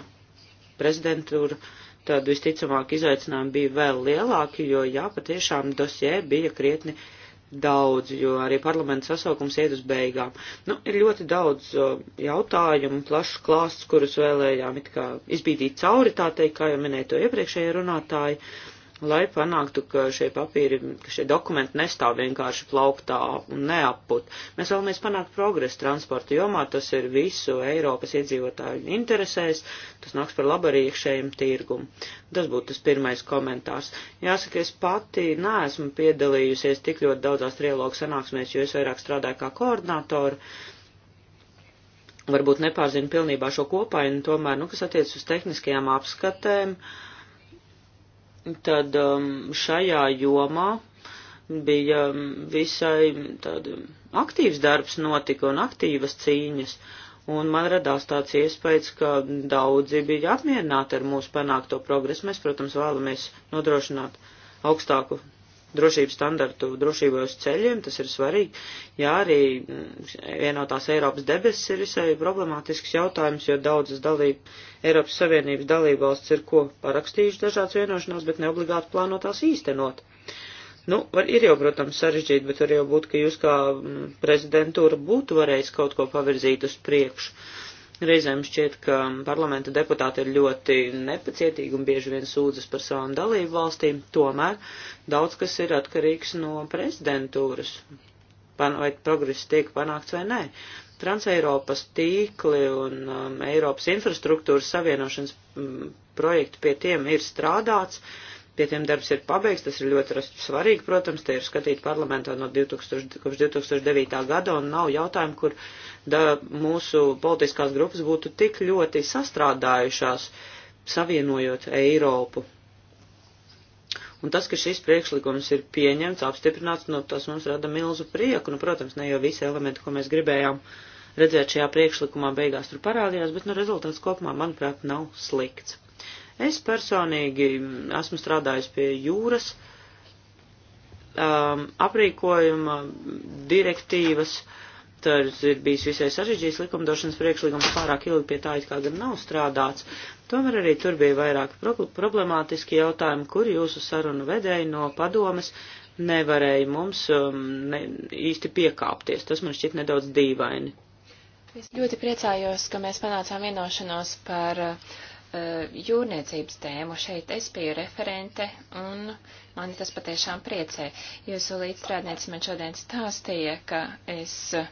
prezidentūra, tad visticamāk izaicinājumi bija vēl lielāki, jo jā, patiešām dosie bija krietni daudz, jo arī parlamenta sasaukums iet uz beigām. Nu, ir ļoti daudz uh, jautājumu, plašs klāsts, kurus vēlējām it kā izbīdīt cauri, tā teikt, kā jau minēja to iepriekšējie runātāji. Uh, lai panāktu, ka šie papīri, ka šie dokumenti nestāv vienkārši plauktā un neapput. Mēs vēlamies panākt progresu transporta jomā, tas ir visu Eiropas iedzīvotāju interesēs, tas nāks par labu arī iekšējiem tirgumu. Tas būtu tas pirmais komentārs. Jāsaka, es pati neesmu piedalījusies tik ļoti daudzās trialogu sanāksmēs, jo es vairāk strādāju kā koordinātori varbūt nepārzina pilnībā šo kopainu, tomēr, nu, kas attiec uz tehniskajām apskatēm, uh, tad um, šajā jomā bija um, visai tāda aktīvs darbs notika un aktīvas cīņas. Un man radās tāds iespējas, ka daudzi bija apmierināti ar mūsu panākto progresu. Mēs, protams, vēlamies nodrošināt augstāku drošības standartu drošībai uz ceļiem, tas ir svarīgi. Jā, arī mm, vienotās Eiropas debesis ir visai problemātisks jautājums, jo daudzas dalība, Eiropas Savienības dalībvalsts ir ko parakstījuši dažādas vienošanās, bet neobligāti plāno tās īstenot. Nu, var, ir jau, protams, sarežģīti, bet var jau būt, ka jūs kā mm, prezidentūra būtu varējis kaut ko pavirzīt uz priekšu. Reizēm šķiet, ka parlamenta deputāti ir ļoti nepacietīgi un bieži vien sūdzas par savām dalību valstīm, tomēr daudz kas ir atkarīgs no prezidentūras, vai progress tiek panākts vai nē. Transeiropas tīkli un um, Eiropas infrastruktūras savienošanas um, projekti pie tiem ir strādāts. Uh, pie tiem darbs ir pabeigts, tas ir ļoti svarīgi, protams, te ir skatīt parlamentā no 2000, kopš 2009. gada un nav jautājumu, kur da, mūsu politiskās grupas būtu tik ļoti sastrādājušās, savienojot Eiropu. Un tas, ka šis priekšlikums ir pieņemts, apstiprināts, nu, tas mums rada milzu prieku, nu, protams, ne jau visi elementi, ko mēs gribējām redzēt šajā priekšlikumā beigās tur parādījās, bet, nu, rezultāts kopumā, manuprāt, nav slikts. Es personīgi esmu strādājis pie jūras um, aprīkojuma direktīvas. Tas ir bijis visai sarežģīts likumdošanas priekšlikums, pārāk ilgi pie tā it kā gan nav strādāts. Tomēr arī tur bija vairāk problemātiski jautājumi, kur jūsu sarunu vedēji no padomes nevarēja mums um, ne, īsti piekāpties. Tas man šķiet nedaudz dīvaini. Es ļoti priecājos, ka mēs panācām vienošanos par uh, Eh, jūrniecības tēmu. Šeit es biju referente un mani tas patiešām priecē. Jūsu līdzstrādniece man šodien stāstīja, ka es eh,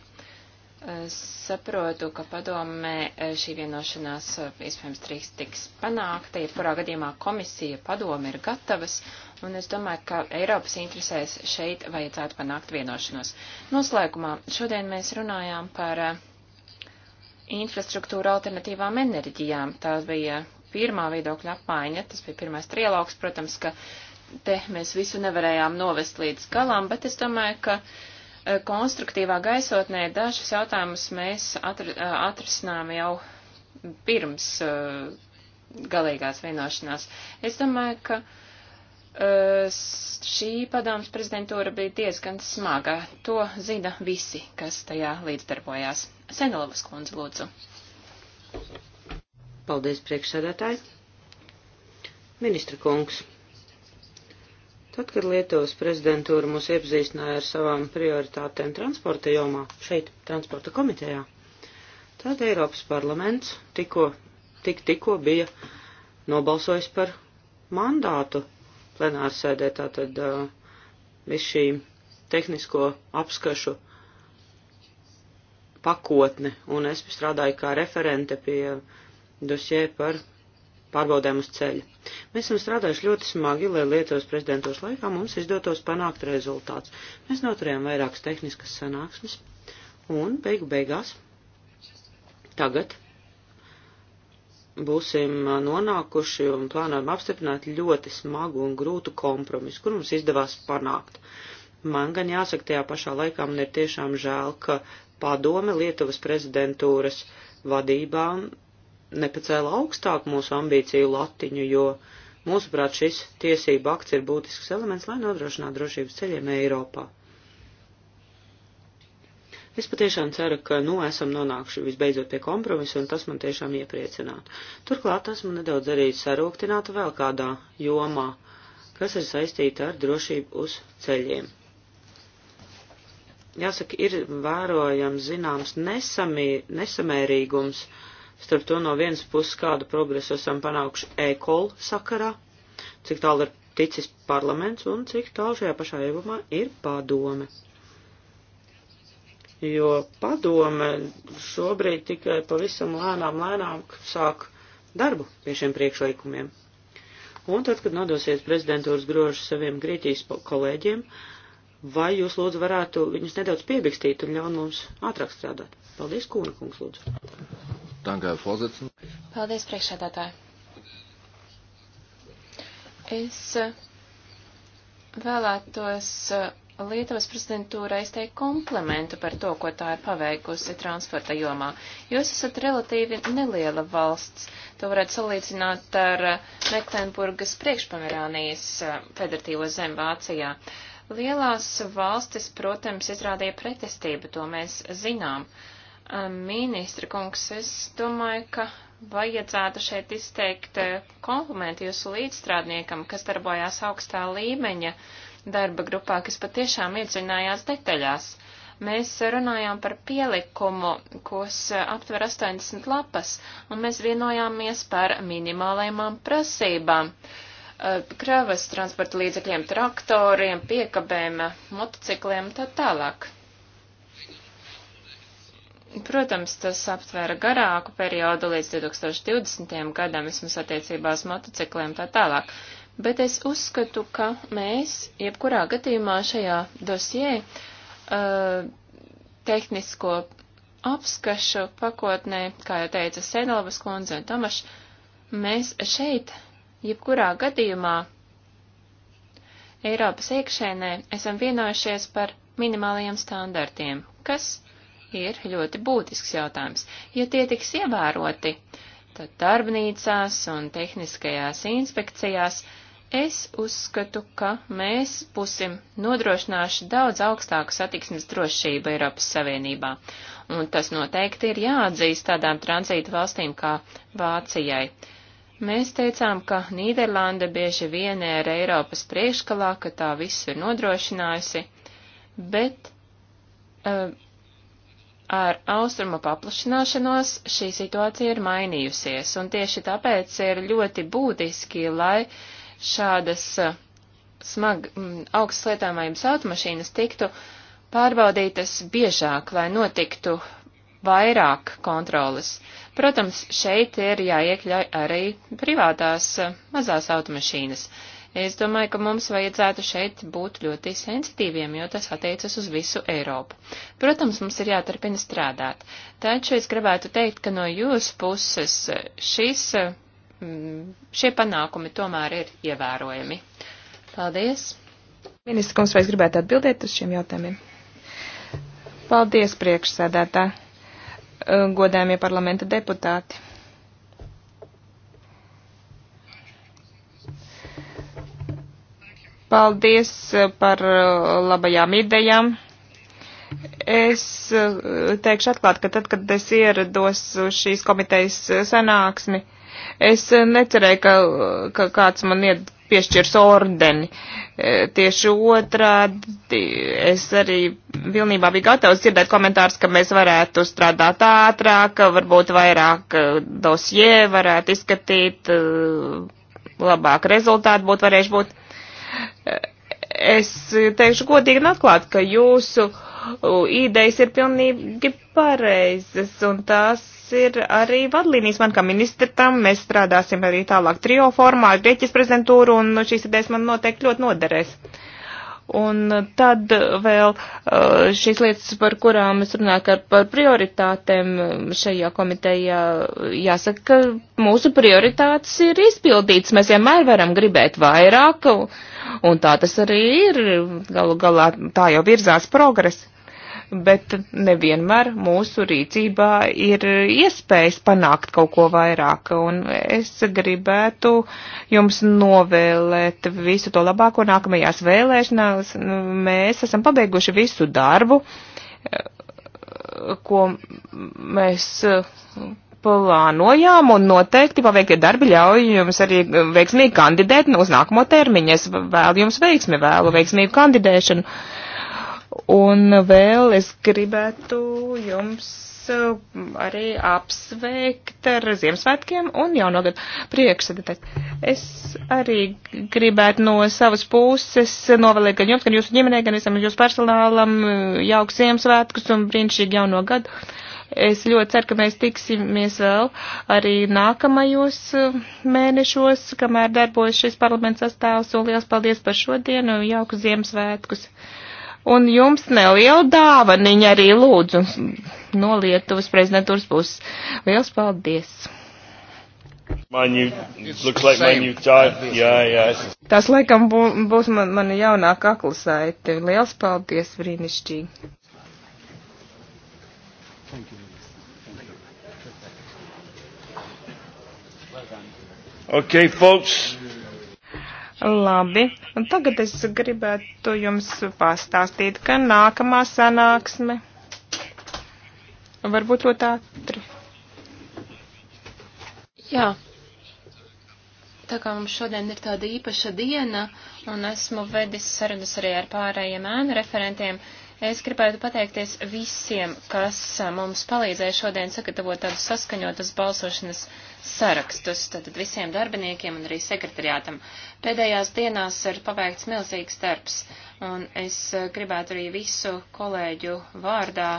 saprotu, ka padomē eh, šī vienošanās iespējams drīz tiks panākta, jebkurā gadījumā komisija padome ir gatavas, un es domāju, ka Eiropas interesēs šeit vajadzētu panākt vienošanos. Noslēgumā šodien mēs runājām par uh, infrastruktūru alternatīvām enerģijām. Tā bija pirmā viedokļa apmaiņa, tas bija pirmais trialogs, protams, ka te mēs visu nevarējām novest līdz galam, bet es domāju, ka eh, konstruktīvā gaisotnē dažus jautājumus mēs atr eh, atrisinām jau pirms uh, galīgās vienošanās. Es domāju, ka uh, šī padomas prezidentūra bija diezgan smaga. To zina visi, kas tajā līdzdarbojās. Senelovas kundze, lūdzu. Paldies, priekšsēdētāji. Ministra kungs. Tad, kad Lietuvas prezidentūra mūs iepazīstināja ar savām prioritātēm transporta jomā, šeit, transporta komitejā, tad Eiropas parlaments tikko, tik tikko bija nobalsojis par mandātu plenārsēdē, tātad uh, visu šī tehnisko apskašu pakotne, un es strādāju kā referente pie dosie par pārbaudēm uz ceļa. Mēs esam strādājuši ļoti smagi, lai Lietuvas prezidentos laikā mums izdotos panākt rezultāts. Mēs noturējām vairākas tehniskas sanāksmes, un beigu beigās tagad būsim uh, nonākuši un plānojam apstiprināt ļoti smagu un grūtu kompromisu, kur mums izdevās panākt. Man gan jāsaka, tajā pašā laikā man ir tiešām žēl, ka padome Lietuvas prezidentūras vadībā nepacēla augstāk mūsu ambīciju latiņu, jo, mūsuprāt, šis tiesība akts ir būtisks elements, lai nodrošinātu drošības ceļiem Eiropā. Es patiešām ceru, ka, nu, esam nonākuši visbeidzot pie kompromisa, un tas man tiešām iepriecinātu. Turklāt tas man nedaudz arī sarūktinātu vēl kādā jomā, kas ir saistīta ar drošību uz ceļiem. Jāsaka, ir vērojams zināms nesamī, nesamērīgums starp to no vienas puses, kādu progresu esam panākuši e-kolu sakarā, cik tālu ir ticis parlaments un cik tālu šajā pašā jomā ir padome jo padome šobrīd tikai pavisam lēnām, lēnām sāk darbu pie šiem priekšlikumiem. Un tad, kad nodosiet prezidentūras grožu saviem Grieķijas kolēģiem, vai jūs lūdzu varētu viņus nedaudz piebikstīt un ļaun mums ātrāk strādāt? Paldies, Kūna kungs, lūdzu. Dankā, Fozicin. Paldies, priekšsēdētāji. Es eh, vēlētos eh, Lietuvas prezidentūra izteikt komplementu par to, ko tā ir paveikusi transporta jomā. Jūs esat relatīvi neliela valsts. To varētu salīdzināt ar eh, Mecklenburgas priekšpamerānijas eh, federatīvo zem Vācijā. Lielās valstis, protams, izrādīja pretestību, to mēs zinām. Eh, ministra kungs, es domāju, ka vajadzētu šeit izteikt komplimentu jūsu līdzstrādniekam, kas darbojās augstā līmeņa darba grupā, kas patiešām iedziļinājās detaļās. Mēs runājām par pielikumu, kas eh, aptver 80 lapas, un mēs vienojāmies par minimālajām prasībām eh, kravas transporta līdzekļiem, traktoriem, piekabēm, motocikliem un tā tālāk. Protams, tas aptvēra garāku periodu līdz 2020. gadam, vismaz attiecībās motocikliem tā tālāk bet es uzskatu, ka mēs, jebkurā gadījumā šajā dosjē, uh, tehnisko apskašu pakotnē, kā jau teica Senelovas kundze un Tomaš, mēs šeit, jebkurā gadījumā, Eiropas iekšēnē esam vienojušies par minimālajiem standartiem, kas ir ļoti būtisks jautājums. Ja tie tiks ievēroti, tad darbnīcās un tehniskajās inspekcijās Es uzskatu, ka mēs būsim nodrošinājuši daudz augstāku satiksmes drošību Eiropas Savienībā, un tas noteikti ir jāatzīst tādām tranzītu valstīm kā Vācijai. Mēs teicām, ka Nīderlanda bieži vienē ar Eiropas priekškalā, ka tā viss ir nodrošinājusi, bet uh, ar austruma paplašināšanos šī situācija ir mainījusies, un tieši tāpēc ir ļoti būtiski, lai uh, šādas uh, smag, mm, augstas lietāmājums automašīnas tiktu pārbaudītas biežāk, lai notiktu vairāk kontrolas. Protams, šeit ir jāiekļauj arī privātās uh, mazās automašīnas. Es domāju, ka mums vajadzētu šeit būt ļoti sensitīviem, jo tas attiecas uz visu Eiropu. Protams, mums ir jāturpina strādāt, taču es gribētu teikt, ka no jūsu puses šis uh, Mm, šie panākumi tomēr ir ievērojami. Paldies! Ministra kungs, vai es gribētu atbildēt uz šiem jautājumiem? Paldies, priekšsēdētā, uh, godājumie parlamenta deputāti. Paldies uh, par uh, labajām idejām. Es teikšu atklāt, ka tad, kad es ierados šīs komitejas sanāksmi, uh, Es eh, necerēju, ka, ka kāds man iet piešķirs ordeni. Eh, tieši otrādi es arī pilnībā biju gatavs dzirdēt komentārus, ka mēs varētu strādāt ātrāk, varbūt vairāk eh, dosie varētu izskatīt, labāk rezultāti būtu varējuši būt. Es teikšu godīgi un atklāt, ka jūsu idejas ir pilnīgi pareizas un tās ir arī vadlīnijas man kā ministram. Mēs strādāsim arī tālāk trio formā ar Grieķijas prezidentūru, un šīs idejas man noteikti ļoti noderēs. Un tad vēl uh, šīs lietas, par kurām es runāju par prioritātēm šajā komitejā, jāsaka, ka mūsu prioritātes ir izpildītas. Mēs vienmēr varam gribēt vairāk, un tā tas arī ir. Galu galā tā jau virzās progresa bet nevienmēr mūsu rīcībā ir iespējas panākt kaut ko vairāk. Un es gribētu jums novēlēt visu to labāko nākamajās vēlēšanās. Mēs esam pabeiguši visu darbu, ko mēs plānojām un noteikti paveiktie darbi ļauj jums arī veiksmīgi kandidēt uz nākamo termiņu. Es vēlu jums veiksmi, vēlu veiksmīgu kandidēšanu. Uh, Un vēl es gribētu jums uh, arī apsveikt ar Ziemassvētkiem un jaunogad priekšsēdētāji. Es arī gribētu no savas puses novēlēt gan jums, gan jūsu ģimenei, gan visam jūsu personālam uh, jauks Ziemassvētkus un brīnišķīgu jauno gadu. Es ļoti ceru, ka mēs tiksimies vēl arī nākamajos uh, mēnešos, kamēr darbojas šis parlaments sastāvs, un liels paldies par šodienu, jauku Ziemassvētkus! un jums nelielu dāvaniņu arī lūdzu no Lietuvas prezidentūras puses. Liels paldies! New, like yeah, yeah. Tas laikam bū, būs man, mana jaunā kaklasaite. Liels paldies, brīnišķīgi! Okay, folks. Labi, un tagad es gribētu jums pastāstīt, ka nākamā sanāksme varbūt ļoti ātri. Jā, tā kā mums šodien ir tāda īpaša diena, un esmu vedis sarunas arī ar pārējiem ēnu referentiem, es gribētu pateikties visiem, kas mums palīdzēja šodien sagatavot tādu saskaņotas balsošanas sarakstus, tātad visiem darbiniekiem un arī sekretariātam. Pēdējās dienās ir paveikts milzīgs darbs, un es eh, gribētu arī visu kolēģu vārdā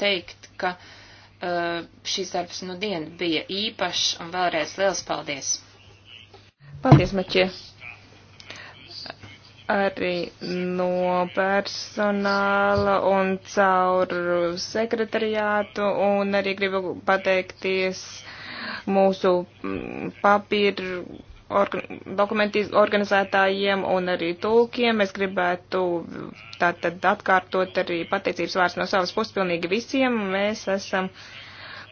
teikt, ka uh, eh, šīs darbs nu dien bija īpašs, un vēlreiz liels paldies! Paldies, Maķie! arī no personāla un caur sekretariātu, un arī gribu pateikties uh, mūsu mm, papīru organ, dokumentu organizētājiem un arī tulkiem. Es gribētu tātad atkārtot arī pateicības vārds no savas puses pilnīgi visiem. Mēs esam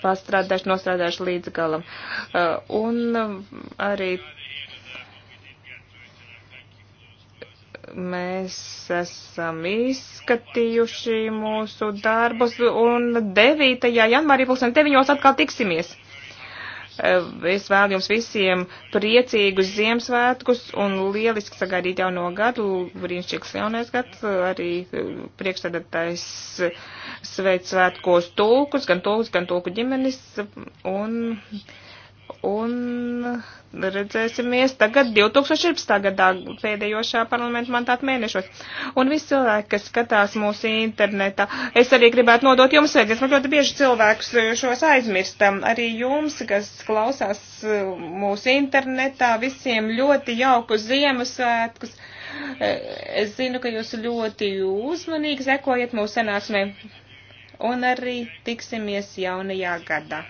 pastrādājuši, nostrādājuši līdz galam. Uh, un arī mēs esam izskatījuši mūsu darbus un 9. janvārī pulksten 9. atkal tiksimies. Eh, es vēlu jums visiem priecīgus Ziemassvētkus un lieliski sagaidīt jauno gadu, brīnišķīgs jaunais gads, arī eh, priekšstādātais sveic svētkos tulkus, gan tulkus, gan tulku ģimenes, un Un redzēsimies tagad 2014. gadā pēdējo šā parlamenta mandāta mēnešos. Un visi cilvēki, kas skatās mūsu internetā, es arī gribētu nodot jums sveikas. Man ļoti bieži cilvēkus šos aizmirstam. Arī jums, kas klausās mūsu internetā, visiem ļoti jauku Ziemassvētkus. Es zinu, ka jūs ļoti uzmanīgi sekojat mūsu sanāksmēm. Un arī tiksimies jaunajā gadā.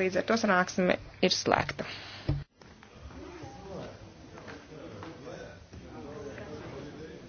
Līdz ar to sanāksme ir slēgta.